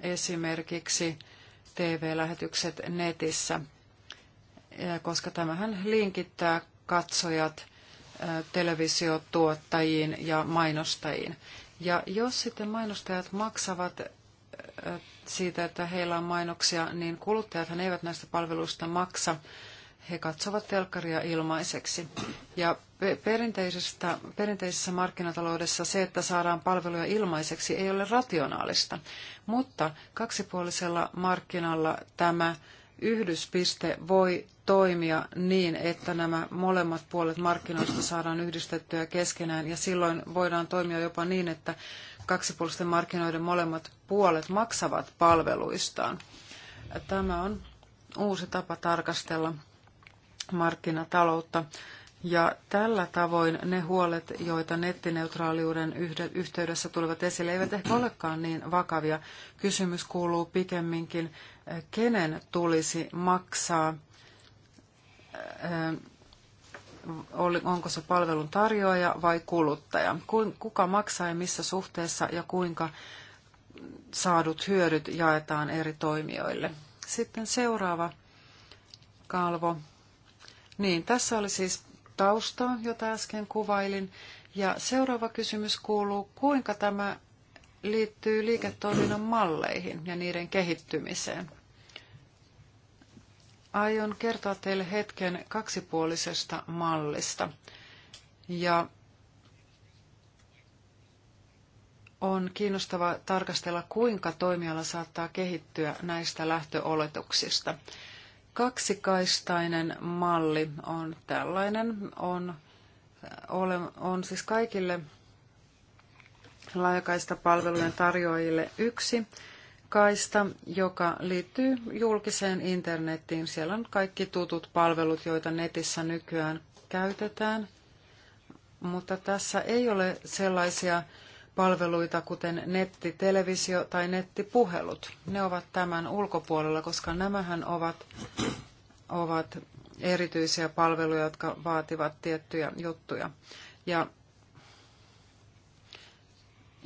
Esimerkiksi TV-lähetykset netissä, koska tämähän linkittää katsojat televisiotuottajiin ja mainostajiin. Ja jos sitten mainostajat maksavat siitä, että heillä on mainoksia, niin kuluttajathan eivät näistä palveluista maksa. He katsovat telkkaria ilmaiseksi. Ja perinteisestä, perinteisessä markkinataloudessa se, että saadaan palveluja ilmaiseksi, ei ole rationaalista. Mutta kaksipuolisella markkinalla tämä yhdyspiste voi toimia niin, että nämä molemmat puolet markkinoista saadaan yhdistettyä keskenään ja silloin voidaan toimia jopa niin, että kaksipuolisten markkinoiden molemmat puolet maksavat palveluistaan. Tämä on uusi tapa tarkastella markkinataloutta. Ja tällä tavoin ne huolet, joita nettineutraaliuden yhteydessä tulevat esille, eivät ehkä olekaan niin vakavia. Kysymys kuuluu pikemminkin, kenen tulisi maksaa, onko se palvelun tarjoaja vai kuluttaja, kuka maksaa ja missä suhteessa ja kuinka saadut hyödyt jaetaan eri toimijoille. Sitten seuraava kalvo. Niin, tässä oli siis taustaa, jota äsken kuvailin. Ja seuraava kysymys kuuluu, kuinka tämä liittyy liiketoiminnan malleihin ja niiden kehittymiseen. Aion kertoa teille hetken kaksipuolisesta mallista. Ja on kiinnostava tarkastella, kuinka toimiala saattaa kehittyä näistä lähtöoletuksista. Kaksikaistainen malli on tällainen, on, on siis kaikille laajakaista palvelujen tarjoajille yksi kaista, joka liittyy julkiseen internettiin. Siellä on kaikki tutut palvelut, joita netissä nykyään käytetään, mutta tässä ei ole sellaisia palveluita kuten nettitelevisio tai nettipuhelut. Ne ovat tämän ulkopuolella, koska nämähän ovat, ovat erityisiä palveluja, jotka vaativat tiettyjä juttuja. Ja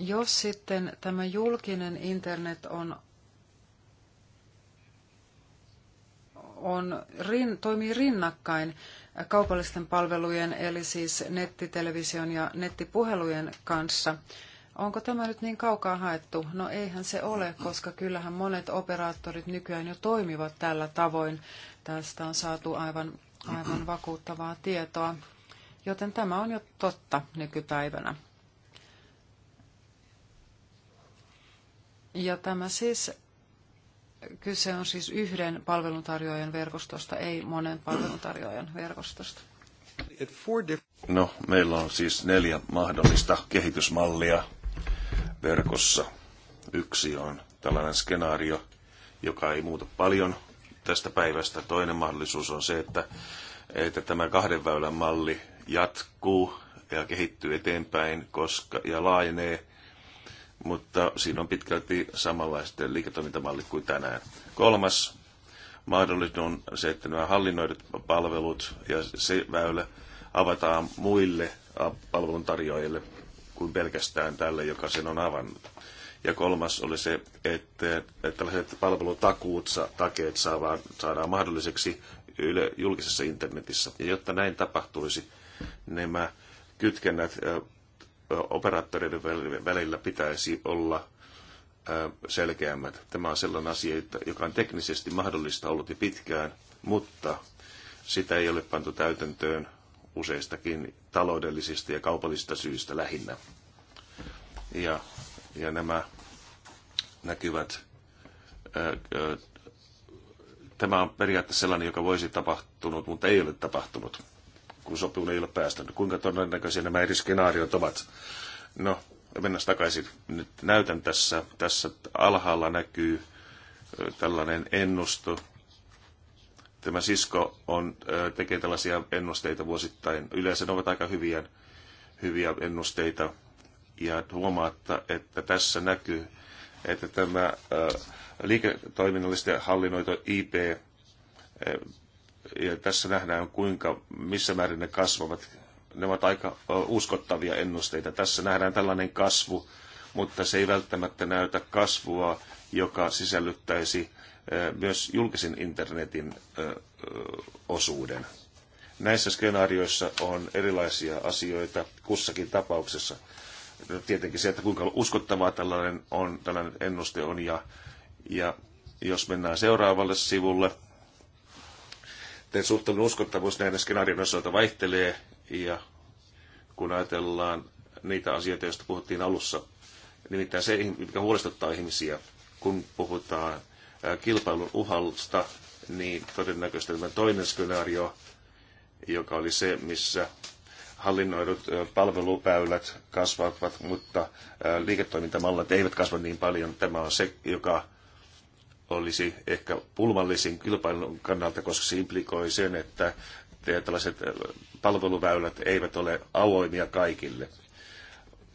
jos sitten tämä julkinen internet on, on rin, toimii rinnakkain kaupallisten palvelujen, eli siis nettitelevision ja nettipuhelujen kanssa, Onko tämä nyt niin kaukaa haettu? No eihän se ole, koska kyllähän monet operaattorit nykyään jo toimivat tällä tavoin. Tästä on saatu aivan, aivan vakuuttavaa tietoa, joten tämä on jo totta nykypäivänä. Ja tämä siis, kyse on siis yhden palveluntarjoajan verkostosta, ei monen palveluntarjoajan verkostosta. No, meillä on siis neljä mahdollista kehitysmallia verkossa. Yksi on tällainen skenaario, joka ei muuta paljon tästä päivästä. Toinen mahdollisuus on se, että, että tämä kahden väylän malli jatkuu ja kehittyy eteenpäin koska, ja laajenee mutta siinä on pitkälti samanlaista liiketoimintamallit kuin tänään. Kolmas mahdollisuus on se, että nämä hallinnoidut palvelut ja se väylä avataan muille palveluntarjoajille kuin pelkästään tälle, joka sen on avannut. Ja kolmas oli se, että, että tällaiset palvelutakuut, takeet saadaan, saadaan mahdolliseksi yle, julkisessa internetissä. Ja jotta näin tapahtuisi, nämä kytkennät operaattoreiden välillä pitäisi olla selkeämmät. Tämä on sellainen asia, joka on teknisesti mahdollista ollut jo pitkään, mutta sitä ei ole pantu täytäntöön useistakin taloudellisista ja kaupallisista syistä lähinnä. Ja, ja nämä näkyvät. Tämä on periaatteessa sellainen, joka voisi tapahtunut, mutta ei ole tapahtunut kun sopimukseen ei ole päästänyt. Kuinka todennäköisiä nämä eri skenaariot ovat? No, mennään takaisin. Nyt näytän tässä. Tässä alhaalla näkyy tällainen ennusto. Tämä sisko on, tekee tällaisia ennusteita vuosittain. Yleensä ne ovat aika hyviä, hyviä ennusteita. Ja huomaatta, että tässä näkyy, että tämä liiketoiminnallisesti hallinnoitu IP ja tässä nähdään, kuinka, missä määrin ne kasvavat. Ne ovat aika uskottavia ennusteita. Tässä nähdään tällainen kasvu, mutta se ei välttämättä näytä kasvua, joka sisällyttäisi myös julkisen internetin osuuden. Näissä skenaarioissa on erilaisia asioita kussakin tapauksessa. Tietenkin se, että kuinka uskottavaa tällainen, on, tällainen ennuste on ja, ja jos mennään seuraavalle sivulle – sitten suhtelun uskottavuus näiden skenaarion osalta vaihtelee, ja kun ajatellaan niitä asioita, joista puhuttiin alussa, nimittäin se, mikä huolestuttaa ihmisiä, kun puhutaan kilpailun uhalusta, niin todennäköisesti tämä toinen skenaario, joka oli se, missä hallinnoidut palvelupäylät kasvavat, mutta liiketoimintamallit eivät kasva niin paljon. Tämä on se, joka olisi ehkä pulmallisin kilpailun kannalta, koska se implikoi sen, että tällaiset äh, palveluväylät eivät ole avoimia kaikille.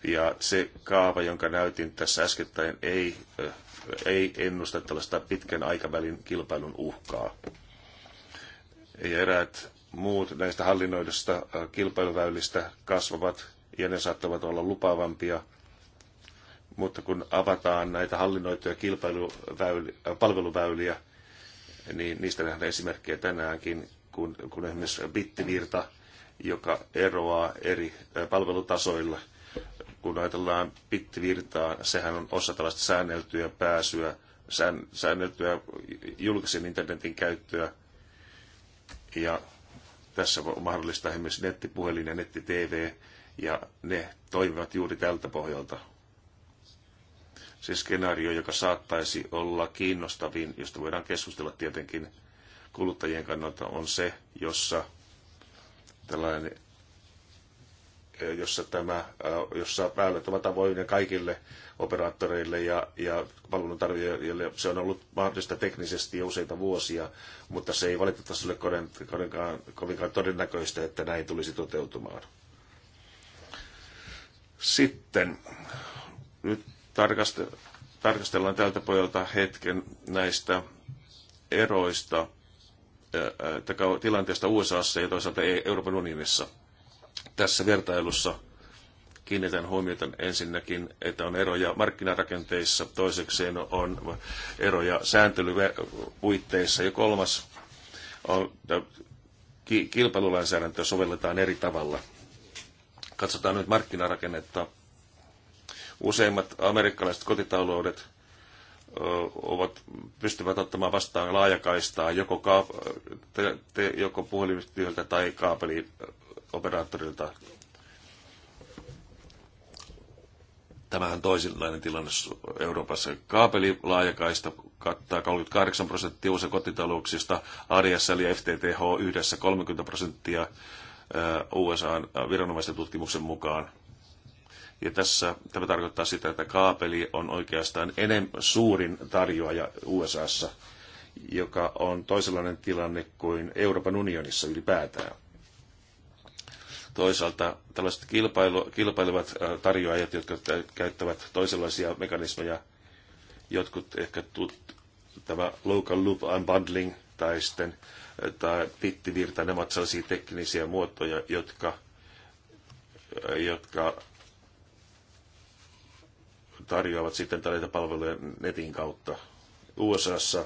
Ja se kaava, jonka näytin tässä äskettäin, ei, äh, ei ennusta tällaista pitkän aikavälin kilpailun uhkaa. Ja eräät muut näistä hallinnoidusta äh, kilpailuväylistä kasvavat ja ne saattavat olla lupaavampia – mutta kun avataan näitä hallinnoituja palveluväyliä, niin niistä nähdään esimerkkejä tänäänkin, kun, kun esimerkiksi bittivirta, joka eroaa eri palvelutasoilla. Kun ajatellaan bittivirtaa, sehän on osa tällaista säänneltyä pääsyä, sään, säänneltyä julkisen internetin käyttöä. Ja tässä on mahdollista esimerkiksi nettipuhelin ja netti-TV, ja ne toimivat juuri tältä pohjalta se siis skenaario, joka saattaisi olla kiinnostavin, josta voidaan keskustella tietenkin kuluttajien kannalta, on se, jossa tällainen eh, jossa, tämä, eh, jossa väylät ovat avoimia kaikille operaattoreille ja, ja palveluntarvijoille. Se on ollut mahdollista teknisesti jo useita vuosia, mutta se ei valitettavasti ole kovinkaan, kovinkaan todennäköistä, että näin tulisi toteutumaan. Sitten nyt tarkastellaan tältä pojalta hetken näistä eroista tilanteesta USAssa ja toisaalta e- Euroopan unionissa. Tässä vertailussa kiinnitän huomiota ensinnäkin, että on eroja markkinarakenteissa, toisekseen on eroja sääntelypuitteissa ja kolmas on, kilpailulainsäädäntöä sovelletaan eri tavalla. Katsotaan nyt markkinarakennetta Useimmat amerikkalaiset kotitaloudet ovat, pystyvät ottamaan vastaan laajakaistaa joko, kaap- te, te, joko puhelimistyöltä tai kaapelioperaattorilta. Tämähän toisenlainen tilanne Euroopassa. Kaapelilaajakaista kattaa 38 prosenttia uusia kotitalouksista, ADSL ja FTTH yhdessä 30 prosenttia USA viranomaisten tutkimuksen mukaan – ja tässä tämä tarkoittaa sitä, että kaapeli on oikeastaan enem, suurin tarjoaja USAssa, joka on toisenlainen tilanne kuin Euroopan unionissa ylipäätään. Toisaalta tällaiset kilpailu, kilpailevat tarjoajat, jotka käyttävät toisenlaisia mekanismeja, jotkut ehkä tut, tämä local loop unbundling tai sitten tai pittivirta, nämä ovat sellaisia teknisiä muotoja, jotka, jotka tarjoavat sitten tällaisia palveluja netin kautta. USAssa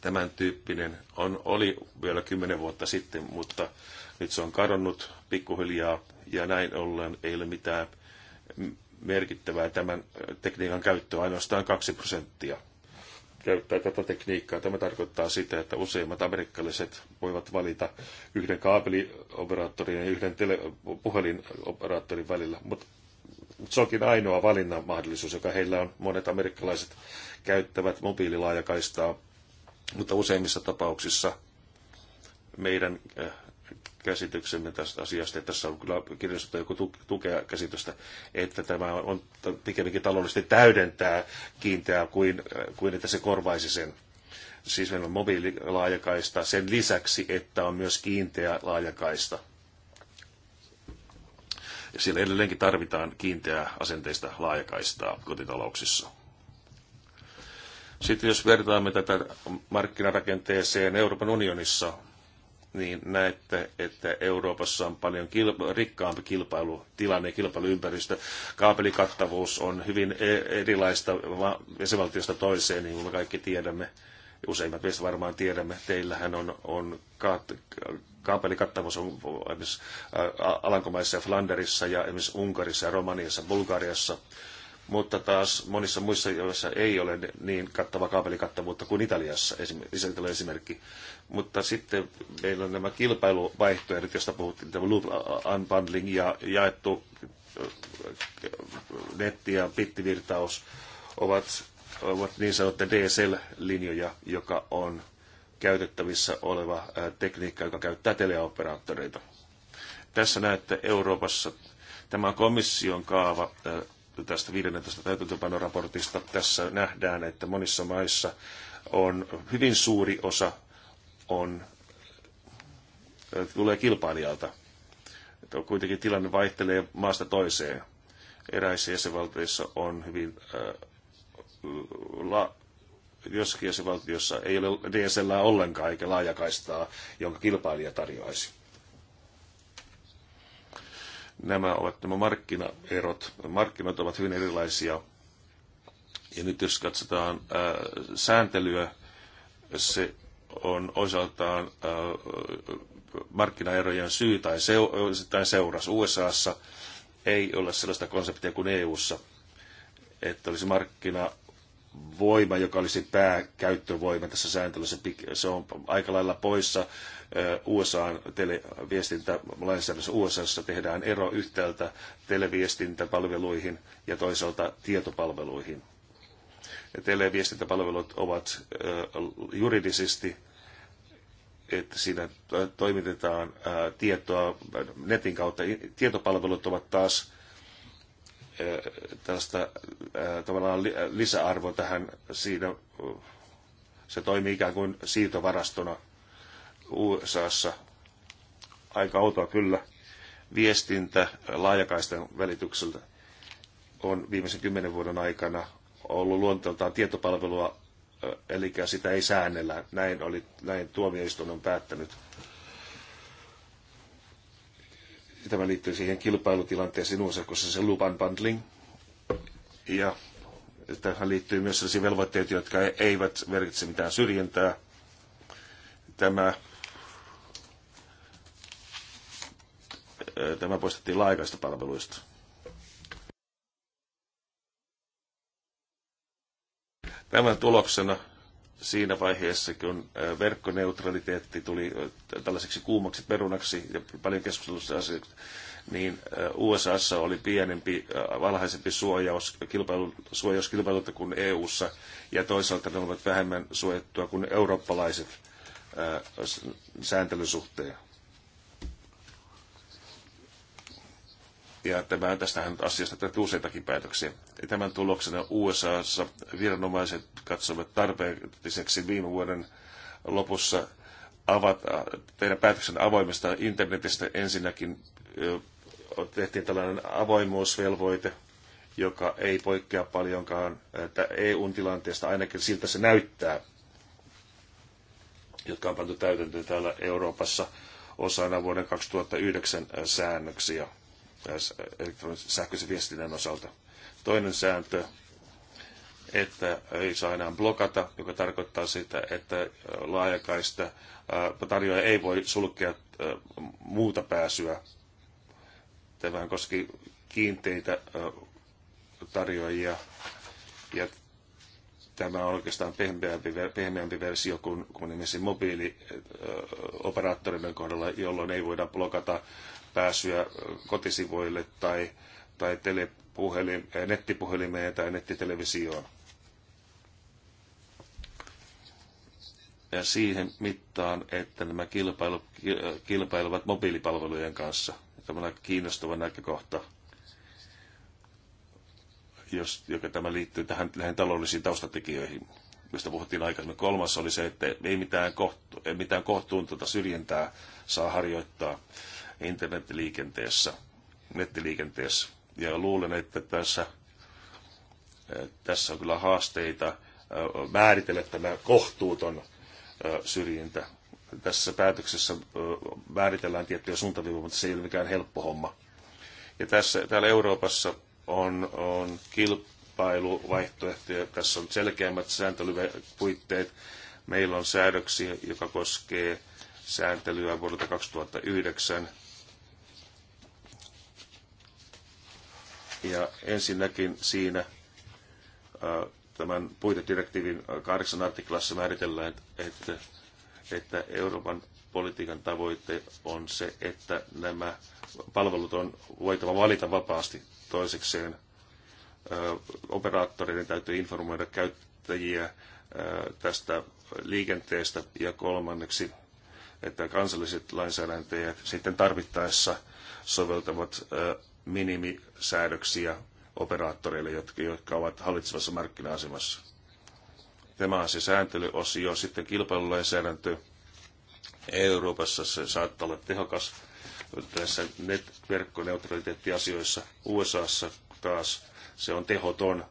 tämän tyyppinen on, oli vielä kymmenen vuotta sitten, mutta nyt se on kadonnut pikkuhiljaa ja näin ollen ei ole mitään merkittävää tämän tekniikan käyttöä, ainoastaan 2 prosenttia käyttää tätä tekniikkaa. Tämä tarkoittaa sitä, että useimmat amerikkalaiset voivat valita yhden kaapelioperaattorin ja yhden tele- puhelinoperaattorin välillä, mutta Sokin ainoa valinnan mahdollisuus, joka heillä on. Monet amerikkalaiset käyttävät mobiililaajakaistaa, mutta useimmissa tapauksissa meidän äh, käsityksemme tästä asiasta, ja tässä on kyllä kirjastettu joku tukea käsitystä, että tämä on pikemminkin taloudellisesti täydentää kiinteää kuin, äh, kuin että se korvaisi sen. Siis meillä on mobiililaajakaista sen lisäksi, että on myös kiinteä laajakaista. Siellä edelleenkin tarvitaan kiinteää asenteista laajakaistaa kotitalouksissa. Sitten jos vertaamme tätä markkinarakenteeseen Euroopan unionissa, niin näette, että Euroopassa on paljon kilpa- rikkaampi kilpailutilanne ja kilpailuympäristö. Kaapelikattavuus on hyvin e-, erilaista jäsenvaltiosta toiseen, niin kuin me kaikki tiedämme. Useimmat meistä varmaan tiedämme, teillähän on, on kat- kaapelikattavuus on esimerkiksi Alankomaissa ja Flanderissa ja esimerkiksi Unkarissa ja Romaniassa, Bulgariassa, mutta taas monissa muissa, joissa ei ole niin kattava kaapelikattavuutta kuin Italiassa, Italia esimerkki. Mutta sitten meillä on nämä kilpailuvaihtoehdot, joista puhuttiin, tämä loop unbundling ja jaettu netti ja bittivirtaus ovat, ovat niin sanottuja DSL-linjoja, joka on käytettävissä oleva tekniikka, joka käyttää teleoperaattoreita. Tässä näette Euroopassa tämä komission kaava tästä 15 täytäntöpanoraportista. Tässä nähdään, että monissa maissa on hyvin suuri osa on, tulee kilpailijalta. Kuitenkin tilanne vaihtelee maasta toiseen. Eräissä jäsenvaltioissa on hyvin la, jossakin jäsenvaltiossa ei ole DSL ollenkaan eikä laajakaistaa, jonka kilpailija tarjoaisi. Nämä ovat nämä markkinaerot. Markkinat ovat hyvin erilaisia. Ja nyt jos katsotaan ää, äh, sääntelyä, se on osaltaan ää, äh, markkinaerojen syy tai, seu- tai seuras. USAssa ei ole sellaista konseptia kuin EUssa, että olisi markkina voima, joka olisi pääkäyttövoima tässä sääntelyssä, se on aika lailla poissa. USA televiestintälainsäädännössä USAssa tehdään ero yhtäältä televiestintäpalveluihin ja toisaalta tietopalveluihin. Ja televiestintäpalvelut ovat juridisesti että siinä toimitetaan tietoa netin kautta. Tietopalvelut ovat taas Eh, tällaista eh, tavallaan lisäarvo tähän siinä. Se toimii ikään kuin siirtovarastona USAssa. Aika outoa kyllä. Viestintä laajakaistan välityksellä on viimeisen kymmenen vuoden aikana ollut luonteeltaan tietopalvelua, eh, eli sitä ei säännellä. Näin, oli, näin tuomioistuin on päättänyt. Tämä liittyy siihen kilpailutilanteeseen USA, koska se luvan bundling. Ja tähän liittyy myös sellaisia velvoitteita, jotka eivät merkitse mitään syrjintää. Tämä, eh, tämä poistettiin laajakaista palveluista. Tämän tuloksena siinä vaiheessa, kun äh, verkkoneutraliteetti tuli äh, tällaiseksi kuumaksi perunaksi ja paljon keskustelusta asioista, niin äh, USAssa oli pienempi, valhaisempi suojaus, kilpailu, suojaus kilpailulta kuin EUssa, ja toisaalta ne olivat vähemmän suojattua kuin eurooppalaiset sääntelysuhteen. Ja tämä, tästähän asiasta tehty useitakin päätöksiä. Tämän tuloksena USAssa viranomaiset katsovat tarpeelliseksi viime vuoden lopussa avata, äh, tehdä päätöksen avoimesta internetistä. Ensinnäkin tehtiin tällainen avoimuusvelvoite, joka ei poikkea paljonkaan eu e tilanteesta, ainakin siltä se näyttää, jotka on pantu täytäntöön täällä Euroopassa osana vuoden 2009 säännöksiä. Äh, sähköisen viestinnän osalta. Toinen sääntö, että ei saa enää blokata, joka tarkoittaa sitä, että äh, laajakaista äh, tarjoaja ei voi sulkea muuta pääsyä. Tämä koski kiinteitä tarjoajia ja tämä on oikeastaan pehmeämpi, pehmeämpi versio kuin, kuin esimerkiksi mobiilioperaattorin kohdalla, jolloin ei voida blokata pääsyä kotisivuille tai, tai eh, nettipuhelimeen tai nettitelevisioon. Ja siihen mittaan, että nämä kilpailu, kilpailevat mobiilipalvelujen kanssa. Tämä on kiinnostava näkökohta jos, joka tämä liittyy tähän, näihin taloudellisiin taustatekijöihin, joista puhuttiin aikaisemmin. Kolmas oli se, että ei mitään, kohtu, ei mitään syrjintää saa harjoittaa internetliikenteessä, nettiliikenteessä. Ja luulen, että tässä, eh, tässä on kyllä haasteita eh, määritellä tämä kohtuuton eh, syrjintä. Tässä päätöksessä määritellään tiettyjä suuntaviivoja, mutta se ei ole mikään helppo homma. Ja tässä, täällä Euroopassa on, on kilpailuvaihtoehtoja. Tässä on selkeämmät sääntelypuitteet. Meillä on säädöksiä, joka koskee sääntelyä vuodelta 2009 Ja ensinnäkin siinä tämän puitedirektiivin kahdeksan artiklassa määritellään, että, että Euroopan politiikan tavoite on se, että nämä palvelut on voitava valita vapaasti. Toisekseen operaattoreiden täytyy informoida käyttäjiä tästä liikenteestä ja kolmanneksi, että kansalliset lainsäädäntäjät sitten tarvittaessa soveltavat minimisäädöksiä operaattoreille, jotka, jotka ovat hallitsevassa markkina-asemassa. Tämä on se sääntelyosio. Sitten kilpailulainsäädäntö Euroopassa se saattaa olla tehokas tässä net- verkkoneutraliteettiasioissa. USAssa taas se on tehoton.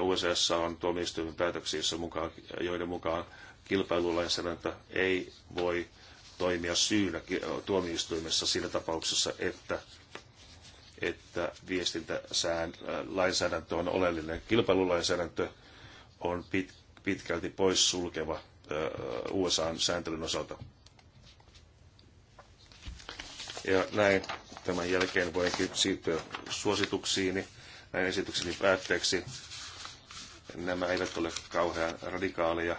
USAssa on tuomioistuimen päätöksiä, mukaan, joiden mukaan kilpailulainsäädäntö ei voi toimia syynä tuomioistuimessa siinä tapauksessa, että että viestintälainsäädäntö äh, on oleellinen. Kilpailulainsäädäntö on pit, pitkälti poissulkeva äh, USA-sääntelyn osalta. Ja näin tämän jälkeen voinkin siirtyä suosituksiini näin esitykseni päätteeksi. Nämä eivät ole kauhean radikaaleja,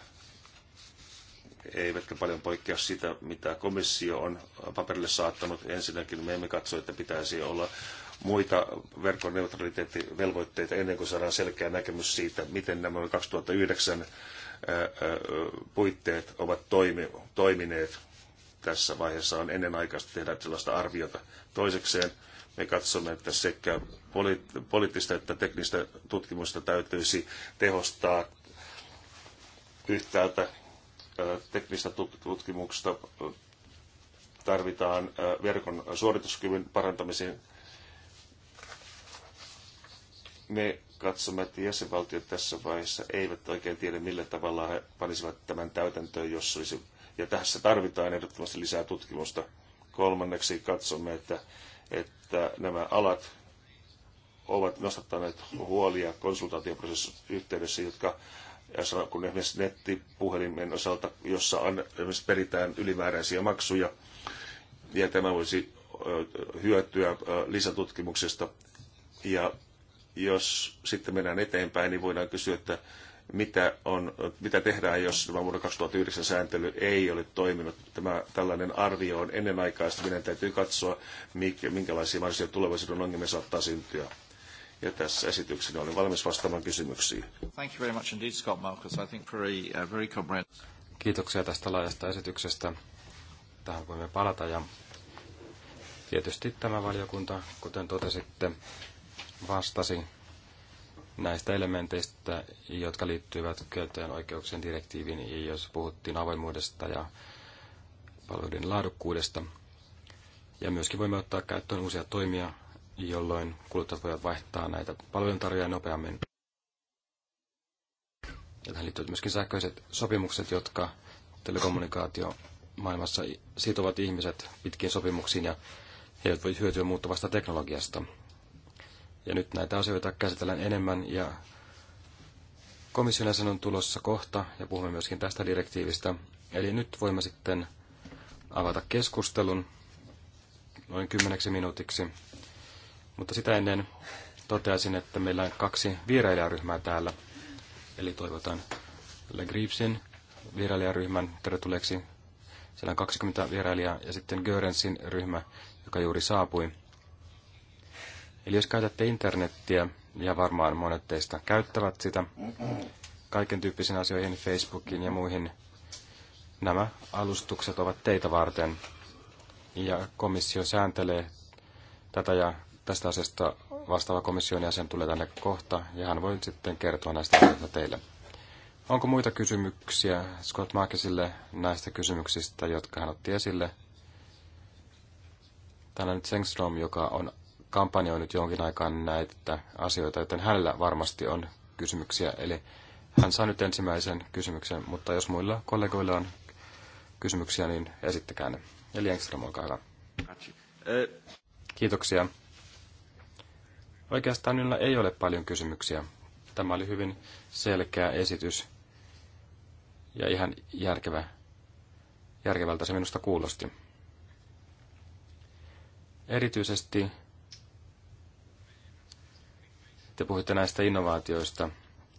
eivätkä paljon poikkea sitä, mitä komissio on paperille saattanut. Ensinnäkin me emme katso, että pitäisi olla muita verkon ennen kuin saadaan selkeä näkemys siitä, miten nämä 2009 puitteet ovat toimineet. Tässä vaiheessa on ennenaikaista tehdä sellaista arviota. Toisekseen me katsomme, että sekä poliittista että teknistä tutkimusta täytyisi tehostaa yhtäältä teknistä tutkimusta tarvitaan verkon suorituskyvyn parantamiseen me katsomme, että jäsenvaltiot tässä vaiheessa eivät oikein tiedä, millä tavalla he panisivat tämän täytäntöön, jos olisi. Ja tässä tarvitaan ehdottomasti lisää tutkimusta. Kolmanneksi katsomme, että, että nämä alat ovat nostattaneet huolia konsultaatioprosessin yhteydessä, jotka kun esimerkiksi nettipuhelimen osalta, jossa on, esimerkiksi peritään ylimääräisiä maksuja, ja tämä voisi hyötyä lisätutkimuksesta ja jos sitten mennään eteenpäin, niin voidaan kysyä, että mitä, on, mitä tehdään, jos tämä vuoden 2009 sääntely ei ole toiminut. Tämä tällainen arvio on ennenaikaista. Meidän täytyy katsoa, minkälaisia mahdollisia tulevaisuuden ongelmia saattaa syntyä. Ja tässä esityksessä olen valmis vastaamaan kysymyksiin. Thank you very much indeed, Scott Marcus. I think very, uh, very comprehensive. Kiitoksia tästä laajasta esityksestä. Tähän voimme palata ja tietysti tämä valiokunta, kuten totesitte, vastasi näistä elementeistä, jotka liittyvät käyttäjän oikeuksien direktiiviin, jos puhuttiin avoimuudesta ja palveluiden laadukkuudesta. Ja myöskin voimme ottaa käyttöön uusia toimia, jolloin kuluttajat voivat vaihtaa näitä palveluntarjoajia nopeammin. Ja tähän liittyvät myöskin sähköiset sopimukset, jotka telekommunikaatio maailmassa sitovat ihmiset pitkiin sopimuksiin ja he eivät voi hyötyä muuttuvasta teknologiasta. Ja nyt näitä asioita käsitellään enemmän ja komission jäsen on tulossa kohta ja puhumme myöskin tästä direktiivistä. Eli nyt voimme sitten avata keskustelun noin kymmeneksi minuutiksi. Mutta sitä ennen toteaisin, että meillä on kaksi vierailijaryhmää täällä. Eli toivotan Le Griepsin vierailijaryhmän tervetulleeksi. Siellä on 20 vierailijaa ja sitten Görensin ryhmä, joka juuri saapui. Eli jos käytätte internettiä, ja varmaan monet teistä käyttävät sitä, kaiken tyyppisiin asioihin, Facebookiin ja muihin, nämä alustukset ovat teitä varten. Ja komissio sääntelee tätä ja tästä asiasta vastaava komission jäsen tulee tänne kohta ja hän voi sitten kertoa näistä asioista teille. Onko muita kysymyksiä Scott Markisille näistä kysymyksistä, jotka hän otti esille? Täällä nyt Sengström, joka on kampanjoinut jonkin aikaan näitä asioita, joten hänellä varmasti on kysymyksiä. Eli hän saa nyt ensimmäisen kysymyksen, mutta jos muilla kollegoilla on kysymyksiä, niin esittäkää ne. Eli Engström, olkaa hyvä. Kiitoksia. Oikeastaan minulla ei ole paljon kysymyksiä. Tämä oli hyvin selkeä esitys ja ihan järkevä, järkevältä se minusta kuulosti. Erityisesti te puhuitte näistä innovaatioista.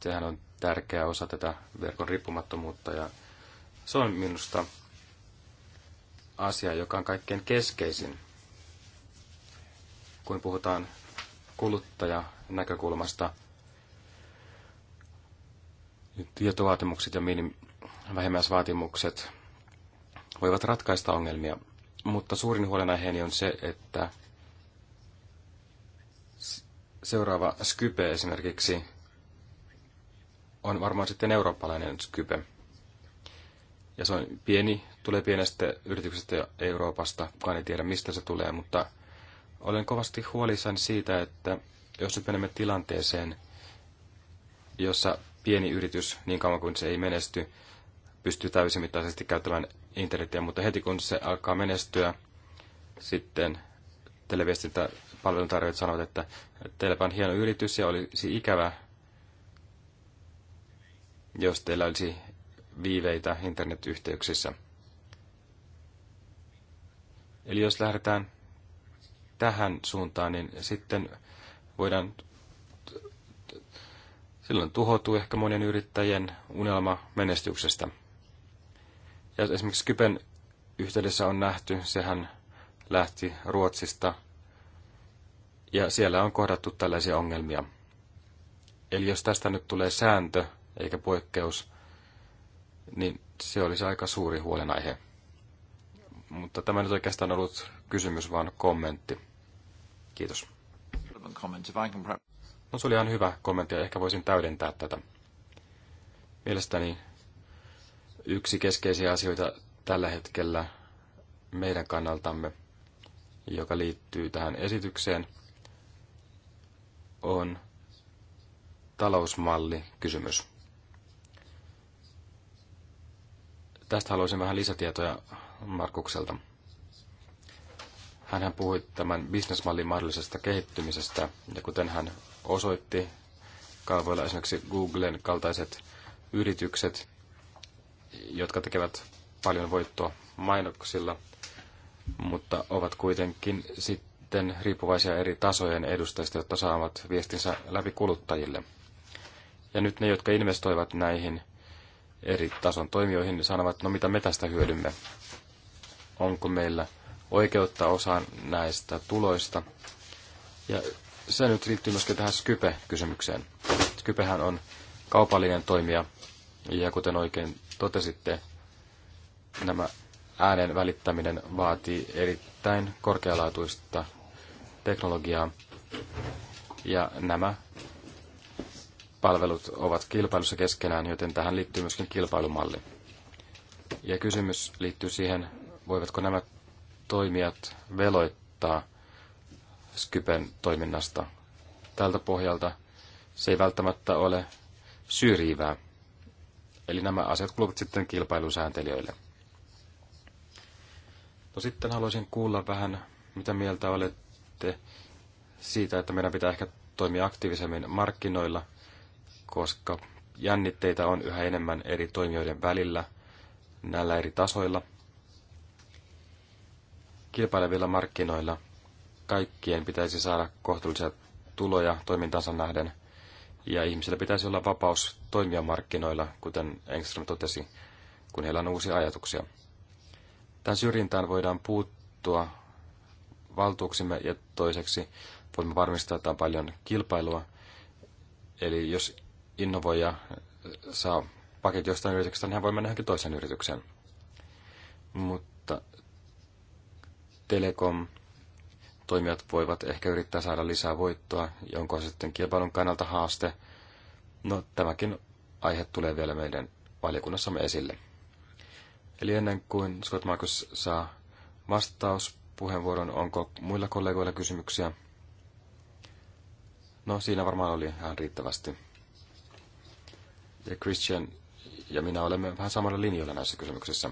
Sehän on tärkeä osa tätä verkon riippumattomuutta ja se on minusta asia, joka on kaikkein keskeisin, kun puhutaan kuluttajan näkökulmasta. Tietovaatimukset ja minim- vähimmäisvaatimukset voivat ratkaista ongelmia, mutta suurin huolenaiheeni on se, että seuraava Skype esimerkiksi on varmaan sitten eurooppalainen Skype. Ja se on pieni, tulee pienestä yrityksestä Euroopasta, kukaan ei tiedä mistä se tulee, mutta olen kovasti huolissani siitä, että jos nyt menemme tilanteeseen, jossa pieni yritys, niin kauan kuin se ei menesty, pystyy täysimittaisesti käyttämään internetiä, mutta heti kun se alkaa menestyä, sitten televiestintä palveluntarjoajat sanovat, että teilläpä on hieno yritys ja olisi ikävä, jos teillä olisi viiveitä internetyhteyksissä. Eli jos lähdetään tähän suuntaan, niin sitten voidaan, silloin tuhoutuu ehkä monien yrittäjien unelma menestyksestä. Ja esimerkiksi Kypen yhteydessä on nähty, sehän lähti Ruotsista – ja siellä on kohdattu tällaisia ongelmia. Eli jos tästä nyt tulee sääntö eikä poikkeus, niin se olisi aika suuri huolenaihe. Mutta tämä nyt oikeastaan ollut kysymys, vaan kommentti. Kiitos. No se oli ihan hyvä kommentti ja ehkä voisin täydentää tätä. Mielestäni yksi keskeisiä asioita tällä hetkellä meidän kannaltamme, joka liittyy tähän esitykseen – on talousmalli kysymys. Tästä haluaisin vähän lisätietoja Markukselta. hän puhui tämän bisnesmallin mahdollisesta kehittymisestä, ja kuten hän osoitti kaavoilla esimerkiksi Googlen kaltaiset yritykset, jotka tekevät paljon voittoa mainoksilla, mutta ovat kuitenkin sitten sitten riippuvaisia eri tasojen edustajista, jotta saavat viestinsä läpi kuluttajille. Ja nyt ne, jotka investoivat näihin eri tason toimijoihin, niin sanovat, no mitä me tästä hyödymme? Onko meillä oikeutta osaan näistä tuloista? Ja se nyt liittyy myöskin tähän Skype-kysymykseen. Skypehän on kaupallinen toimija, ja kuten oikein totesitte, nämä äänen välittäminen vaatii erittäin korkealaatuista teknologiaa. Ja nämä palvelut ovat kilpailussa keskenään, joten tähän liittyy myöskin kilpailumalli. Ja kysymys liittyy siihen, voivatko nämä toimijat veloittaa Skypen toiminnasta. Tältä pohjalta se ei välttämättä ole syrjivää. Eli nämä asiat kuuluvat sitten kilpailusääntelijöille. No sitten haluaisin kuulla vähän, mitä mieltä olet puhuitte siitä, että meidän pitää ehkä toimia aktiivisemmin markkinoilla, koska jännitteitä on yhä enemmän eri toimijoiden välillä näillä eri tasoilla. Kilpailevilla markkinoilla kaikkien pitäisi saada kohtuullisia tuloja toimintansa nähden, ja ihmisillä pitäisi olla vapaus toimia markkinoilla, kuten Engström totesi, kun heillä on uusia ajatuksia. Tämän syrjintään voidaan puuttua valtuuksimme ja toiseksi voimme varmistaa, että on paljon kilpailua. Eli jos innovoija saa paket jostain yrityksestä, niin hän voi mennä johonkin toiseen yritykseen. Mutta telekom-toimijat voivat ehkä yrittää saada lisää voittoa, jonka sitten kilpailun kannalta haaste. No tämäkin aihe tulee vielä meidän valiokunnassamme esille. Eli ennen kuin Scott Marcus saa vastaus puheenvuoron. Onko muilla kollegoilla kysymyksiä? No, siinä varmaan oli ihan riittävästi. Ja Christian ja minä olemme vähän samalla linjoilla näissä kysymyksissä.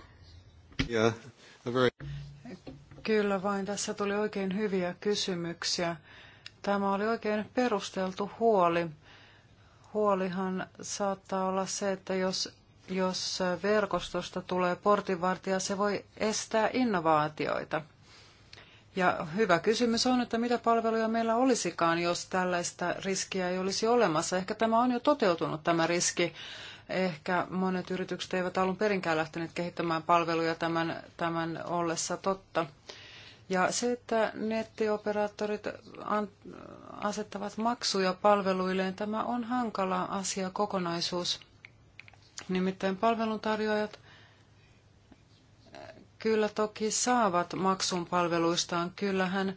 Yeah, very... Kyllä vain, tässä tuli oikein hyviä kysymyksiä. Tämä oli oikein perusteltu huoli. Huolihan saattaa olla se, että jos, jos verkostosta tulee portinvartija, se voi estää innovaatioita – ja hyvä kysymys on, että mitä palveluja meillä olisikaan, jos tällaista riskiä ei olisi olemassa. Ehkä tämä on jo toteutunut tämä riski. Ehkä monet yritykset eivät alun perinkään lähteneet kehittämään palveluja tämän, tämän ollessa totta. Ja se, että nettioperaattorit asettavat maksuja palveluilleen, tämä on hankala asia kokonaisuus. Nimittäin palveluntarjoajat kyllä toki saavat maksun palveluistaan. Kyllähän,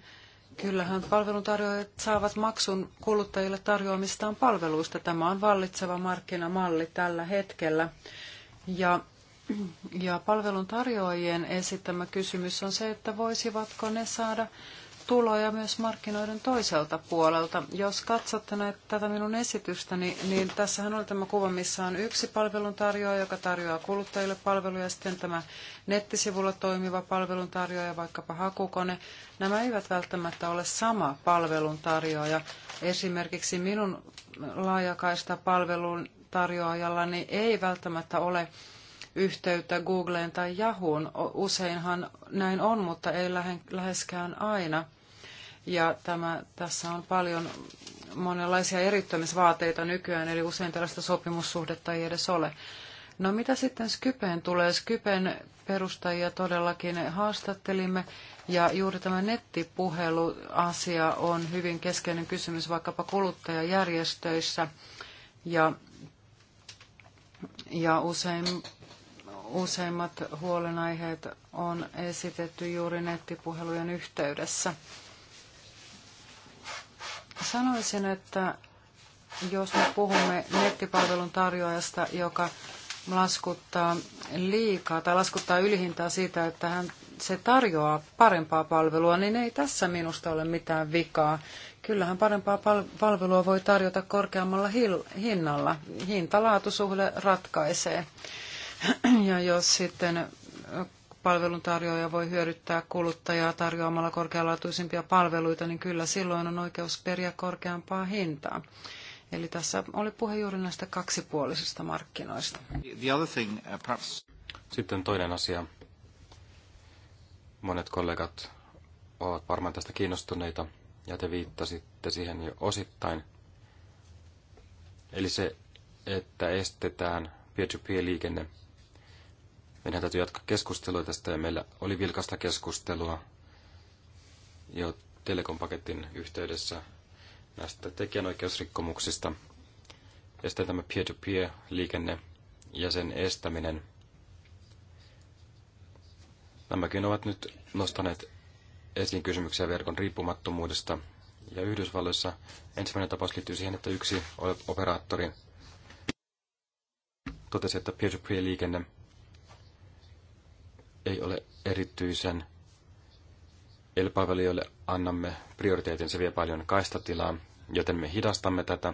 kyllähän palveluntarjoajat saavat maksun kuluttajille tarjoamistaan palveluista. Tämä on vallitseva markkinamalli tällä hetkellä. Ja, ja palveluntarjoajien esittämä kysymys on se, että voisivatko ne saada tuloja myös markkinoiden toiselta puolelta. Jos katsotte näitä, tätä minun esitystäni, niin tässähän on tämä kuva, missä on yksi palveluntarjoaja, joka tarjoaa kuluttajille palveluja, ja sitten tämä nettisivulla toimiva palveluntarjoaja, vaikkapa hakukone. Nämä eivät välttämättä ole sama palveluntarjoaja. Esimerkiksi minun laajakaista palveluntarjoajallani ei välttämättä ole yhteyttä Googleen tai Yahooon. Useinhan näin on, mutta ei läheskään aina. Ja tämä, tässä on paljon monenlaisia erittämisvaateita nykyään, eli usein tällaista sopimussuhdetta ei edes ole. No mitä sitten Skypeen tulee? Skypen perustajia todellakin haastattelimme ja juuri tämä nettipuheluasia on hyvin keskeinen kysymys vaikkapa kuluttajajärjestöissä ja, ja usein, useimmat huolenaiheet on esitetty juuri nettipuhelujen yhteydessä. Sanoisin, että jos me puhumme nettipalvelun tarjoajasta, joka laskuttaa liikaa tai laskuttaa ylihintaa siitä, että hän, se tarjoaa parempaa palvelua, niin ei tässä minusta ole mitään vikaa. Kyllähän parempaa pal- palvelua voi tarjota korkeammalla hil- hinnalla. Hinta-laatusuhde ratkaisee. Ja jos sitten palveluntarjoaja voi hyödyttää kuluttajaa tarjoamalla korkealaatuisimpia palveluita, niin kyllä silloin on oikeus periä korkeampaa hintaa. Eli tässä oli puhe juuri näistä kaksipuolisista markkinoista. The other thing, uh, perhaps... Sitten toinen asia. Monet kollegat ovat varmaan tästä kiinnostuneita, ja te viittasitte siihen jo osittain. Eli se, että estetään peer-to-peer-liikenne – meidän täytyy jatkaa keskustelua tästä ja meillä oli vilkasta keskustelua jo telekompaketin yhteydessä näistä tekijänoikeusrikkomuksista. Ja sitten tämä peer-to-peer-liikenne ja sen estäminen. Nämäkin ovat nyt nostaneet esiin kysymyksiä verkon riippumattomuudesta. Ja Yhdysvalloissa ensimmäinen tapaus liittyy siihen, että yksi operaattori totesi, että peer-to-peer-liikenne ei ole erityisen elpalvelijoille annamme prioriteetin, se vie paljon kaistatilaa, joten me hidastamme tätä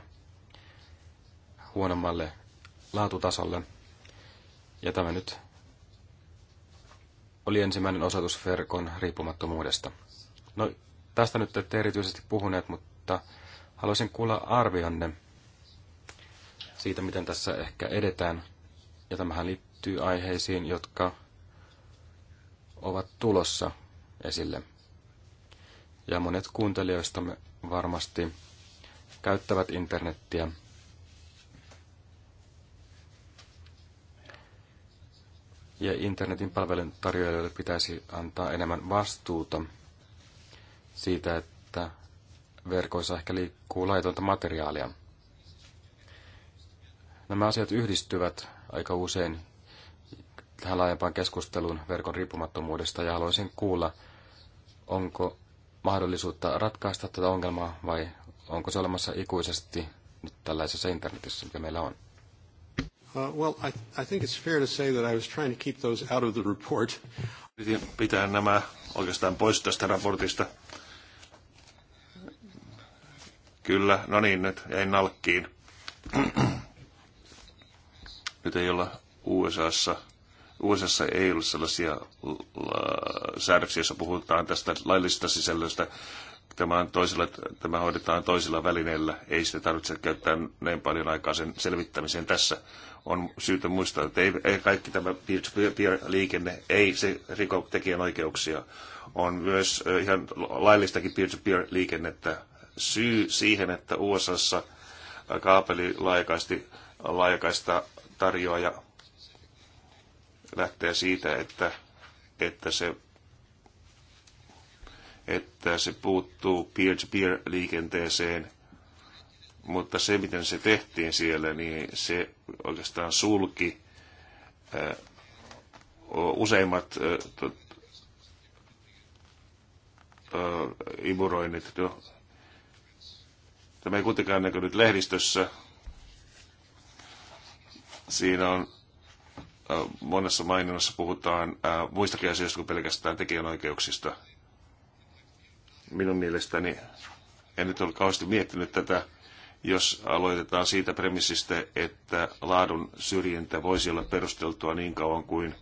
huonommalle laatutasolle. Ja tämä nyt oli ensimmäinen osoitus verkon riippumattomuudesta. No, tästä nyt ette erityisesti puhuneet, mutta haluaisin kuulla arvionne siitä, miten tässä ehkä edetään. Ja tämähän liittyy aiheisiin, jotka ovat tulossa esille. Ja monet kuuntelijoistamme varmasti käyttävät internettiä. Ja internetin palvelun tarjoajille pitäisi antaa enemmän vastuuta siitä, että verkoissa ehkä liikkuu laitonta materiaalia. Nämä asiat yhdistyvät aika usein tähän laajempaan keskusteluun verkon riippumattomuudesta ja haluaisin kuulla, onko mahdollisuutta ratkaista tätä ongelmaa vai onko se olemassa ikuisesti nyt tällaisessa internetissä, mikä meillä on? Uh, well, I, I think it's fair to say that I was trying to keep those out of the report. Pitää nämä oikeastaan pois tästä raportista. Kyllä, no niin, nyt jäin nalkkiin. nyt ei olla USAssa USA ei ole sellaisia äh, säädöksiä, joissa puhutaan tästä laillisesta sisällöstä. Tämä, on toisella, tämä hoidetaan toisilla välineillä. Ei sitä tarvitse käyttää näin paljon aikaa sen selvittämiseen tässä. On syytä muistaa, että ei, ei kaikki tämä peer-to-peer-liikenne, ei se riko tekijän oikeuksia. On myös äh, ihan laillistakin peer-to-peer-liikennettä. Syy siihen, että USAssa kaapelilaajakaista tarjoaja lähtee siitä, että, että se että se puuttuu peer-to-peer-liikenteeseen, mutta se, miten se tehtiin siellä, niin se oikeastaan sulki äh, useimmat äh, äh, imuroinnit. No, tämä ei kuitenkaan näkynyt lehdistössä. Siinä on Äh, monessa maininnassa puhutaan äh, muistakin asioista kuin pelkästään tekijänoikeuksista. Minun mielestäni, en nyt ole kauheasti miettinyt tätä, jos aloitetaan siitä premissistä, että laadun syrjintä voisi olla perusteltua niin kauan kuin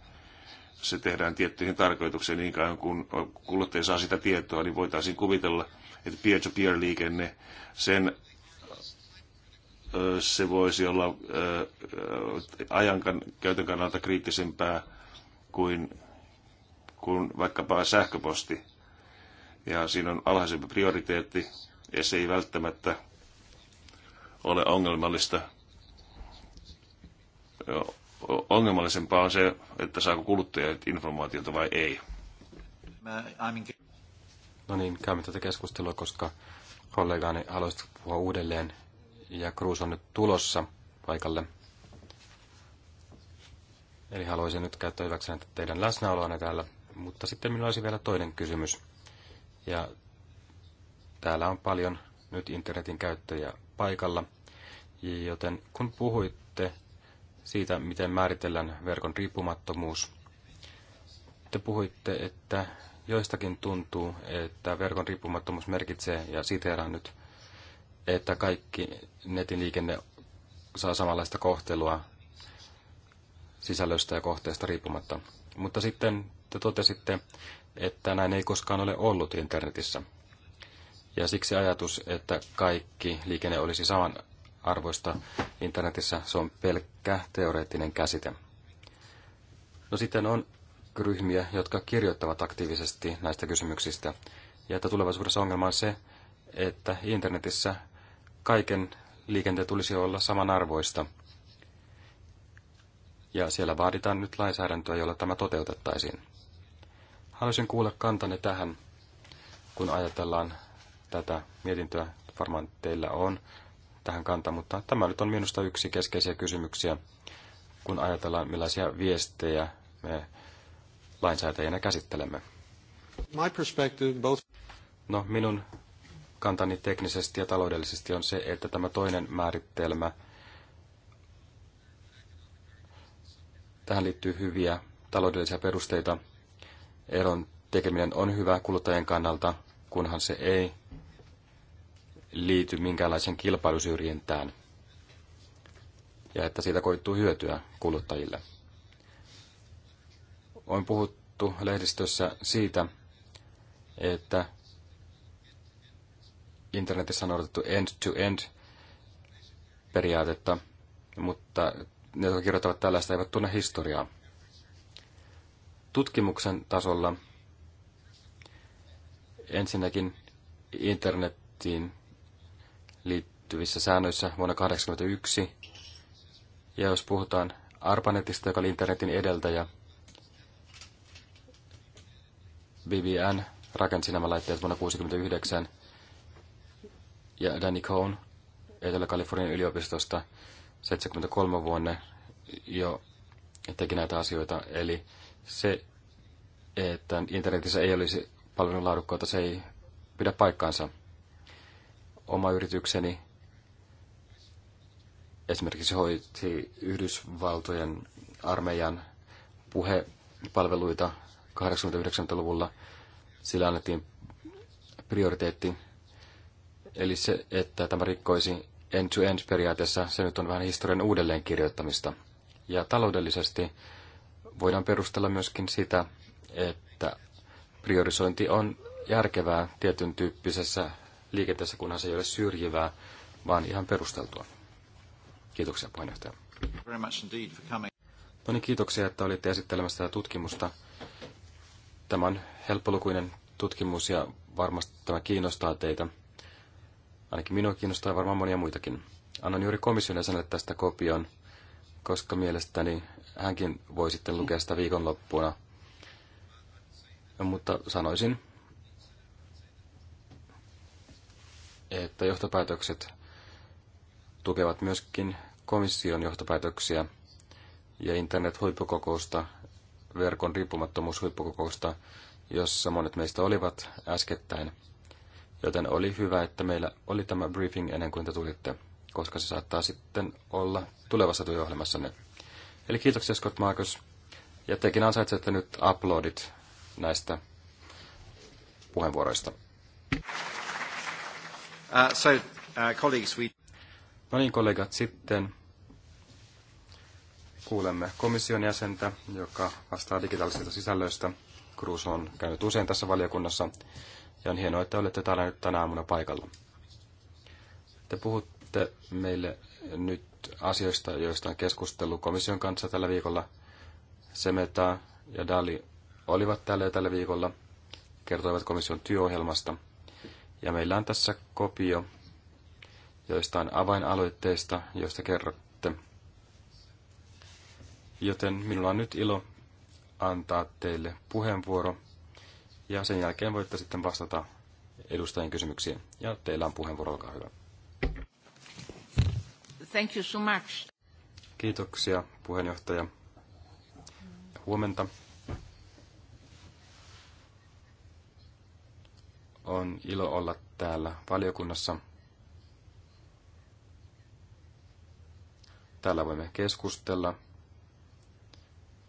se tehdään tiettyihin tarkoituksiin, niin kauan kuin kuluttaja saa sitä tietoa, niin voitaisiin kuvitella, että peer-to-peer-liikenne, sen se voisi olla ajan käytön kannalta kriittisempää kuin, kuin vaikkapa sähköposti. Ja siinä on alhaisempi prioriteetti, ja se ei välttämättä ole ongelmallista. Ongelmallisempaa on se, että saako kuluttajat informaatiota vai ei. No niin, käymme tätä keskustelua, koska kollegaani haluaisi puhua uudelleen ja Cruz on nyt tulossa paikalle. Eli haluaisin nyt käyttää hyväkseni teidän läsnäoloanne täällä. Mutta sitten minulla olisi vielä toinen kysymys. Ja täällä on paljon nyt internetin käyttäjiä paikalla. Joten kun puhuitte siitä, miten määritellään verkon riippumattomuus, te puhuitte, että joistakin tuntuu, että verkon riippumattomuus merkitsee, ja siteeraan nyt että kaikki netin liikenne saa samanlaista kohtelua sisällöstä ja kohteesta riippumatta. Mutta sitten te totesitte, että näin ei koskaan ole ollut internetissä. Ja siksi ajatus, että kaikki liikenne olisi samanarvoista internetissä, se on pelkkä teoreettinen käsite. No sitten on ryhmiä, jotka kirjoittavat aktiivisesti näistä kysymyksistä. Ja että tulevaisuudessa ongelma on se, että internetissä kaiken liikenteen tulisi olla samanarvoista. Ja siellä vaaditaan nyt lainsäädäntöä, jolla tämä toteutettaisiin. Haluaisin kuulla kantanne tähän, kun ajatellaan tätä mietintöä. Varmaan teillä on tähän kanta, mutta tämä nyt on minusta yksi keskeisiä kysymyksiä, kun ajatellaan millaisia viestejä me lainsäätäjänä käsittelemme. My perspective both... No, minun kantani teknisesti ja taloudellisesti on se, että tämä toinen määritelmä, tähän liittyy hyviä taloudellisia perusteita. Eron tekeminen on hyvä kuluttajien kannalta, kunhan se ei liity minkäänlaisen kilpailusyrjintään ja että siitä koittuu hyötyä kuluttajille. On puhuttu lehdistössä siitä, että internetissä on noudatettu end-to-end periaatetta, mutta ne, jotka kirjoittavat tällaista, eivät tunne historiaa. Tutkimuksen tasolla ensinnäkin internettiin liittyvissä säännöissä vuonna 1981, ja jos puhutaan ARPANETista, joka oli internetin edeltäjä, BBN rakensi nämä laitteet vuonna 1969, ja Danny Cohn Etelä-Kalifornian yliopistosta 73 vuonna jo teki näitä asioita. Eli se, että internetissä ei olisi palvelun laadukkaita, se ei pidä paikkaansa. Oma yritykseni esimerkiksi hoiti Yhdysvaltojen armeijan puhepalveluita 89 luvulla Sillä annettiin prioriteetti Eli se, että tämä rikkoisi end-to-end -end periaatteessa, se nyt on vähän historian uudelleenkirjoittamista. Ja taloudellisesti voidaan perustella myöskin sitä, että priorisointi on järkevää tietyn tyyppisessä liikenteessä, kunhan se ei ole syrjivää, vaan ihan perusteltua. Kiitoksia puheenjohtaja. No niin, kiitoksia, että olitte esittelemässä tätä tutkimusta. Tämä on helppolukuinen tutkimus ja varmasti tämä kiinnostaa teitä. Ainakin minua kiinnostaa ja varmaan monia muitakin. Annan juuri komission jäsenelle tästä kopion, koska mielestäni hänkin voi sitten lukea sitä viikonloppuna. Mutta sanoisin, että johtopäätökset tukevat myöskin komission johtopäätöksiä ja internet-huippukokousta, verkon riippumattomuushuippukokousta, jossa monet meistä olivat äskettäin – Joten oli hyvä, että meillä oli tämä briefing ennen kuin te tulitte, koska se saattaa sitten olla tulevassa työohjelmassanne. Eli kiitoksia Scott Marcus. Ja tekin ansaitsette nyt uploadit näistä puheenvuoroista. Uh, so, uh, colleagues, we... No niin, kollegat, sitten kuulemme komission jäsentä, joka vastaa digitaalisista sisällöistä. Cruz on käynyt usein tässä valiokunnassa ja on hienoa, että olette täällä nyt tänä aamuna paikalla. Te puhutte meille nyt asioista, joista on keskustellut komission kanssa tällä viikolla. Semeta ja Dali olivat täällä jo tällä viikolla, kertoivat komission työohjelmasta. Ja meillä on tässä kopio joistain avainaloitteista, joista kerrotte. Joten minulla on nyt ilo antaa teille puheenvuoro ja sen jälkeen voitte sitten vastata edustajien kysymyksiin. Ja teillä on puheenvuoro, olkaa hyvä. Thank you so much. Kiitoksia, puheenjohtaja. Huomenta. On ilo olla täällä valiokunnassa. Täällä voimme keskustella.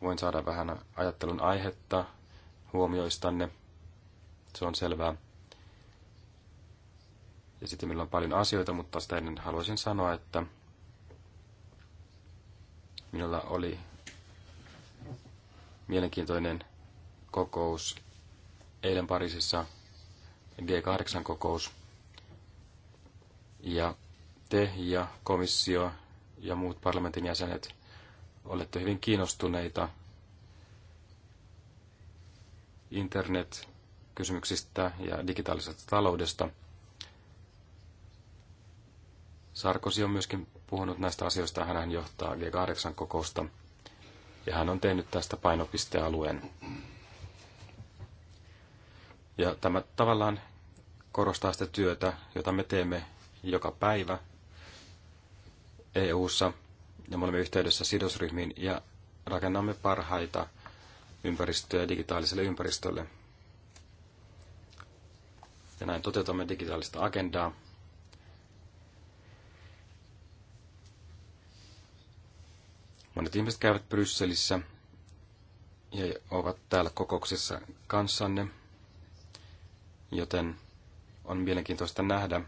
Voin saada vähän ajattelun aihetta huomioistanne se on selvää. Ja sitten meillä on paljon asioita, mutta sitä ennen haluaisin sanoa, että minulla oli mielenkiintoinen kokous eilen Pariisissa, G8-kokous. Ja te ja komissio ja muut parlamentin jäsenet olette hyvin kiinnostuneita internet kysymyksistä ja digitaalisesta taloudesta. Sarkosi on myöskin puhunut näistä asioista. Hän johtaa G8-kokousta ja hän on tehnyt tästä painopistealueen. Ja tämä tavallaan korostaa sitä työtä, jota me teemme joka päivä EU-ssa ja me olemme yhteydessä sidosryhmiin ja rakennamme parhaita ympäristöä digitaaliselle ympäristölle ja näin toteutamme digitaalista agendaa. Monet ihmiset käyvät Brysselissä ja ovat täällä kokouksessa kanssanne, joten on mielenkiintoista nähdä,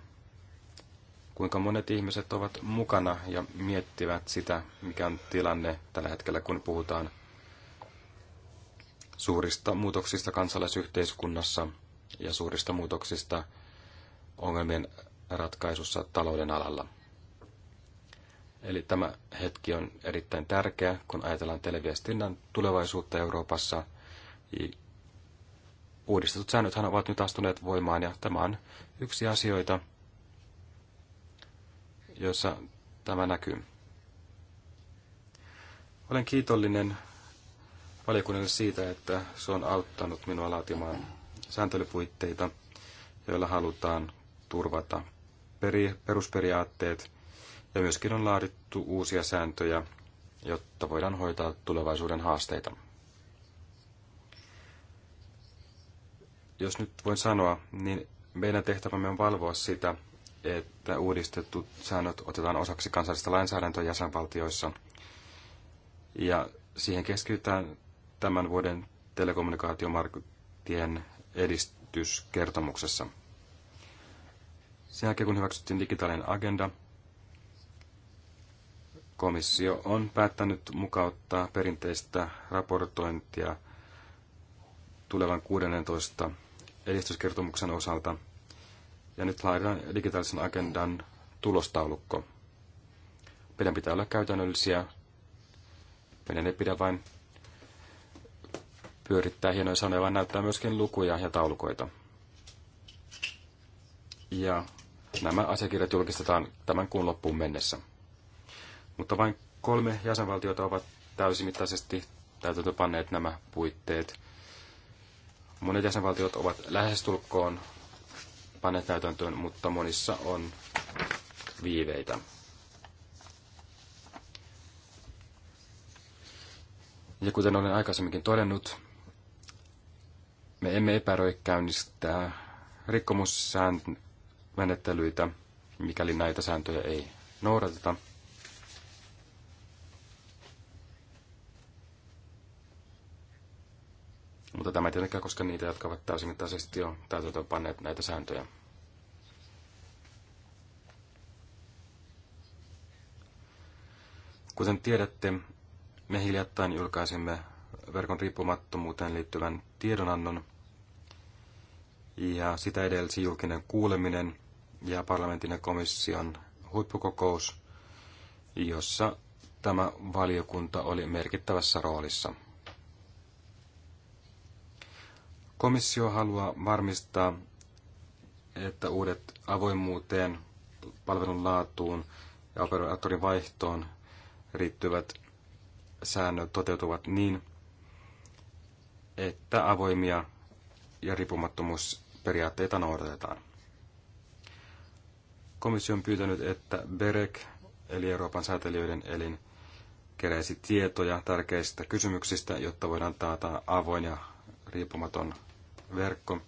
kuinka monet ihmiset ovat mukana ja miettivät sitä, mikä on tilanne tällä hetkellä, kun puhutaan suurista muutoksista kansalaisyhteiskunnassa – ja suurista muutoksista ongelmien ratkaisussa talouden alalla. Eli tämä hetki on erittäin tärkeä, kun ajatellaan televiestinnän tulevaisuutta Euroopassa. Uudistetut säännöthän ovat nyt astuneet voimaan ja tämä on yksi asioita, joissa tämä näkyy. Olen kiitollinen valiokunnalle siitä, että se on auttanut minua laatimaan sääntelypuitteita, joilla halutaan turvata peri- perusperiaatteet ja myöskin on laadittu uusia sääntöjä, jotta voidaan hoitaa tulevaisuuden haasteita. Jos nyt voin sanoa, niin meidän tehtävämme on valvoa sitä, että uudistetut säännöt otetaan osaksi kansallista lainsäädäntöä jäsenvaltioissa. Ja siihen keskitytään tämän vuoden telekommunikaatiomarkkien Edistyskertomuksessa. Sen jälkeen kun hyväksyttiin digitaalinen agenda, komissio on päättänyt mukauttaa perinteistä raportointia tulevan 16 edistyskertomuksen osalta. Ja nyt laitetaan digitaalisen agendan tulostaulukko. Meidän pitää olla käytännöllisiä. Meidän ei pidä vain pyörittää hienoja sanoja, vaan näyttää myöskin lukuja ja taulukoita. Ja nämä asiakirjat julkistetaan tämän kuun loppuun mennessä. Mutta vain kolme jäsenvaltiota ovat täysimittaisesti täytäntöpanneet nämä puitteet. Monet jäsenvaltiot ovat lähestulkoon panneet täytäntöön, mutta monissa on viiveitä. Ja kuten olen aikaisemminkin todennut, me emme epäröi käynnistää rikkomussääntömenettelyitä, mikäli näitä sääntöjä ei noudateta. Mutta tämä ei tietenkään koska niitä, jotka ovat täysimittaisesti jo täytäntöön panneet näitä sääntöjä. Kuten tiedätte, me hiljattain julkaisimme verkon riippumattomuuteen liittyvän tiedonannon – ja sitä edelsi julkinen kuuleminen ja parlamentin ja komission huippukokous, jossa tämä valiokunta oli merkittävässä roolissa. Komissio haluaa varmistaa, että uudet avoimuuteen, palvelun laatuun ja operaattorin vaihtoon riittyvät säännöt toteutuvat niin, että avoimia ja riippumattomuus perusperiaatteita noudatetaan. Komissio on pyytänyt, että BEREC, eli Euroopan säätelijöiden elin, keräisi tietoja tärkeistä kysymyksistä, jotta voidaan taata avoin ja riippumaton verkko,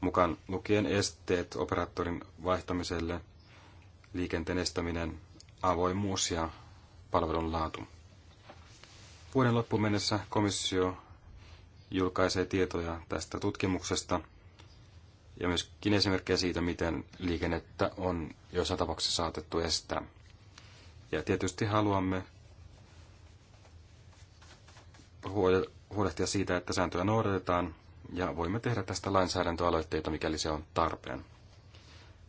mukaan lukien esteet operaattorin vaihtamiselle, liikenteen estäminen, avoimuus ja palvelun laatu. Vuoden loppuun mennessä komissio julkaisee tietoja tästä tutkimuksesta ja myöskin esimerkkejä siitä, miten liikennettä on joissain tapauksissa saatettu estää. Ja tietysti haluamme huolehtia siitä, että sääntöjä noudatetaan ja voimme tehdä tästä lainsäädäntöaloitteita, mikäli se on tarpeen.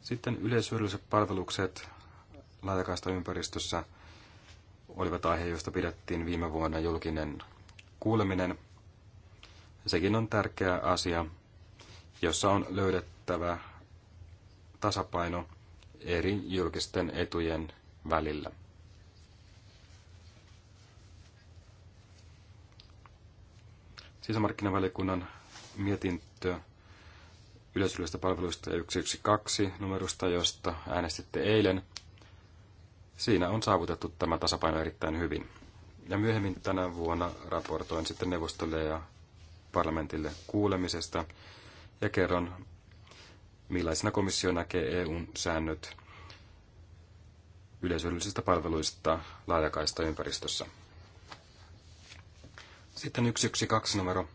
Sitten yleishyödylliset palvelukset laajakaista ympäristössä olivat aihe, josta pidettiin viime vuonna julkinen kuuleminen – sekin on tärkeä asia, jossa on löydettävä tasapaino eri julkisten etujen välillä. Sisämarkkinavaliokunnan mietintö yleisöllisistä palveluista ja 112 numerosta, josta äänestitte eilen. Siinä on saavutettu tämä tasapaino erittäin hyvin. Ja myöhemmin tänä vuonna raportoin sitten neuvostolle ja parlamentille kuulemisesta ja kerron, millaisena komissio näkee EUn säännöt yleisöllisistä palveluista laajakaista ympäristössä. Sitten 112 numero.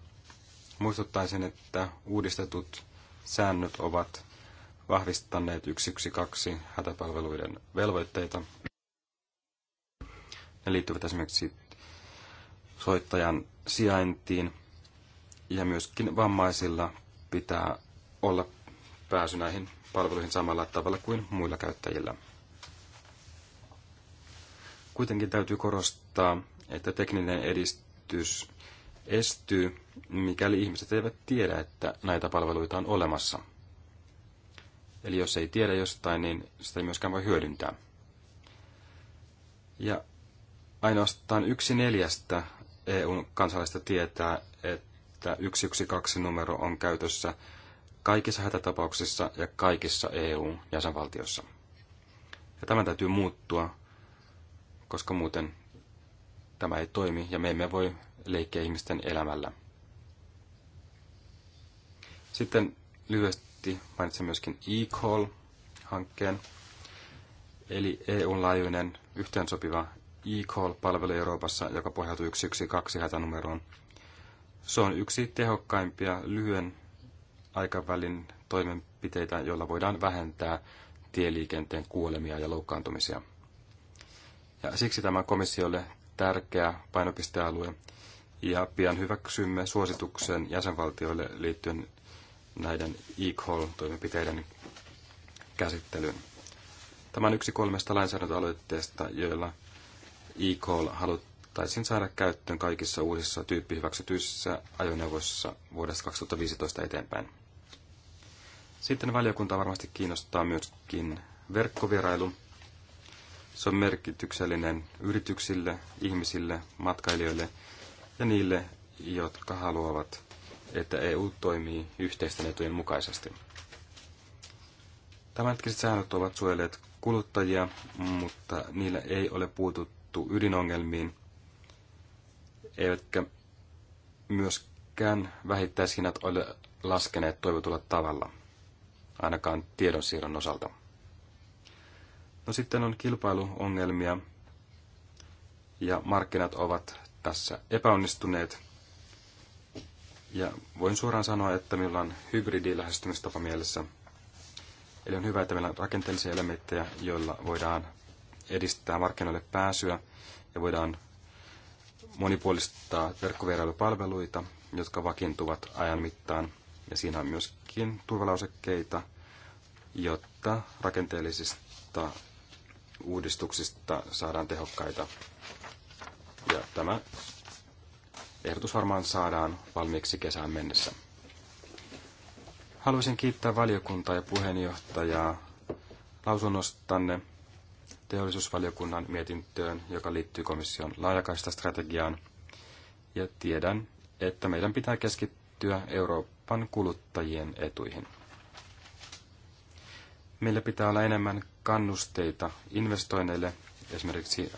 Muistuttaisin, että uudistetut säännöt ovat vahvistaneet 112 hätäpalveluiden velvoitteita. Ne liittyvät esimerkiksi soittajan sijaintiin, ja myöskin vammaisilla pitää olla pääsy näihin palveluihin samalla tavalla kuin muilla käyttäjillä. Kuitenkin täytyy korostaa, että tekninen edistys estyy, mikäli ihmiset eivät tiedä, että näitä palveluita on olemassa. Eli jos ei tiedä jostain, niin sitä ei myöskään voi hyödyntää. Ja ainoastaan yksi neljästä EUn kansalaista tietää, että että 112-numero on käytössä kaikissa hätätapauksissa ja kaikissa EU-jäsenvaltiossa. Ja tämä täytyy muuttua, koska muuten tämä ei toimi ja me emme voi leikkiä ihmisten elämällä. Sitten lyhyesti mainitsen myöskin e-call-hankkeen, eli EUn laajuinen yhteensopiva e-call-palvelu Euroopassa, joka pohjautuu 112 hätänumeroon se on yksi tehokkaimpia lyhyen aikavälin toimenpiteitä, joilla voidaan vähentää tieliikenteen kuolemia ja loukkaantumisia. Ja siksi tämä komissiolle tärkeä painopistealue, ja pian hyväksymme suosituksen jäsenvaltioille liittyen näiden e-call-toimenpiteiden käsittelyyn. Tämä on yksi kolmesta lainsäädäntöaloitteesta, joilla e-call halut, saattaisiin saada käyttöön kaikissa uusissa tyyppihyväksytyissä ajoneuvoissa vuodesta 2015 eteenpäin. Sitten valiokunta varmasti kiinnostaa myöskin verkkovierailu. Se on merkityksellinen yrityksille, ihmisille, matkailijoille ja niille, jotka haluavat, että EU toimii yhteisten etujen mukaisesti. Tämänhetkiset säännöt ovat suojelleet kuluttajia, mutta niillä ei ole puututtu ydinongelmiin, eivätkä myöskään vähittäishinnat ole laskeneet toivotulla tavalla, ainakaan tiedonsiirron osalta. No sitten on kilpailuongelmia, ja markkinat ovat tässä epäonnistuneet. Ja voin suoraan sanoa, että meillä on hybridilähestymistapa mielessä. Eli on hyvä, että meillä on rakenteellisia elementtejä, joilla voidaan edistää markkinoille pääsyä ja voidaan monipuolistaa verkkovierailupalveluita, jotka vakiintuvat ajan mittaan. Ja siinä on myöskin turvalausekkeita, jotta rakenteellisista uudistuksista saadaan tehokkaita. Ja tämä ehdotus varmaan saadaan valmiiksi kesään mennessä. Haluaisin kiittää valiokuntaa ja puheenjohtajaa lausunnostanne teollisuusvaliokunnan mietintöön, joka liittyy komission laajakaistastrategiaan. Ja tiedän, että meidän pitää keskittyä Euroopan kuluttajien etuihin. Meillä pitää olla enemmän kannusteita investoinneille, esimerkiksi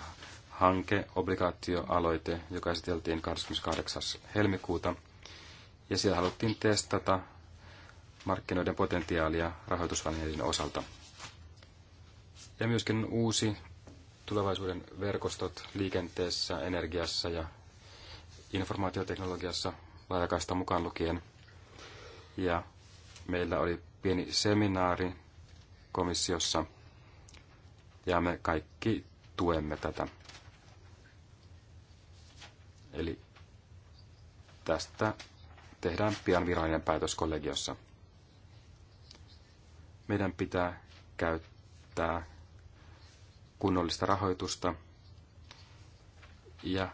hanke, joka esiteltiin 28. helmikuuta. Ja siellä haluttiin testata markkinoiden potentiaalia rahoitusvälineiden osalta. Ja myöskin uusi tulevaisuuden verkostot liikenteessä, energiassa ja informaatioteknologiassa laajakaista mukaan lukien. Ja meillä oli pieni seminaari komissiossa ja me kaikki tuemme tätä. Eli tästä tehdään pian virallinen päätös kollegiossa. Meidän pitää käyttää kunnollista rahoitusta. Ja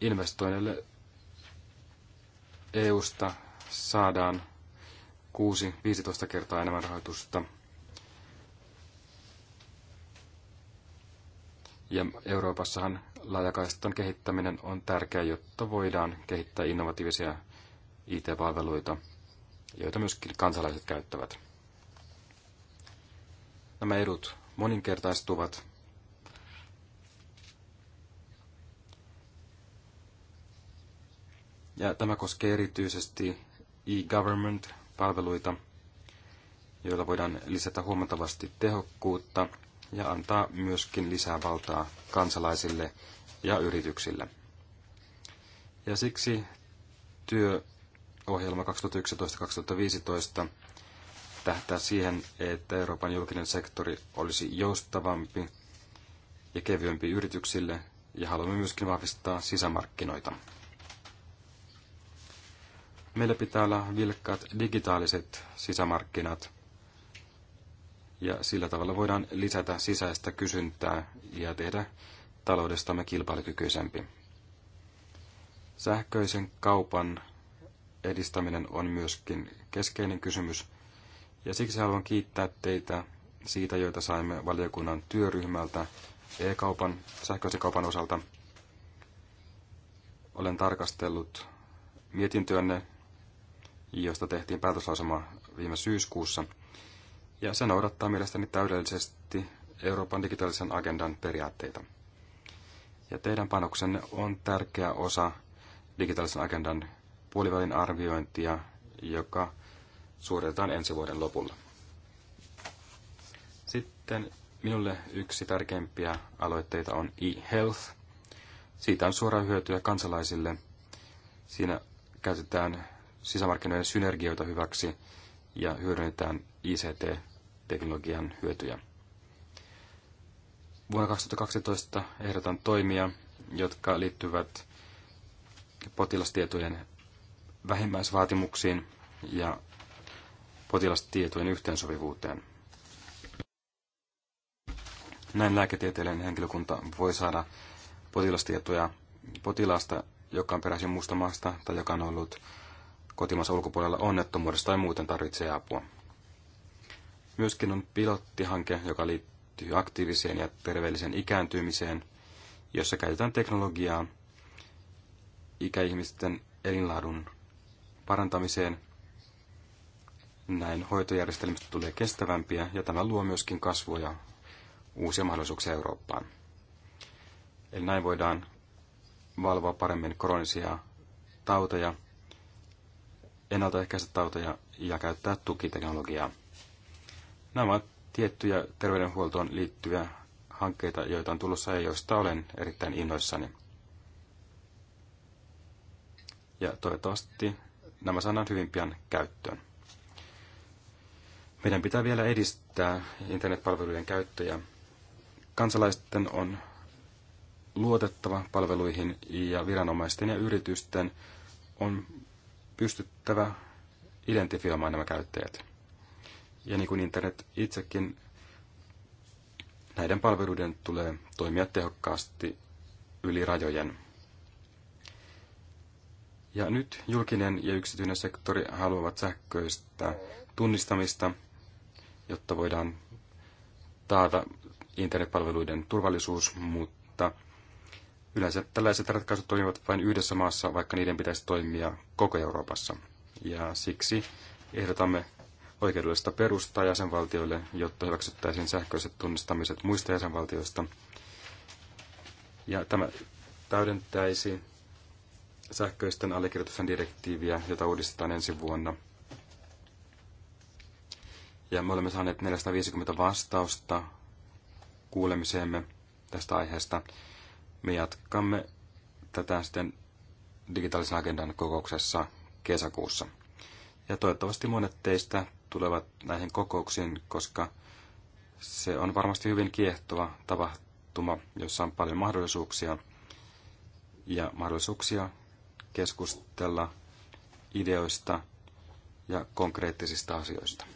investoinnille EUsta saadaan 6-15 kertaa enemmän rahoitusta. Ja Euroopassahan laajakaistan kehittäminen on tärkeää, jotta voidaan kehittää innovatiivisia IT-palveluita, joita myöskin kansalaiset käyttävät. Nämä edut moninkertaistuvat. Ja tämä koskee erityisesti e-government-palveluita, joilla voidaan lisätä huomattavasti tehokkuutta ja antaa myöskin lisää valtaa kansalaisille ja yrityksille. Ja siksi työohjelma 2011-2015 tähtää siihen, että Euroopan julkinen sektori olisi joustavampi ja kevyempi yrityksille, ja haluamme myöskin vahvistaa sisämarkkinoita. Meillä pitää olla vilkkaat digitaaliset sisämarkkinat, ja sillä tavalla voidaan lisätä sisäistä kysyntää ja tehdä taloudestamme kilpailukykyisempi. Sähköisen kaupan edistäminen on myöskin keskeinen kysymys – ja siksi haluan kiittää teitä siitä, joita saimme valiokunnan työryhmältä e-kaupan, sähköisen kaupan osalta. Olen tarkastellut mietintyönne, josta tehtiin päätöslausuma viime syyskuussa, ja se noudattaa mielestäni täydellisesti Euroopan digitaalisen agendan periaatteita. Ja teidän panoksenne on tärkeä osa digitaalisen agendan puolivälin arviointia, joka suoritetaan ensi vuoden lopulla. Sitten minulle yksi tärkeimpiä aloitteita on e-health. Siitä on suoraa hyötyä kansalaisille. Siinä käytetään sisämarkkinoiden synergioita hyväksi ja hyödynnetään ICT-teknologian hyötyjä. Vuonna 2012 ehdotan toimia, jotka liittyvät potilastietojen vähimmäisvaatimuksiin ja potilastietojen yhteensopivuuteen. Näin lääketieteellinen henkilökunta voi saada potilastietoja potilaasta, joka on peräisin muusta maasta tai joka on ollut kotimaassa ulkopuolella onnettomuudesta tai muuten tarvitsee apua. Myöskin on pilottihanke, joka liittyy aktiiviseen ja terveelliseen ikääntymiseen, jossa käytetään teknologiaa ikäihmisten elinlaadun parantamiseen – näin hoitojärjestelmistä tulee kestävämpiä ja tämä luo myöskin kasvua ja uusia mahdollisuuksia Eurooppaan. Eli näin voidaan valvoa paremmin kroonisia tauteja, ennaltaehkäistä tauteja ja käyttää tukiteknologiaa. Nämä ovat tiettyjä terveydenhuoltoon liittyviä hankkeita, joita on tulossa ja joista olen erittäin innoissani. Ja toivottavasti nämä saadaan hyvin pian käyttöön. Meidän pitää vielä edistää internetpalveluiden käyttöjä. Kansalaisten on luotettava palveluihin ja viranomaisten ja yritysten on pystyttävä identifioimaan nämä käyttäjät. Ja niin kuin internet itsekin, näiden palveluiden tulee toimia tehokkaasti yli rajojen. Ja nyt julkinen ja yksityinen sektori haluavat sähköistä tunnistamista – jotta voidaan taata internetpalveluiden turvallisuus, mutta yleensä tällaiset ratkaisut toimivat vain yhdessä maassa, vaikka niiden pitäisi toimia koko Euroopassa. Ja siksi ehdotamme oikeudellista perustaa jäsenvaltioille, jotta hyväksyttäisiin sähköiset tunnistamiset muista jäsenvaltioista. Ja tämä täydentäisi sähköisten allekirjoitusten direktiiviä, jota uudistetaan ensi vuonna – ja me olemme saaneet 450 vastausta kuulemiseemme tästä aiheesta. Me jatkamme tätä sitten digitaalisen agendan kokouksessa kesäkuussa. Ja toivottavasti monet teistä tulevat näihin kokouksiin, koska se on varmasti hyvin kiehtova tapahtuma, jossa on paljon mahdollisuuksia ja mahdollisuuksia keskustella ideoista ja konkreettisista asioista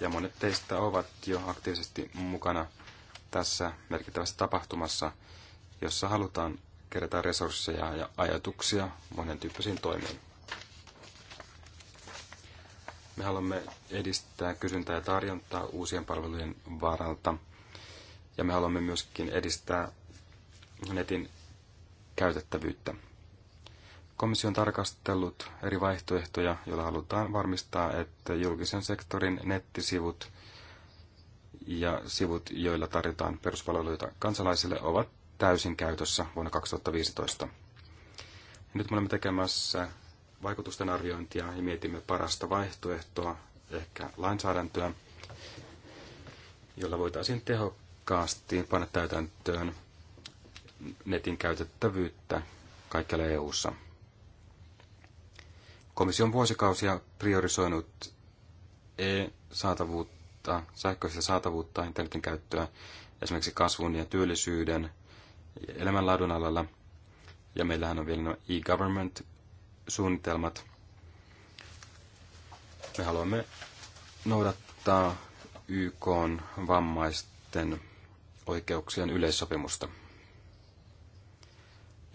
ja monet teistä ovat jo aktiivisesti mukana tässä merkittävässä tapahtumassa, jossa halutaan kerätä resursseja ja ajatuksia monen tyyppisiin toimiin. Me haluamme edistää kysyntää ja tarjontaa uusien palvelujen varalta. Ja me haluamme myöskin edistää netin käytettävyyttä. Komissio on tarkastellut eri vaihtoehtoja, joilla halutaan varmistaa, että julkisen sektorin nettisivut ja sivut, joilla tarjotaan peruspalveluita kansalaisille, ovat täysin käytössä vuonna 2015. Nyt me olemme tekemässä vaikutusten arviointia ja mietimme parasta vaihtoehtoa, ehkä lainsäädäntöä, jolla voitaisiin tehokkaasti panna täytäntöön netin käytettävyyttä kaikkialla EU-ssa. Komission vuosikausia priorisoinut e-saatavuutta, sähköistä saatavuutta, internetin käyttöä esimerkiksi kasvun ja työllisyyden ja elämänlaadun alalla. Ja meillähän on vielä nuo e-government-suunnitelmat. Me haluamme noudattaa YK vammaisten oikeuksien yleissopimusta.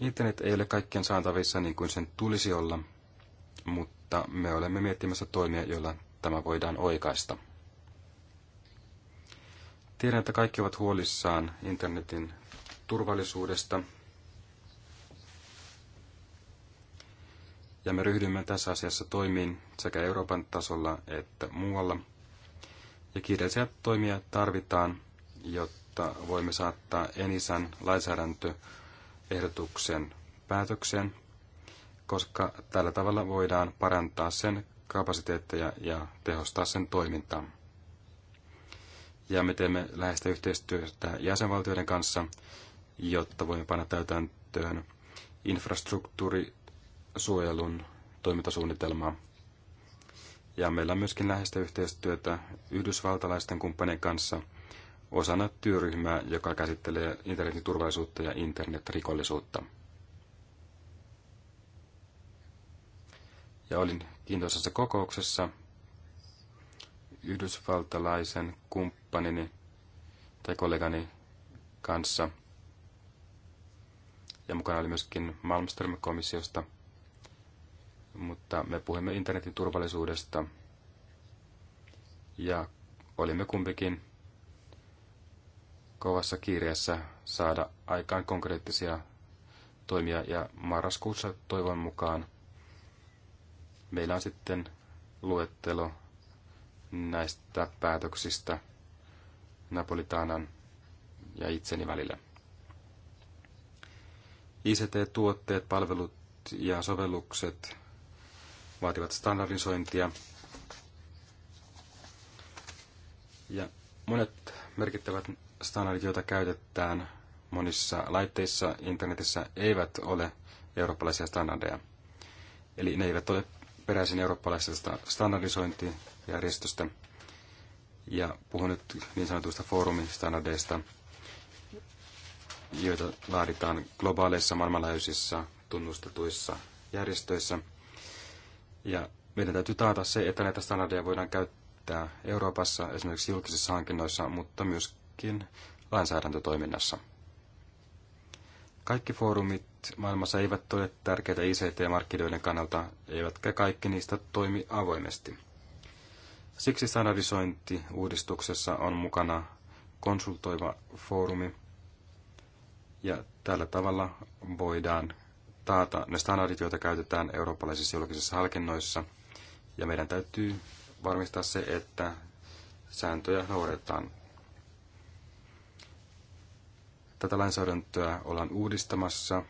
Internet ei ole kaikkien saatavissa niin kuin sen tulisi olla – mutta me olemme miettimässä toimia, joilla tämä voidaan oikaista. Tiedän, että kaikki ovat huolissaan internetin turvallisuudesta. Ja me ryhdymme tässä asiassa toimiin sekä Euroopan tasolla että muualla. Ja kiireisiä toimia tarvitaan, jotta voimme saattaa Enisan lainsäädäntöehdotuksen päätökseen koska tällä tavalla voidaan parantaa sen kapasiteetteja ja tehostaa sen toimintaa. Ja me teemme läheistä yhteistyötä jäsenvaltioiden kanssa, jotta voimme panna täytäntöön infrastruktuurisuojelun toimintasuunnitelmaa. Ja meillä on myöskin läheistä yhteistyötä yhdysvaltalaisten kumppanien kanssa osana työryhmää, joka käsittelee internetin turvallisuutta ja internetrikollisuutta. ja olin kiintoisessa kokouksessa yhdysvaltalaisen kumppanini tai kollegani kanssa. Ja mukana oli myöskin Malmström-komissiosta, mutta me puhuimme internetin turvallisuudesta ja olimme kumpikin kovassa kiireessä saada aikaan konkreettisia toimia ja marraskuussa toivon mukaan meillä on sitten luettelo näistä päätöksistä Napolitaanan ja itseni välillä. ICT-tuotteet, palvelut ja sovellukset vaativat standardisointia. Ja monet merkittävät standardit, joita käytetään monissa laitteissa internetissä, eivät ole eurooppalaisia standardeja. Eli ne eivät ole peräisin eurooppalaisesta standardisointijärjestöstä ja puhun nyt niin sanotuista foorumistandardeista, joita laaditaan globaaleissa maailmanlaajuisissa tunnustetuissa järjestöissä. Ja meidän täytyy taata se, että näitä standardeja voidaan käyttää Euroopassa esimerkiksi julkisissa hankinnoissa, mutta myöskin lainsäädäntötoiminnassa. Kaikki foorumit maailmassa eivät ole tärkeitä ICT-markkinoiden kannalta, eivätkä kaikki niistä toimi avoimesti. Siksi standardisointi uudistuksessa on mukana konsultoiva foorumi, ja tällä tavalla voidaan taata ne standardit, joita käytetään eurooppalaisissa julkisissa halkinnoissa, ja meidän täytyy varmistaa se, että sääntöjä noudatetaan Tätä lainsäädäntöä ollaan uudistamassa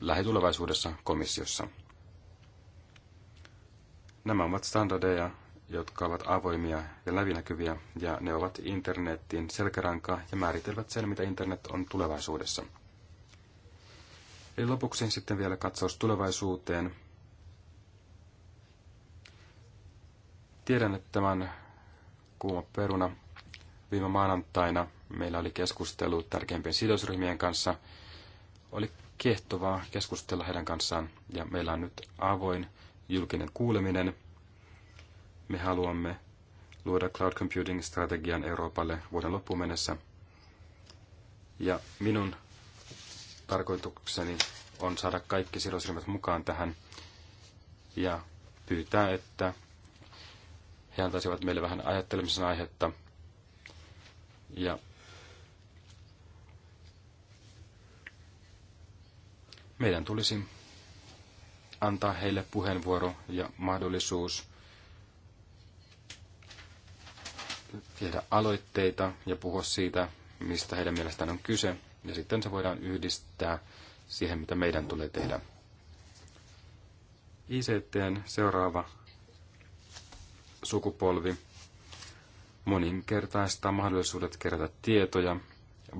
lähitulevaisuudessa komissiossa. Nämä ovat standardeja, jotka ovat avoimia ja läpinäkyviä, ja ne ovat internetin selkäranka ja määritelvät sen, mitä internet on tulevaisuudessa. Eli lopuksi sitten vielä katsaus tulevaisuuteen. Tiedän, että tämän kuuma peruna Viime maanantaina meillä oli keskustelu tärkeimpien sidosryhmien kanssa. Oli kiehtovaa keskustella heidän kanssaan ja meillä on nyt avoin julkinen kuuleminen. Me haluamme luoda cloud computing-strategian Euroopalle vuoden loppuun mennessä. Ja minun tarkoitukseni on saada kaikki sidosryhmät mukaan tähän ja pyytää, että he antaisivat meille vähän ajattelemisen aihetta ja meidän tulisi antaa heille puheenvuoro ja mahdollisuus tehdä aloitteita ja puhua siitä, mistä heidän mielestään on kyse. Ja sitten se voidaan yhdistää siihen, mitä meidän tulee tehdä. ICTn seuraava sukupolvi moninkertaistaa mahdollisuudet kerätä tietoja,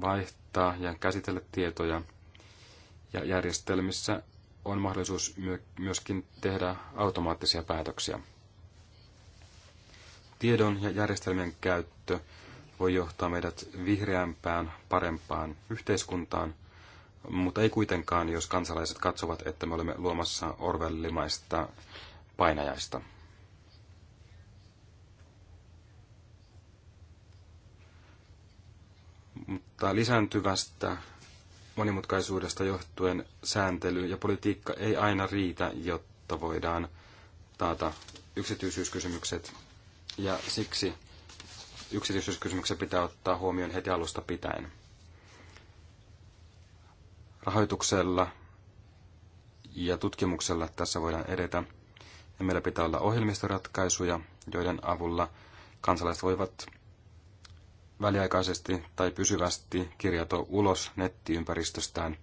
vaihtaa ja käsitellä tietoja. Ja järjestelmissä on mahdollisuus myöskin tehdä automaattisia päätöksiä. Tiedon ja järjestelmien käyttö voi johtaa meidät vihreämpään, parempaan yhteiskuntaan, mutta ei kuitenkaan, jos kansalaiset katsovat, että me olemme luomassa Orwellimaista painajaista. mutta lisääntyvästä monimutkaisuudesta johtuen sääntely ja politiikka ei aina riitä, jotta voidaan taata yksityisyyskysymykset. Ja siksi yksityisyyskysymykset pitää ottaa huomioon heti alusta pitäen. Rahoituksella ja tutkimuksella tässä voidaan edetä. Ja meillä pitää olla ohjelmistoratkaisuja, joiden avulla kansalaiset voivat väliaikaisesti tai pysyvästi kirjato ulos nettiympäristöstään.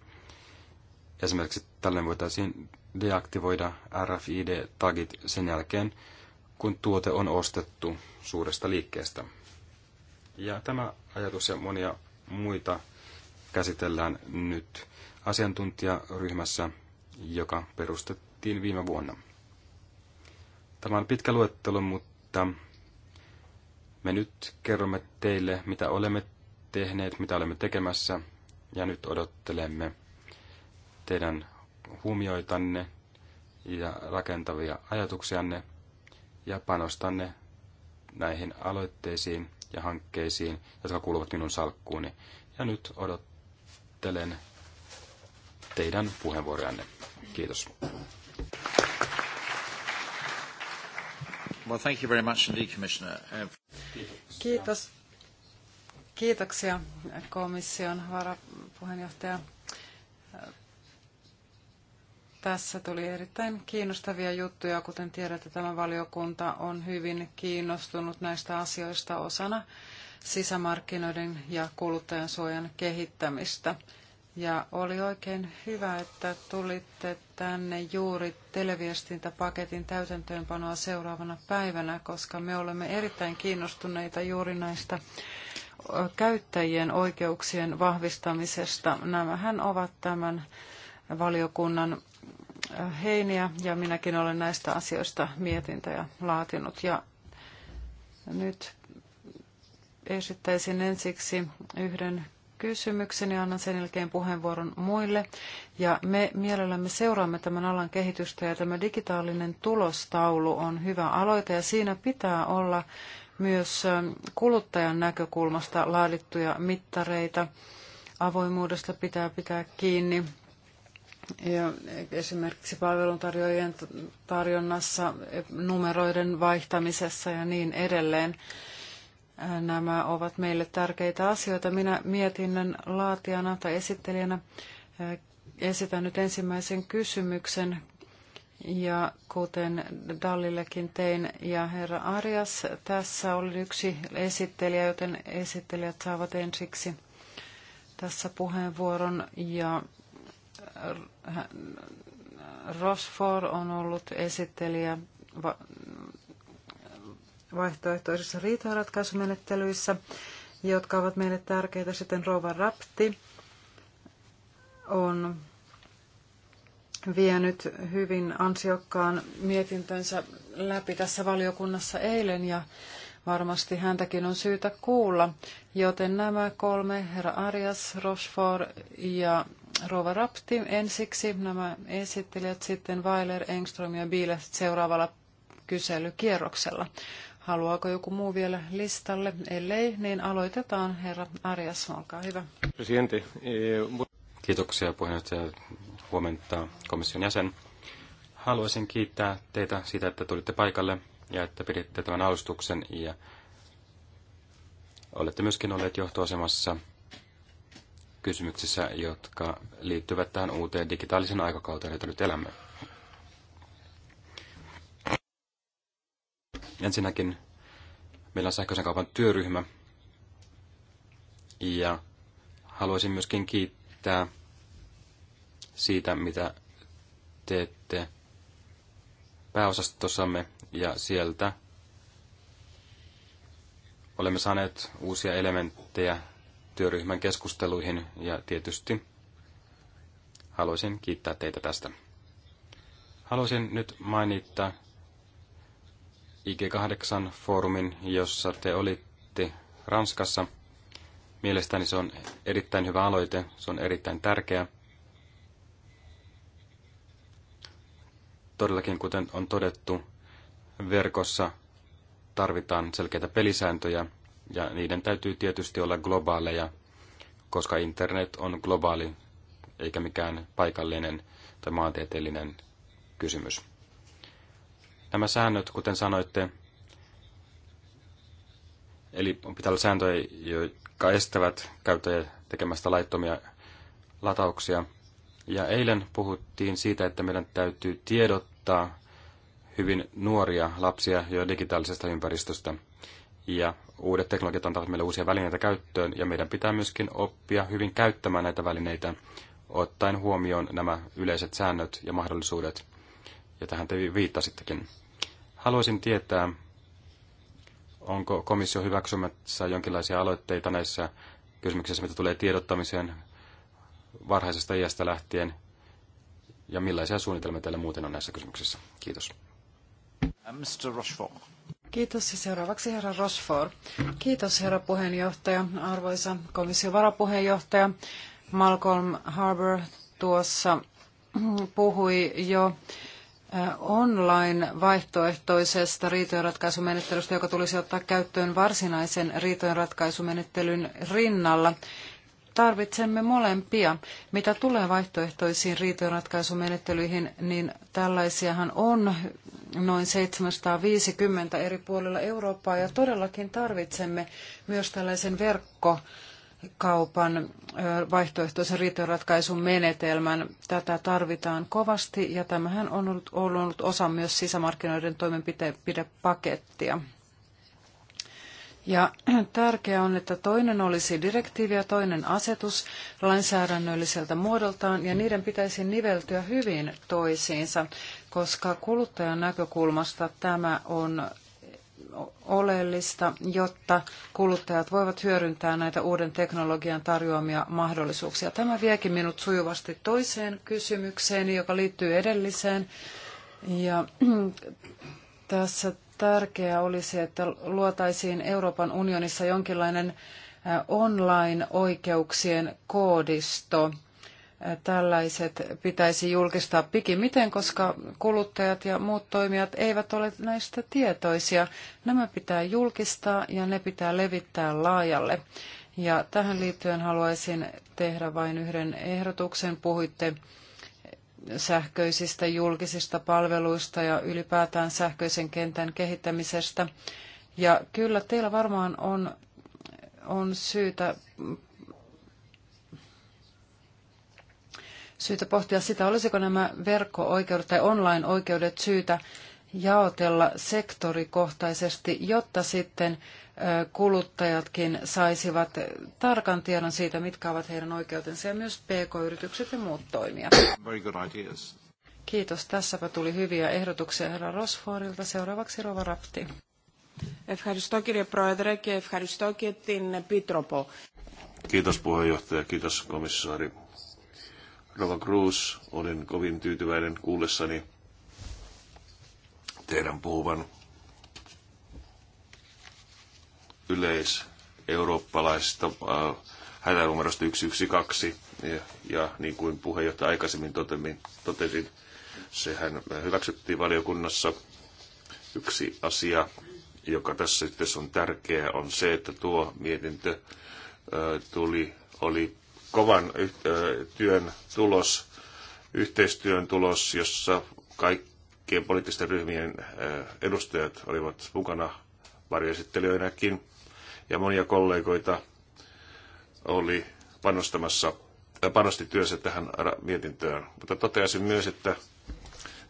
Esimerkiksi tällöin voitaisiin deaktivoida RFID-tagit sen jälkeen, kun tuote on ostettu suuresta liikkeestä. Ja tämä ajatus ja monia muita käsitellään nyt asiantuntijaryhmässä, joka perustettiin viime vuonna. Tämä on pitkä luettelo, mutta me nyt kerromme teille, mitä olemme tehneet, mitä olemme tekemässä, ja nyt odottelemme teidän huomioitanne ja rakentavia ajatuksianne ja panostanne näihin aloitteisiin ja hankkeisiin, jotka kuuluvat minun salkkuuni. Ja nyt odottelen teidän puheenvuorojanne. Kiitos. Well, thank you very much indeed, Commissioner. Uh, Kiitos. Kiitoksia komission varapuheenjohtaja. Tässä tuli erittäin kiinnostavia juttuja. Kuten tiedätte, tämä valiokunta on hyvin kiinnostunut näistä asioista osana sisämarkkinoiden ja kuluttajansuojan kehittämistä. Ja oli oikein hyvä, että tulitte tänne juuri televiestintäpaketin täytäntöönpanoa seuraavana päivänä, koska me olemme erittäin kiinnostuneita juuri näistä käyttäjien oikeuksien vahvistamisesta. Nämähän ovat tämän valiokunnan heiniä ja minäkin olen näistä asioista mietintöjä laatinut. Ja nyt esittäisin ensiksi yhden kysymyksen ja annan sen jälkeen puheenvuoron muille. Ja me mielellämme seuraamme tämän alan kehitystä ja tämä digitaalinen tulostaulu on hyvä aloite ja siinä pitää olla myös ähm, kuluttajan näkökulmasta laadittuja mittareita. Avoimuudesta pitää pitää kiinni. Ja esimerkiksi palveluntarjoajien tarjonnassa, numeroiden vaihtamisessa ja niin edelleen. Nämä ovat meille tärkeitä asioita. Minä mietinnän laatijana tai esittelijänä eh, esitän nyt ensimmäisen kysymyksen. Ja kuten Dallillekin tein ja herra Arias, tässä oli yksi esittelijä, joten esittelijät saavat ensiksi tässä puheenvuoron. Ja eh, Rosfor on ollut esittelijä vaihtoehtoisissa riitojenratkaisumenettelyissä, jotka ovat meille tärkeitä. Sitten Rova Rapti on vienyt hyvin ansiokkaan mietintönsä läpi tässä valiokunnassa eilen ja varmasti häntäkin on syytä kuulla. Joten nämä kolme, herra Arias, Rochefort ja Rova Rapti ensiksi, nämä esittelijät sitten Weiler, Engström ja Biele seuraavalla kyselykierroksella. Haluaako joku muu vielä listalle? Ellei, niin aloitetaan. Herra Arias, olkaa hyvä. Presidentti, eh, Kiitoksia puheenjohtaja. Huomenta komission jäsen. Haluaisin kiittää teitä siitä, että tulitte paikalle ja että piditte tämän alustuksen ja olette myöskin olleet johtoasemassa kysymyksissä, jotka liittyvät tähän uuteen digitaalisen aikakauteen, jota nyt elämme. Ensinnäkin meillä on sähköisen kaupan työryhmä ja haluaisin myöskin kiittää siitä, mitä teette pääosastossamme ja sieltä olemme saaneet uusia elementtejä työryhmän keskusteluihin ja tietysti haluaisin kiittää teitä tästä. Haluaisin nyt mainita IG8-foorumin, jossa te olitte Ranskassa. Mielestäni se on erittäin hyvä aloite, se on erittäin tärkeä. Todellakin, kuten on todettu, verkossa tarvitaan selkeitä pelisääntöjä ja niiden täytyy tietysti olla globaaleja, koska internet on globaali eikä mikään paikallinen tai maantieteellinen kysymys nämä säännöt, kuten sanoitte, eli pitää olla sääntöjä, jotka estävät käyttäjä tekemästä laittomia latauksia. Ja eilen puhuttiin siitä, että meidän täytyy tiedottaa hyvin nuoria lapsia jo digitaalisesta ympäristöstä. Ja uudet teknologiat antavat meille uusia välineitä käyttöön, ja meidän pitää myöskin oppia hyvin käyttämään näitä välineitä, ottaen huomioon nämä yleiset säännöt ja mahdollisuudet ja tähän te viittasittekin. Haluaisin tietää, onko komissio hyväksymässä jonkinlaisia aloitteita näissä kysymyksissä, mitä tulee tiedottamiseen varhaisesta iästä lähtien, ja millaisia suunnitelmia teillä muuten on näissä kysymyksissä? Kiitos. Uh, Mr. Rochefort. Kiitos seuraavaksi herra Rochefort. Kiitos herra puheenjohtaja, arvoisa komission varapuheenjohtaja. Malcolm Harbour tuossa puhui jo online-vaihtoehtoisesta riitojenratkaisumenettelystä, joka tulisi ottaa käyttöön varsinaisen riitojenratkaisumenettelyn rinnalla. Tarvitsemme molempia. Mitä tulee vaihtoehtoisiin riitojenratkaisumenettelyihin, niin tällaisiahan on noin 750 eri puolilla Eurooppaa ja todellakin tarvitsemme myös tällaisen verkko kaupan vaihtoehtoisen riitojenratkaisun menetelmän. Tätä tarvitaan kovasti ja tämähän on ollut, ollut osa myös sisämarkkinoiden toimenpidepakettia. Ja tärkeää on, että toinen olisi direktiivi ja toinen asetus lainsäädännölliseltä muodoltaan, ja niiden pitäisi niveltyä hyvin toisiinsa, koska kuluttajan näkökulmasta tämä on oleellista, jotta kuluttajat voivat hyödyntää näitä uuden teknologian tarjoamia mahdollisuuksia. Tämä viekin minut sujuvasti toiseen kysymykseen, joka liittyy edelliseen. Ja tässä tärkeää olisi, että luotaisiin Euroopan unionissa jonkinlainen online-oikeuksien koodisto, tällaiset pitäisi julkistaa pikimiten, koska kuluttajat ja muut toimijat eivät ole näistä tietoisia. Nämä pitää julkistaa ja ne pitää levittää laajalle. Ja tähän liittyen haluaisin tehdä vain yhden ehdotuksen. Puhuitte sähköisistä julkisista palveluista ja ylipäätään sähköisen kentän kehittämisestä. Ja kyllä teillä varmaan on, on syytä syytä pohtia sitä, olisiko nämä verkko-oikeudet tai online-oikeudet syytä jaotella sektorikohtaisesti, jotta sitten kuluttajatkin saisivat tarkan tiedon siitä, mitkä ovat heidän oikeutensa ja myös PK-yritykset ja muut toimijat. Kiitos. Tässäpä tuli hyviä ehdotuksia herra Rosforilta. Seuraavaksi Rova Rapti. Ευχαριστώ κύριε Kiitos puheenjohtaja, kiitos komissaari Rova Cruz, olin kovin tyytyväinen kuullessani teidän puhuvan yleis-eurooppalaista äh, hätänumerosta 112. Ja, ja niin kuin puheenjohtaja aikaisemmin totemin, totesin, sehän hyväksyttiin valiokunnassa. Yksi asia, joka tässä yhteydessä on tärkeä, on se, että tuo mietintö äh, tuli, oli kovan eh, työn tulos, yhteistyön tulos, jossa kaikkien poliittisten ryhmien eh, edustajat olivat mukana varjoesittelijöinäkin ja monia kollegoita oli panostamassa, eh, panosti työnsä tähän mietintöön. Mutta toteaisin myös, että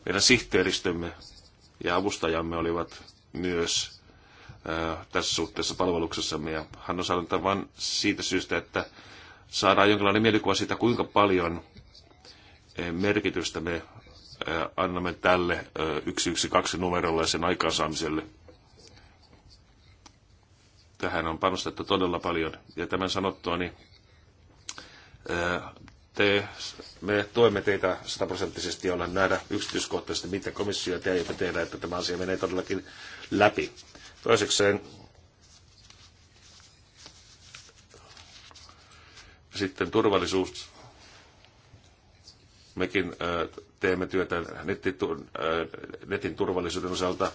meidän sihteeristömme ja avustajamme olivat myös tässä suhteessa palveluksessamme. Ja hän on saanut vain siitä syystä, että saadaan jonkinlainen mielikuva siitä, kuinka paljon eh, merkitystä me eh, annamme tälle 112 eh, numerolle ja sen aikaansaamiselle. Tähän on panostettu todella paljon. Ja tämän sanottua, niin te, me tuemme teitä sataprosenttisesti olla nähdä yksityiskohtaisesti, mitä komissio te tehdä, että tämä asia menee todellakin läpi. Toisekseen Sitten turvallisuus. Mekin teemme työtä netin turvallisuuden osalta.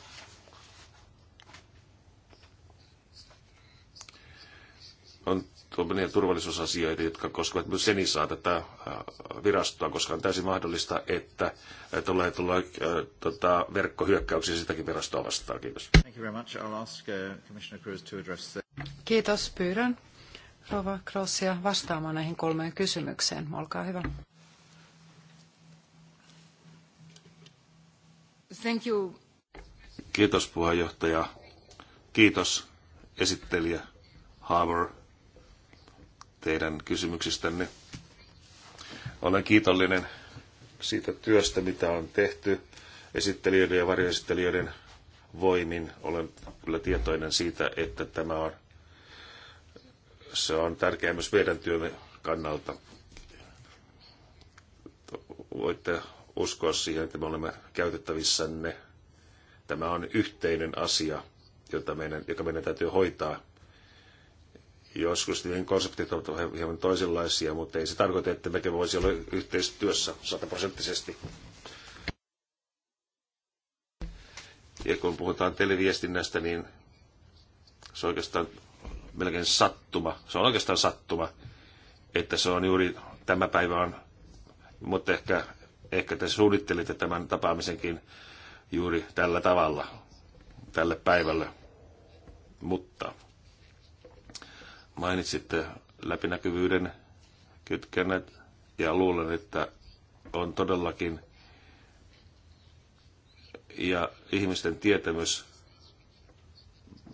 On tuommoisia turvallisuusasioita, jotka koskevat myös Senisaa tätä virastoa, koska on täysin mahdollista, että tulee tulla äh, tota, verkkohyökkäyksiä sitäkin virastoa vastaan. Kiitos. Uh, Kiitos. Pyydän Rova Krossia vastaamaan näihin kolmeen kysymykseen. Olkaa hyvä. Thank you. Kiitos puheenjohtaja. Kiitos esittelijä Haver teidän kysymyksistänne. Olen kiitollinen siitä työstä, mitä on tehty esittelijöiden ja varjoesittelijöiden voimin. Olen kyllä tietoinen siitä, että tämä on se on tärkeää myös meidän työmme kannalta. Voitte uskoa siihen, että me olemme käytettävissänne. Tämä on yhteinen asia, jota meidän, joka meidän täytyy hoitaa. Joskus niiden konseptit ovat hieman toisenlaisia, mutta ei se tarkoita, että mekin voisi olla yhteistyössä sataprosenttisesti. Ja kun puhutaan televiestinnästä, niin se oikeastaan melkein sattuma, se on oikeastaan sattuma, että se on juuri tämä päivä on, mutta ehkä, ehkä te suunnittelitte tämän tapaamisenkin juuri tällä tavalla, tälle päivälle. Mutta mainitsitte läpinäkyvyyden kytkennät ja luulen, että on todellakin ja ihmisten tietämys.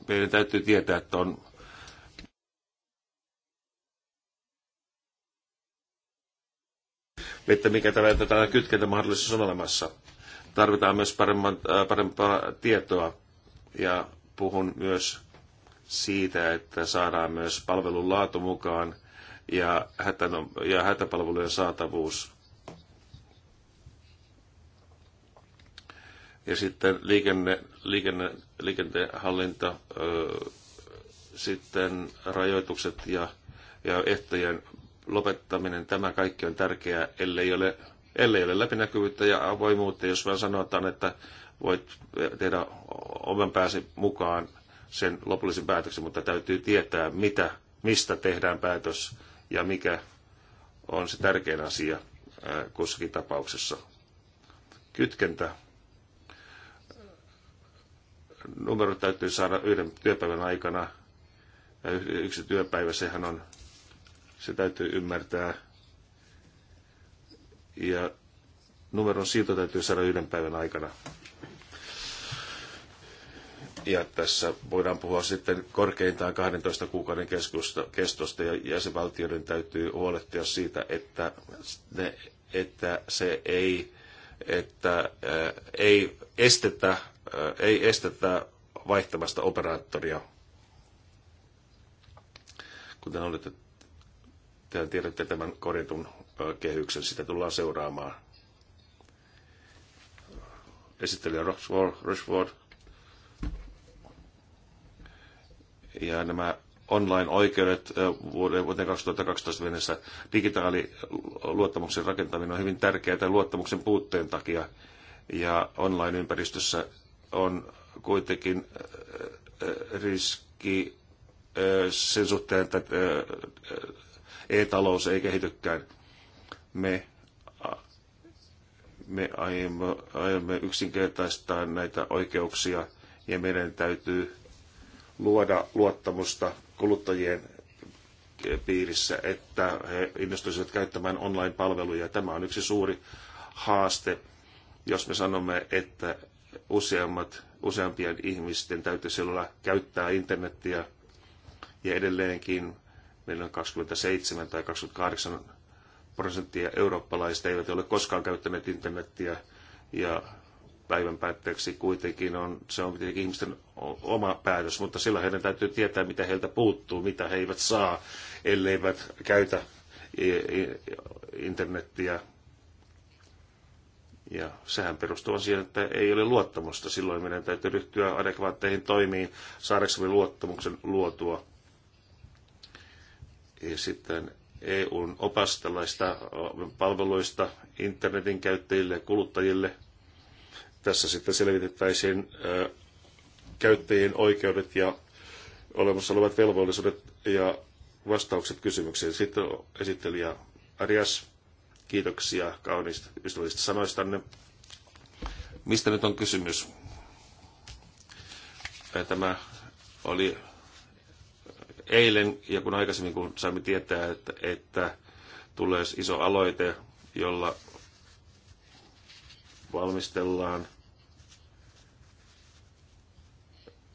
Meidän täytyy tietää, että on että mikä tämä tämä kytkentämahdollisuus on olemassa. Tarvitaan myös paremman, äh, parempaa tietoa ja puhun myös siitä, että saadaan myös palvelun laatu mukaan ja, hätän, ja hätäpalvelujen saatavuus. Ja sitten liikenne, liikenne, liikennehallinta, ö, äh, sitten rajoitukset ja, ja ehtojen lopettaminen, tämä kaikki on tärkeää, ellei ole, ellei ole läpinäkyvyyttä ja avoimuutta, jos vaan sanotaan, että voit tehdä oman pääsi mukaan sen lopullisen päätöksen, mutta täytyy tietää, mitä, mistä tehdään päätös ja mikä on se tärkein asia kussakin tapauksessa. Kytkentä. Numero täytyy saada yhden työpäivän aikana. Yksi työpäivä, sehän on se täytyy ymmärtää. Ja numeron siirto täytyy saada yhden päivän aikana. Ja tässä voidaan puhua sitten korkeintaan 12 kuukauden keskusta, kestosta ja jäsenvaltioiden täytyy huolehtia siitä, että, ne, että se ei, että, äh, ei, estetä, äh, ei estetä vaihtamasta operaattoria. Kuten olette Tehän tiedätte tämän korjatun kehyksen, sitä tullaan seuraamaan. Esittelijä Rushford, Rushford. Ja nämä online-oikeudet vuoteen 2012 mennessä digitaaliluottamuksen rakentaminen on hyvin tärkeää tämän luottamuksen puutteen takia. Ja online-ympäristössä on kuitenkin riski sen suhteen, että e-talous ei kehitykään. Me, me aiemme, aiemme yksinkertaistaa näitä oikeuksia ja meidän täytyy luoda luottamusta kuluttajien piirissä, että he innostuisivat käyttämään online-palveluja. Tämä on yksi suuri haaste, jos me sanomme, että useammat, useampien ihmisten täytyisi olla käyttää internettiä ja edelleenkin Meillä on 27 tai 28 prosenttia eurooppalaisista eivät ole koskaan käyttäneet internettiä ja päivän päätteeksi kuitenkin on, se on tietenkin ihmisten oma päätös, mutta silloin heidän täytyy tietää, mitä heiltä puuttuu, mitä he eivät saa, elleivät käytä internettiä. Ja sehän perustuu siihen, että ei ole luottamusta. Silloin meidän täytyy ryhtyä adekvaatteihin toimiin saadaksemme luottamuksen luotua sitten EUn opastelaista palveluista internetin käyttäjille ja kuluttajille. Tässä sitten selvitettäisiin käyttäjien oikeudet ja olemassa olevat velvollisuudet ja vastaukset kysymyksiin. Sitten esittelijä Arias, kiitoksia kauniista ystävällisistä sanoistanne. Mistä nyt on kysymys? Tämä oli eilen, ja kun aikaisemmin kun saimme tietää, että, että tulee siis iso aloite, jolla valmistellaan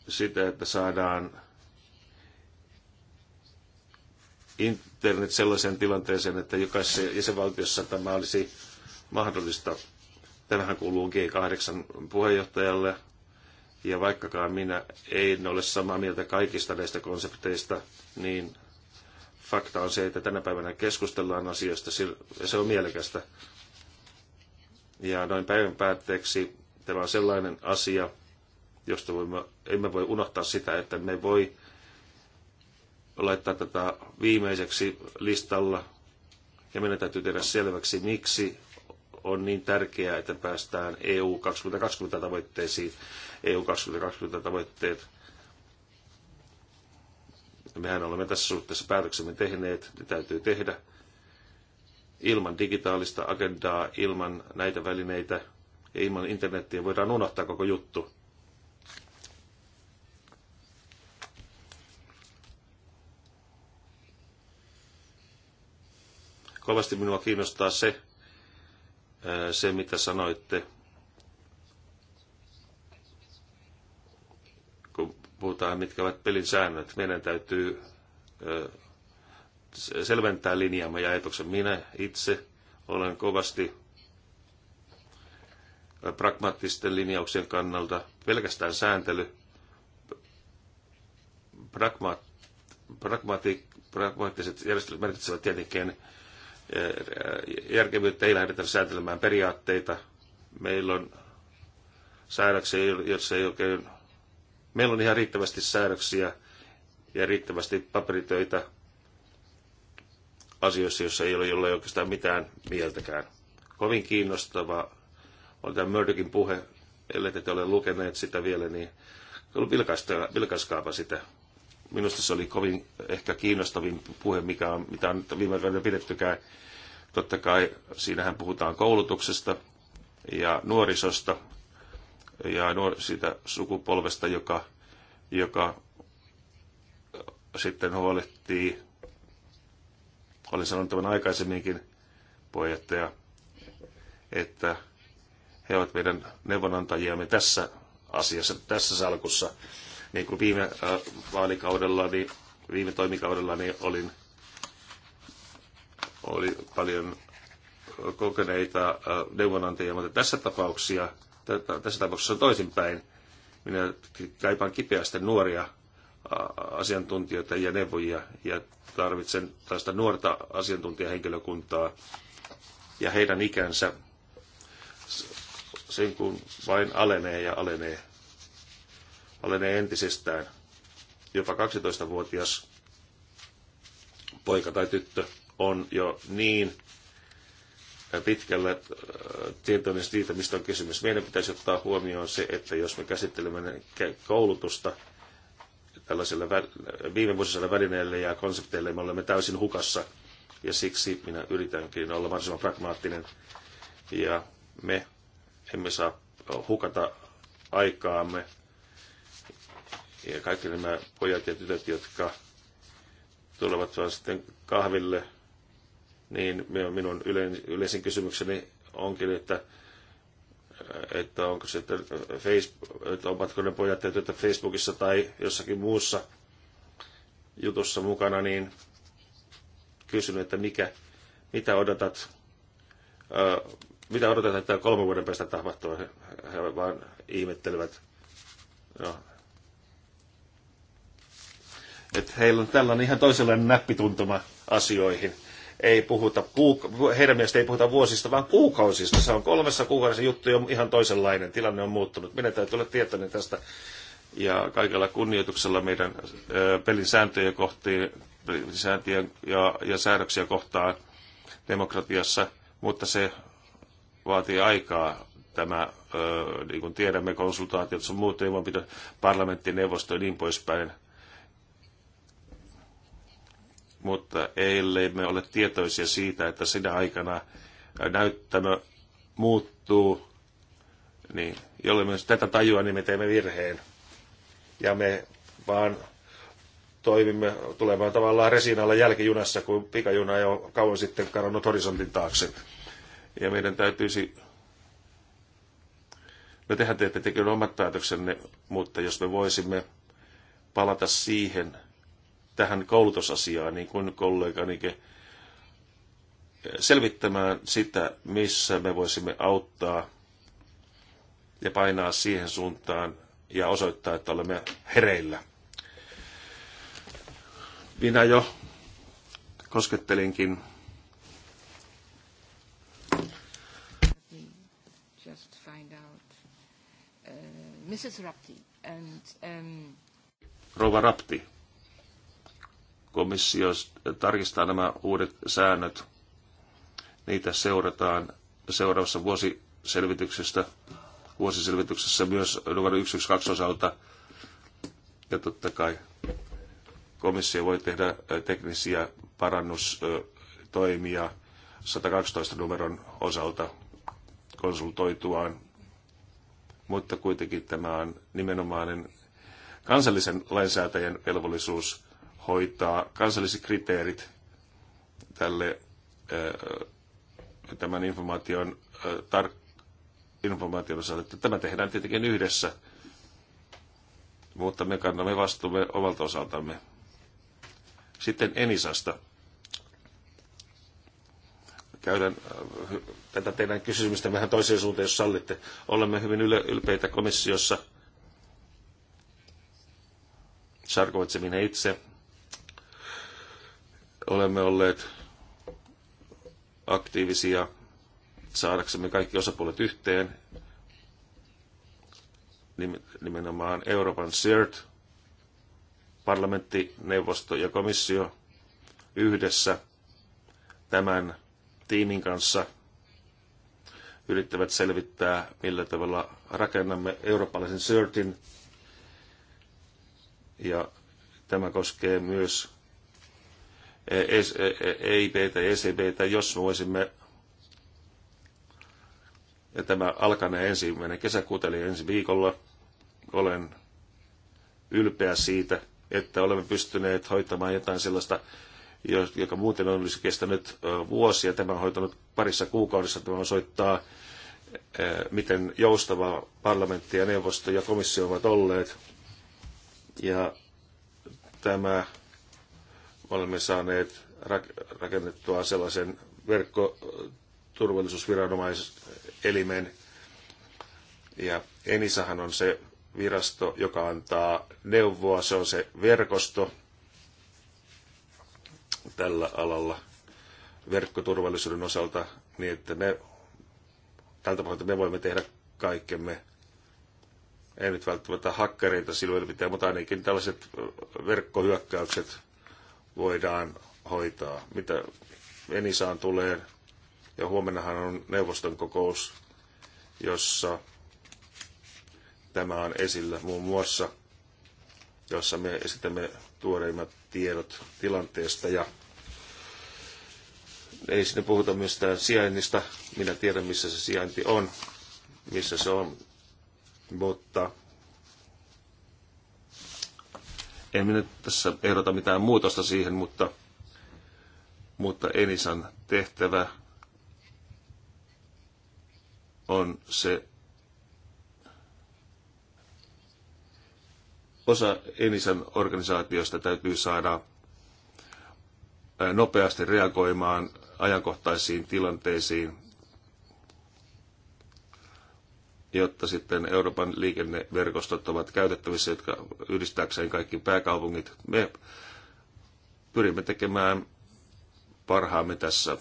sitä, että saadaan internet sellaiseen tilanteeseen, että jokaisessa jäsenvaltiossa tämä olisi mahdollista. tänähän kuuluu G8 puheenjohtajalle ja vaikkakaan minä en ole samaa mieltä kaikista näistä konsepteista, niin fakta on se, että tänä päivänä keskustellaan asioista ja se on mielekästä. Ja noin päivän päätteeksi tämä on sellainen asia, josta voimme, emme voi unohtaa sitä, että me voi laittaa tätä viimeiseksi listalla ja meidän täytyy tehdä selväksi, miksi on niin tärkeää, että päästään EU 2020 tavoitteisiin. EU 2020 tavoitteet. Mehän olemme tässä suhteessa päätöksemme tehneet, ne täytyy tehdä. Ilman digitaalista agendaa, ilman näitä välineitä ja ilman internettiä voidaan unohtaa koko juttu. kovasti minua kiinnostaa se, se, mitä sanoitte, kun puhutaan, mitkä ovat pelin säännöt. Meidän täytyy selventää linjaamme ja ajatuksen. Minä itse olen kovasti pragmaattisten linjauksien kannalta pelkästään sääntely. pragmaattiset järjestelmät merkitsevät tietenkin Äh, äh, järkevyyttä ei lähdetä säätelemään periaatteita. Meillä on säädöksiä, joissa ei oikein... Meillä on ihan riittävästi säädöksiä ja riittävästi paperitöitä asioissa, joissa ei ole jolle oikeastaan mitään mieltäkään. Kovin kiinnostava on tämä Murdochin puhe, ellei te ole lukeneet sitä vielä, niin vilkaiskaapa sitä. Minusta se oli kovin ehkä kiinnostavin puhe, mikä on, mitä on viime vuonna pidettykään. Totta kai siinähän puhutaan koulutuksesta ja nuorisosta ja nuor- siitä sukupolvesta, joka, joka sitten huolehtii, olin sanonut tämän aikaisemminkin, puheenjohtaja, että he ovat meidän neuvonantajiamme tässä asiassa, tässä salkussa. Niin kuin viime äh, vaalikaudella, niin viime toimikaudella niin olin, oli paljon äh, kokeneita äh, neuvonantajia, mutta tässä, tapauksia, tässä tapauksessa on toisinpäin. Minä kaipaan kipeästi nuoria asiantuntijoita ja neuvojia ja tarvitsen tästä nuorta asiantuntijahenkilökuntaa ja heidän ikänsä sen kun vain alenee ja alenee alenee entisestään. Jopa 12-vuotias poika tai tyttö on jo niin pitkällä äh, tietoinen siitä, mistä on kysymys. Meidän pitäisi ottaa huomioon se, että jos me käsittelemme koulutusta tällaisella viime vuosisella välineillä ja konsepteilla, me olemme täysin hukassa. Ja siksi minä yritänkin olla mahdollisimman pragmaattinen. Ja me emme saa hukata aikaamme ja kaikki nämä pojat ja tytöt, jotka tulevat vaan sitten kahville, niin minun yleisin kysymykseni onkin, että että onko se, että, Facebook, että ovatko ne pojat ja tytöt Facebookissa tai jossakin muussa jutussa mukana, niin kysyn, että mikä, mitä odotat, mitä odotat, että kolmen vuoden päästä tapahtuu, he, he vaan ihmettelevät. No, että heillä on tällainen ihan toisenlainen näppituntuma asioihin. Ei puhuta, kuuk- heidän mielestä ei puhuta vuosista, vaan kuukausista. Se on kolmessa kuukaudessa juttu jo ihan toisenlainen. Tilanne on muuttunut. Minä täytyy olla tietoinen tästä. Ja kaikella kunnioituksella meidän ö, pelin sääntöjä kohti, pelin sääntöjä ja, ja säädöksiä kohtaan demokratiassa, mutta se vaatii aikaa tämä, ö, niin kuin tiedämme, konsultaatiot sun muut ilmanpito, parlamenttineuvosto ja niin poispäin mutta ellei me ole tietoisia siitä, että sinä aikana näyttämö muuttuu, niin jolle myös tätä tajua, niin me teemme virheen. Ja me vaan toimimme tulemaan tavallaan resinalla jälkijunassa, kun pikajuna ei ole kauan sitten karannut horisontin taakse. Ja meidän täytyisi... Me tehdään teette tekemään omat päätöksenne, mutta jos me voisimme palata siihen, tähän koulutusasiaan, niin kuin kollegani eh, selvittämään sitä, missä me voisimme auttaa ja painaa siihen suuntaan ja osoittaa, että olemme hereillä. Minä jo koskettelinkin Rova Uh, eh, Rouva Rapti komissio tarkistaa nämä uudet säännöt. Niitä seurataan seuraavassa vuosiselvityksessä, vuosiselvityksessä myös numero 112 osalta. Ja totta kai komissio voi tehdä teknisiä parannustoimia 112 numeron osalta konsultoituaan, mutta kuitenkin tämä on nimenomainen kansallisen lainsäätäjän velvollisuus hoitaa kansalliset kriteerit tälle äh, tämän informaation, äh, tar- informaation osalta. Että tämä tehdään tietenkin yhdessä, mutta me kannamme vastuumme omalta osaltamme. Sitten Enisasta. Käydään äh, tätä teidän kysymystä vähän toiseen suuntaan, jos sallitte. Olemme hyvin ylpeitä komissiossa. Sarkovitseminen itse olemme olleet aktiivisia saadaksemme kaikki osapuolet yhteen, nimenomaan Euroopan CERT, parlamentti, neuvosto ja komissio yhdessä tämän tiimin kanssa yrittävät selvittää, millä tavalla rakennamme eurooppalaisen CERTin. Ja tämä koskee myös EIP e tai ECB, tai jos me voisimme, ja tämä alkanee ensimmäinen kesäkuuta, eli ensi viikolla, olen ylpeä siitä, että olemme pystyneet hoitamaan jotain sellaista, joka muuten olisi kestänyt vuosia. Tämä on hoitanut parissa kuukaudessa. Tämä osoittaa, miten joustava parlamentti ja neuvosto ja komissio ovat olleet. Ja tämä olemme saaneet rakennettua sellaisen verkkoturvallisuusviranomaiselimen. Ja Enisahan on se virasto, joka antaa neuvoa, se on se verkosto tällä alalla verkkoturvallisuuden osalta, niin että ne, tältä pohjalta me voimme tehdä kaikkemme. Ei nyt välttämättä hakkereita silloin pitää, mutta ainakin tällaiset verkkohyökkäykset – voidaan hoitaa. Mitä Enisaan tulee, ja huomennahan on neuvoston kokous, jossa tämä on esillä muun muassa, jossa me esitämme tuoreimmat tiedot tilanteesta ja ei sinne puhuta mistään sijainnista. Minä tiedän, missä se sijainti on, missä se on, mutta En minä tässä ehdota mitään muutosta siihen, mutta, mutta Enisan tehtävä on se osa Enisan organisaatiosta täytyy saada nopeasti reagoimaan ajankohtaisiin tilanteisiin jotta sitten Euroopan liikenneverkostot ovat käytettävissä, jotka yhdistääkseen kaikki pääkaupungit. Me pyrimme tekemään parhaamme tässä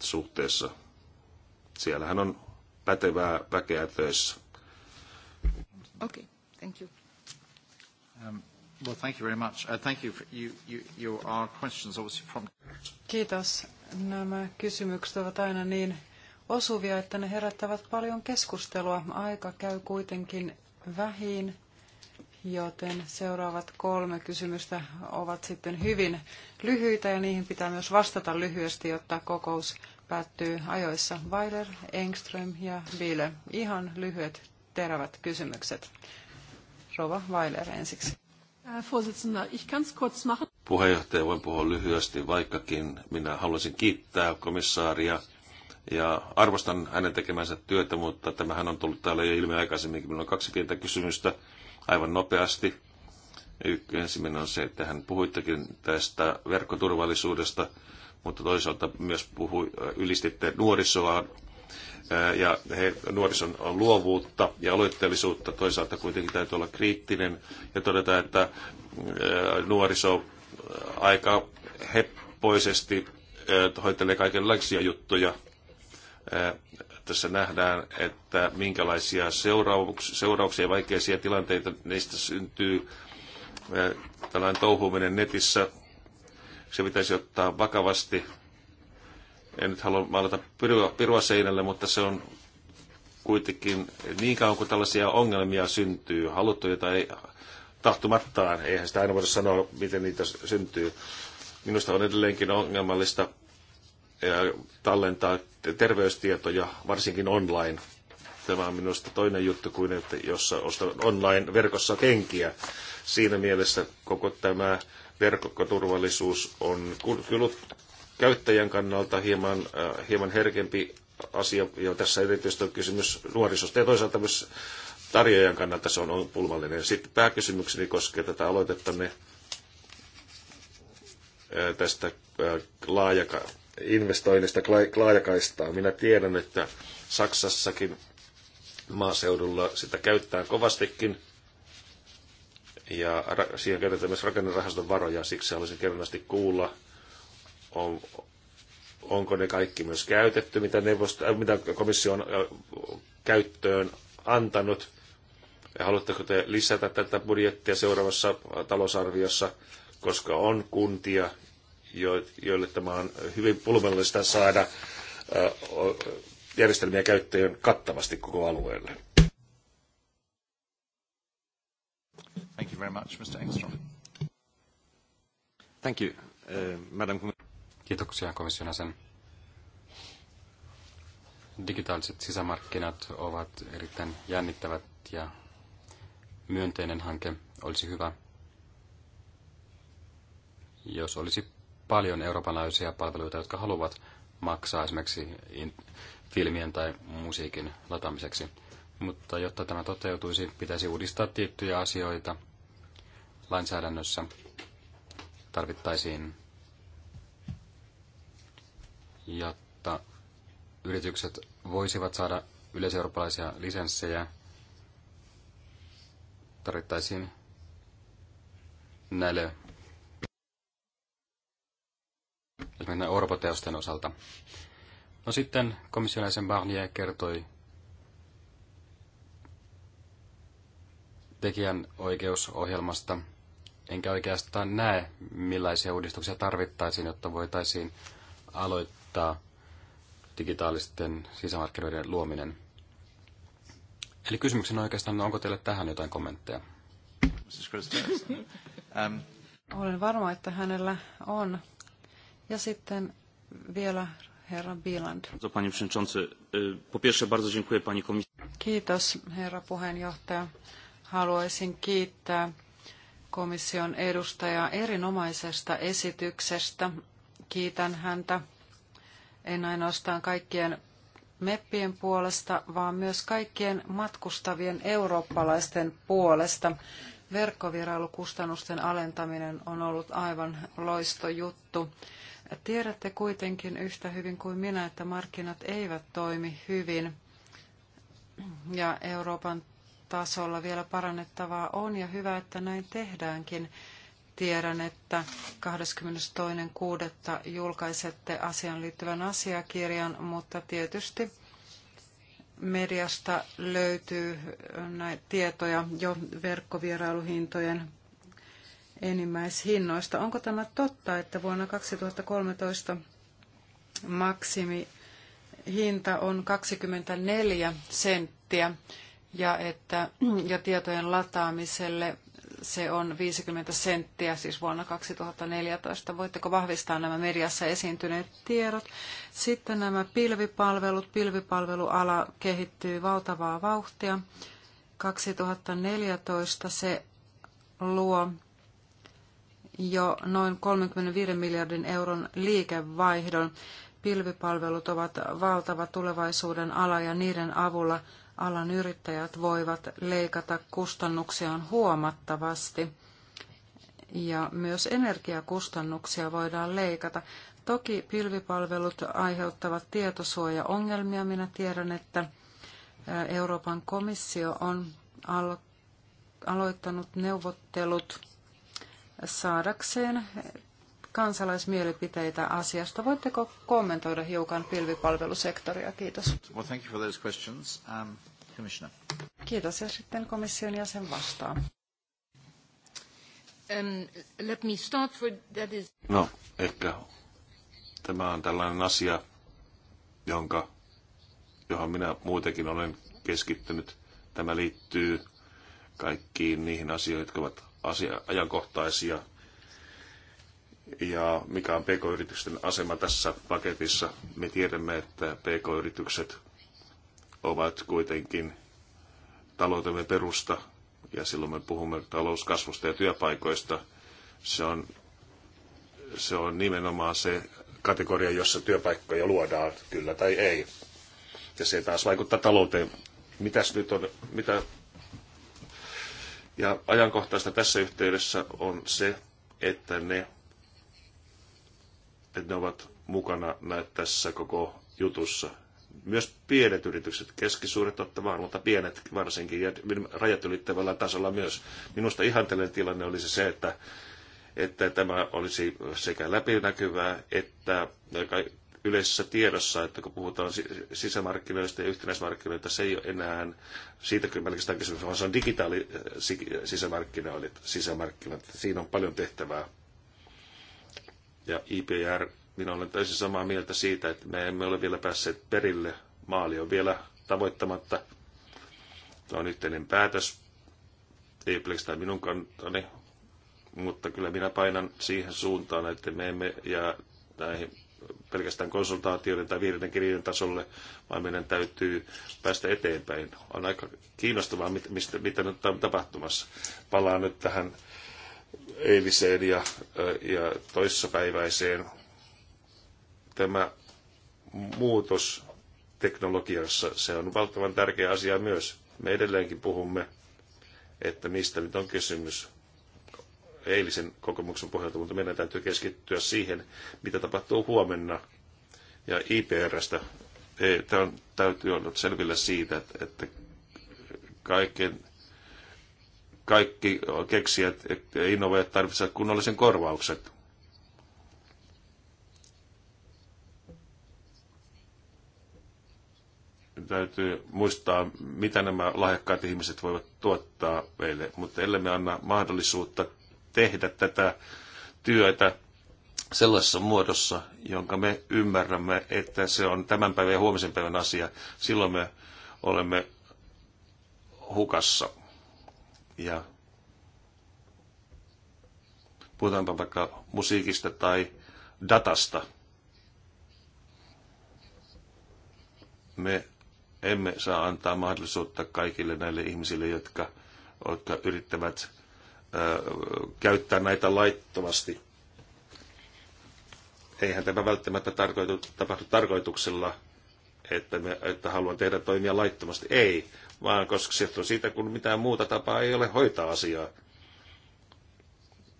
suhteessa. Siellähän on pätevää väkeä töissä. Okay, thank you. Um, well, thank you very much. Uh, thank you for you, you, your, questions obviously from... Kiitos. Nämä kysymykset ovat aina niin osuvia, että ne herättävät paljon keskustelua. Aika käy kuitenkin vähin, joten seuraavat kolme kysymystä ovat sitten hyvin lyhyitä ja niihin pitää myös vastata lyhyesti, jotta kokous päättyy ajoissa. Weiler, Engström ja Biele. Ihan lyhyet, terävät kysymykset. Rova Weiler ensiksi. Puheenjohtaja, voin puhua lyhyesti, vaikkakin minä haluaisin kiittää komissaaria ja arvostan hänen tekemänsä työtä, mutta tämähän on tullut täällä jo ilmi aikaisemminkin. Minulla on kaksi pientä kysymystä aivan nopeasti. Ensimmäinen on se, että hän puhuittekin tästä verkkoturvallisuudesta, mutta toisaalta myös puhui, ylistitte nuorisoa ja he, nuorison luovuutta ja aloitteellisuutta. Toisaalta kuitenkin täytyy olla kriittinen ja todeta, että nuoriso aika heppoisesti hoitelee kaikenlaisia juttuja tässä nähdään, että minkälaisia seurauksia ja vaikeisia tilanteita niistä syntyy. Tällainen touhuminen netissä, se pitäisi ottaa vakavasti. En nyt halua maalata pirua, pirua seinälle, mutta se on kuitenkin niin kauan kuin tällaisia ongelmia syntyy, haluttuja tai tahtumattaan, eihän sitä aina voida sanoa, miten niitä syntyy. Minusta on edelleenkin ongelmallista tallentaa terveystietoja, varsinkin online. Tämä on minusta toinen juttu kuin, että jos ostat online-verkossa kenkiä. Siinä mielessä koko tämä verkkoturvallisuus on käyttäjän kannalta hieman, äh, hieman herkempi asia, ja tässä erityisesti on kysymys nuorisosta ja toisaalta myös tarjoajan kannalta se on pulmallinen. Sitten pääkysymykseni koskee tätä aloitettanne äh, tästä äh, laajaka, investoinnista laajakaistaa. Minä tiedän, että Saksassakin maaseudulla sitä käyttää kovastikin ja siihen käytetään myös rakennerahaston varoja. Siksi haluaisin kerrannasti kuulla, on, onko ne kaikki myös käytetty, mitä, neuvosto, äh, mitä komissio on äh, käyttöön antanut. Ja haluatteko te lisätä tätä budjettia seuraavassa talousarviossa, koska on kuntia, joille tämä on hyvin pulmallista saada järjestelmiä käyttöön kattavasti koko alueelle. Thank you very much, Mr. Engström. Thank you, uh, Madam Kiitoksia komission jäsen. Digitaaliset sisämarkkinat ovat erittäin jännittävät ja myönteinen hanke olisi hyvä, jos olisi paljon eurooppalaisia palveluita, jotka haluavat maksaa esimerkiksi filmien tai musiikin lataamiseksi. Mutta jotta tämä toteutuisi, pitäisi uudistaa tiettyjä asioita lainsäädännössä. Tarvittaisiin, jotta yritykset voisivat saada yleiseurooppalaisia lisenssejä, tarvittaisiin näille jos mennään Orpo-teosten osalta. No sitten komissionäisen Barnier kertoi tekijän oikeusohjelmasta, enkä oikeastaan näe, millaisia uudistuksia tarvittaisiin, jotta voitaisiin aloittaa digitaalisten sisämarkkinoiden luominen. Eli kysymyksen oikeastaan, no onko teille tähän jotain kommentteja? Um, Olen varma, että hänellä on ja sitten vielä herra Biland. Kiitos herra puheenjohtaja. Haluaisin kiittää komission edustajaa erinomaisesta esityksestä. Kiitän häntä en ainoastaan kaikkien meppien puolesta, vaan myös kaikkien matkustavien eurooppalaisten puolesta. Verkkovierailukustannusten alentaminen on ollut aivan juttu. Tiedätte kuitenkin yhtä hyvin kuin minä, että markkinat eivät toimi hyvin ja Euroopan tasolla vielä parannettavaa on ja hyvä, että näin tehdäänkin. Tiedän, että 22.6. julkaisette asian liittyvän asiakirjan, mutta tietysti mediasta löytyy näitä tietoja jo verkkovierailuhintojen enimmäishinnoista. Onko tämä totta, että vuonna 2013 maksimihinta on 24 senttiä ja, että, ja tietojen lataamiselle se on 50 senttiä, siis vuonna 2014. Voitteko vahvistaa nämä mediassa esiintyneet tiedot? Sitten nämä pilvipalvelut. Pilvipalveluala kehittyy valtavaa vauhtia. 2014 se luo jo noin 35 miljardin euron liikevaihdon. Pilvipalvelut ovat valtava tulevaisuuden ala ja niiden avulla alan yrittäjät voivat leikata kustannuksiaan huomattavasti. Ja myös energiakustannuksia voidaan leikata. Toki pilvipalvelut aiheuttavat tietosuojaongelmia. Minä tiedän, että Euroopan komissio on aloittanut neuvottelut saadakseen kansalaismielipiteitä asiasta. Voitteko kommentoida hiukan pilvipalvelusektoria? Kiitos. Well, thank you for those questions. Um, Commissioner. Kiitos ja sitten komission jäsen vastaa. Um, let me start for that is... No, ehkä tämä on tällainen asia, jonka, johon minä muutenkin olen keskittynyt. Tämä liittyy kaikkiin niihin asioihin, jotka ovat asia, ajankohtaisia ja mikä on pk-yritysten asema tässä paketissa. Me tiedämme, että pk-yritykset ovat kuitenkin taloutemme perusta ja silloin me puhumme talouskasvusta ja työpaikoista. Se on, se on nimenomaan se kategoria, jossa työpaikkoja luodaan, kyllä tai ei. Ja se taas vaikuttaa talouteen. Mitäs nyt on, mitä ja ajankohtaista tässä yhteydessä on se, että ne, että ne ovat mukana tässä koko jutussa. Myös pienet yritykset, keskisuuret ottavat mutta pienet varsinkin ja rajat ylittävällä tasolla myös. Minusta ihanteellinen tilanne olisi se, että, että tämä olisi sekä läpinäkyvää että yleisessä tiedossa, että kun puhutaan sisämarkkinoista ja yhtenäismarkkinoista, se ei ole enää siitä pelkästään kysymys, vaan se on digitaali äh, sisämarkkinoille, sisämarkkinat. Siinä on paljon tehtävää. Ja IPR, minä olen täysin samaa mieltä siitä, että me emme ole vielä päässeet perille. Maali on vielä tavoittamatta. Tämä on yhteinen päätös. Ei pelkästään minun kantani, mutta kyllä minä painan siihen suuntaan, että me emme jää näihin pelkästään konsultaatioiden tai vihreiden kirjojen tasolle, vaan meidän täytyy päästä eteenpäin. On aika kiinnostavaa, mistä, mitä nyt on tapahtumassa. Palaan nyt tähän eiliseen ja, ja toissapäiväiseen. Tämä muutos teknologiassa, se on valtavan tärkeä asia myös. Me edelleenkin puhumme, että mistä nyt on kysymys eilisen kokemuksen pohjalta, mutta meidän täytyy keskittyä siihen, mitä tapahtuu huomenna. Ja IPRstä tämä on, täytyy olla selvillä siitä, että, että kaiken, kaikki keksijät ja innovoijat tarvitsevat kunnollisen korvaukset. Täytyy muistaa, mitä nämä lahjakkaat ihmiset voivat tuottaa meille, mutta ellei me anna mahdollisuutta tehdä tätä työtä sellaisessa muodossa, jonka me ymmärrämme, että se on tämän päivän ja huomisen päivän asia. Silloin me olemme hukassa. Ja puhutaanpa vaikka musiikista tai datasta. Me emme saa antaa mahdollisuutta kaikille näille ihmisille, jotka, jotka yrittävät käyttää näitä laittomasti. Eihän tämä välttämättä tarkoitu, tapahdu tarkoituksella, että, me, että haluan tehdä toimia laittomasti. Ei, vaan koska se on siitä, kun mitään muuta tapaa ei ole hoitaa asiaa.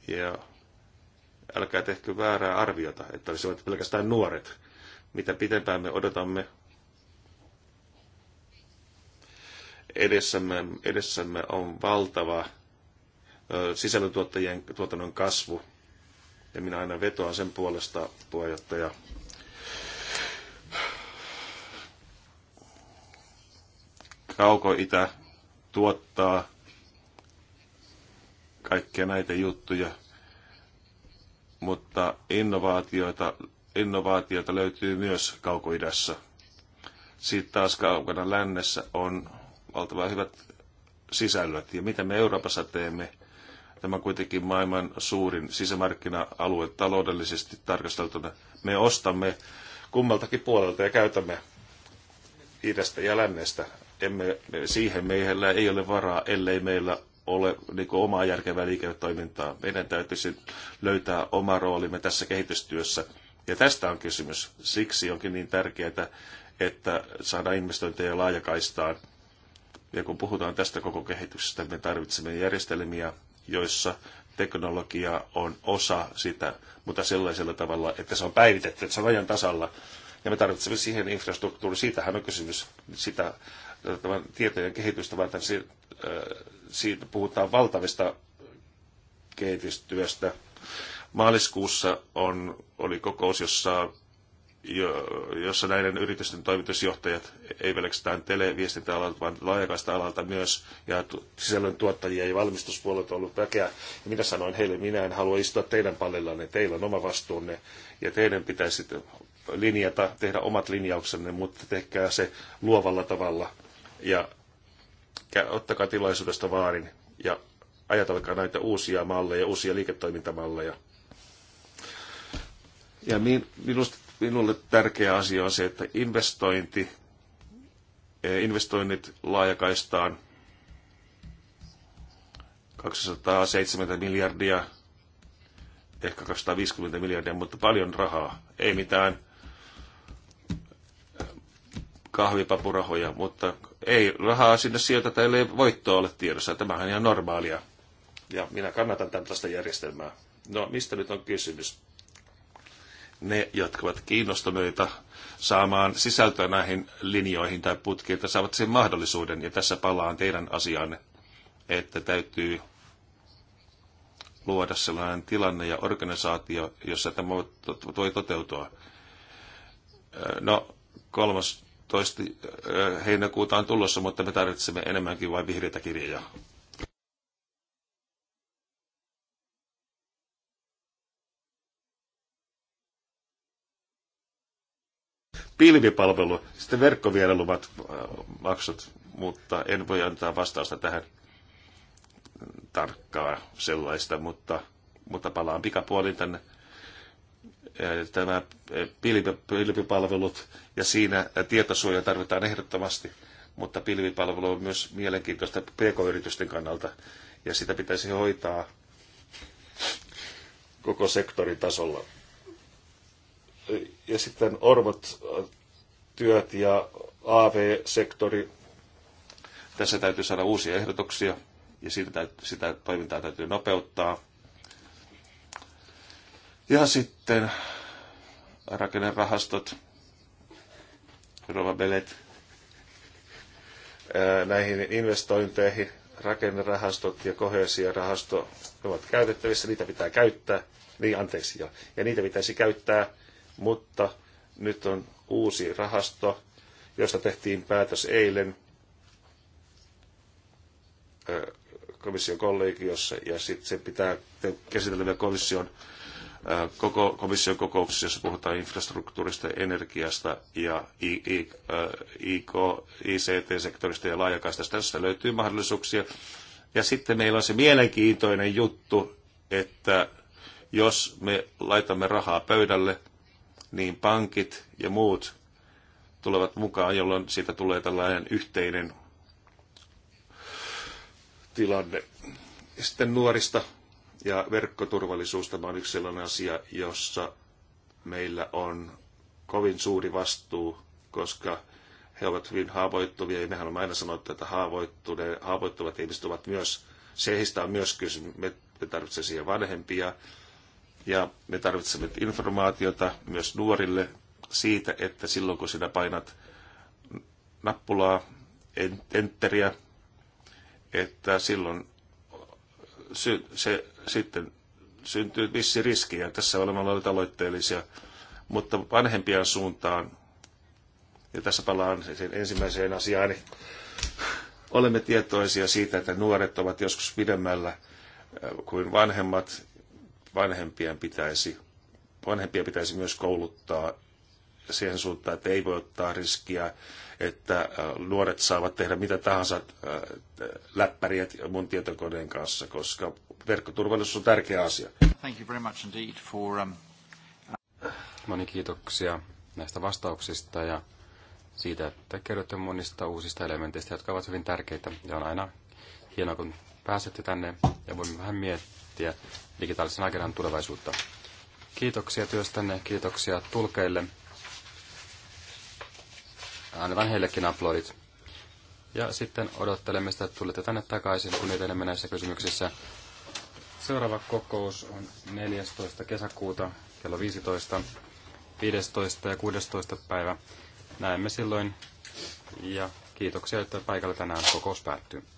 Ja älkää tehkö väärää arviota, että olisivat pelkästään nuoret. Mitä pitempään me odotamme, edessämme, edessämme on valtava sisällöntuottajien tuotannon kasvu. Ja minä aina vetoan sen puolesta, puheenjohtaja. Kauko-itä tuottaa kaikkia näitä juttuja, mutta innovaatioita, innovaatioita löytyy myös Kauko-Idässä. Sitten taas kaukana lännessä on valtavan hyvät sisällöt. Ja mitä me Euroopassa teemme, Tämä on kuitenkin maailman suurin sisämarkkina-alue taloudellisesti tarkasteltuna. Me ostamme kummaltakin puolelta ja käytämme idästä ja lännestä. Emme, siihen meillä ei ole varaa, ellei meillä ole niin kuin omaa järkevää liiketoimintaa. Meidän täytyisi löytää oma roolimme tässä kehitystyössä. Ja tästä on kysymys. Siksi onkin niin tärkeää, että saadaan investointeja laajakaistaan. Ja kun puhutaan tästä koko kehityksestä, me tarvitsemme järjestelmiä, joissa teknologia on osa sitä, mutta sellaisella tavalla, että se on päivitetty, että se on ajan tasalla. Ja me tarvitsemme siihen infrastruktuuri, siitähän on kysymys, sitä tämän tietojen kehitystä, vaan tämän, siitä puhutaan valtavista kehitystyöstä. Maaliskuussa on, oli kokous, jossa jossa näiden yritysten toimitusjohtajat, ei pelkästään televiestintäalalta, vaan laajakaista-alalta myös, ja sisällön tuottajia ja valmistuspuolet on ollut väkeä. Ja minä sanoin heille, minä en halua istua teidän pallillanne, teillä on oma vastuunne, ja teidän pitäisi linjata, tehdä omat linjauksenne, mutta tehkää se luovalla tavalla, ja ottakaa tilaisuudesta vaarin, ja ajatelkaa näitä uusia malleja, uusia liiketoimintamalleja. Ja minusta Minulle tärkeä asia on se, että investointi, eh, investoinnit laajakaistaan 270 miljardia, ehkä 250 miljardia, mutta paljon rahaa. Ei mitään eh, kahvipapurahoja, mutta ei rahaa sinne sieltä tai ei voittoa ole tiedossa. Tämähän on ihan normaalia. Ja minä kannatan tällaista järjestelmää. No, mistä nyt on kysymys? ne, jotka ovat kiinnostuneita saamaan sisältöä näihin linjoihin tai putkiin, että saavat sen mahdollisuuden. Ja tässä palaan teidän asianne, että täytyy luoda sellainen tilanne ja organisaatio, jossa tämä voi toteutua. Äh, no, 13. Äh, heinäkuuta on tulossa, mutta me tarvitsemme enemmänkin vain vihreitä kirjoja. pilvipalvelu, sitten verkkovierailuvat äh, maksut, mutta en voi antaa vastausta tähän tarkkaa sellaista, mutta, mutta palaan pikapuolin tänne äh, tämä äh, pilvipalvelut ja siinä tietosuoja tarvitaan ehdottomasti, mutta pilvipalvelu on myös mielenkiintoista pk-yritysten kannalta ja sitä pitäisi hoitaa koko sektorin tasolla ja sitten orvot työt ja AV-sektori. Tässä täytyy saada uusia ehdotuksia ja siitä täytyy, sitä toimintaa täytyy nopeuttaa. Ja sitten rakennerahastot, rovabelet, näihin investointeihin, rakennerahastot ja kohesiorahasto ovat käytettävissä, niitä pitää käyttää, niin anteeksi jo, ja niitä pitäisi käyttää mutta nyt on uusi rahasto, josta tehtiin päätös eilen komission kollegiossa ja sitten se pitää käsitellä vielä komission, koko, komission kokouksessa, jossa puhutaan infrastruktuurista, energiasta ja ICT-sektorista ja laajakaistasta. Tässä löytyy mahdollisuuksia. Ja sitten meillä on se mielenkiintoinen juttu, että jos me laitamme rahaa pöydälle – niin pankit ja muut tulevat mukaan, jolloin siitä tulee tällainen yhteinen tilanne. Sitten nuorista ja verkkoturvallisuus, tämä on yksi sellainen asia, jossa meillä on kovin suuri vastuu, koska he ovat hyvin haavoittuvia, ja mehän on aina sanottu, että haavoittuvat ihmiset ovat myös, se heistä on myös kysymys, me tarvitsemme siihen vanhempia, ja me tarvitsemme informaatiota myös nuorille siitä, että silloin kun sinä painat nappulaa, enteriä, että silloin se, se sitten syntyy vissi riski, ja tässä olemme olleet aloitteellisia, mutta vanhempien suuntaan, ja tässä palaan sen ensimmäiseen asiaan, niin olemme tietoisia siitä, että nuoret ovat joskus pidemmällä kuin vanhemmat, vanhempien pitäisi, vanhempia pitäisi myös kouluttaa siihen suuntaan, että ei voi ottaa riskiä, että äh, nuoret saavat tehdä mitä tahansa äh, läppäriä mun tietokoneen kanssa, koska verkkoturvallisuus on tärkeä asia. Thank you very much indeed for, um... Moni kiitoksia näistä vastauksista ja siitä, että kerrotte monista uusista elementeistä, jotka ovat hyvin tärkeitä. Ja on aina hienoa, kun pääsette tänne ja voimme vähän miettiä miettiä digitaalisen agendan tulevaisuutta. Kiitoksia työstänne, kiitoksia tulkeille. Annetaan heillekin aplodit. Ja sitten odottelemme sitä, että tulette tänne takaisin, kun etenemme näissä kysymyksissä. Seuraava kokous on 14. kesäkuuta kello 15, 15 ja 16 päivä. Näemme silloin ja kiitoksia, että paikalla tänään kokous päättyy.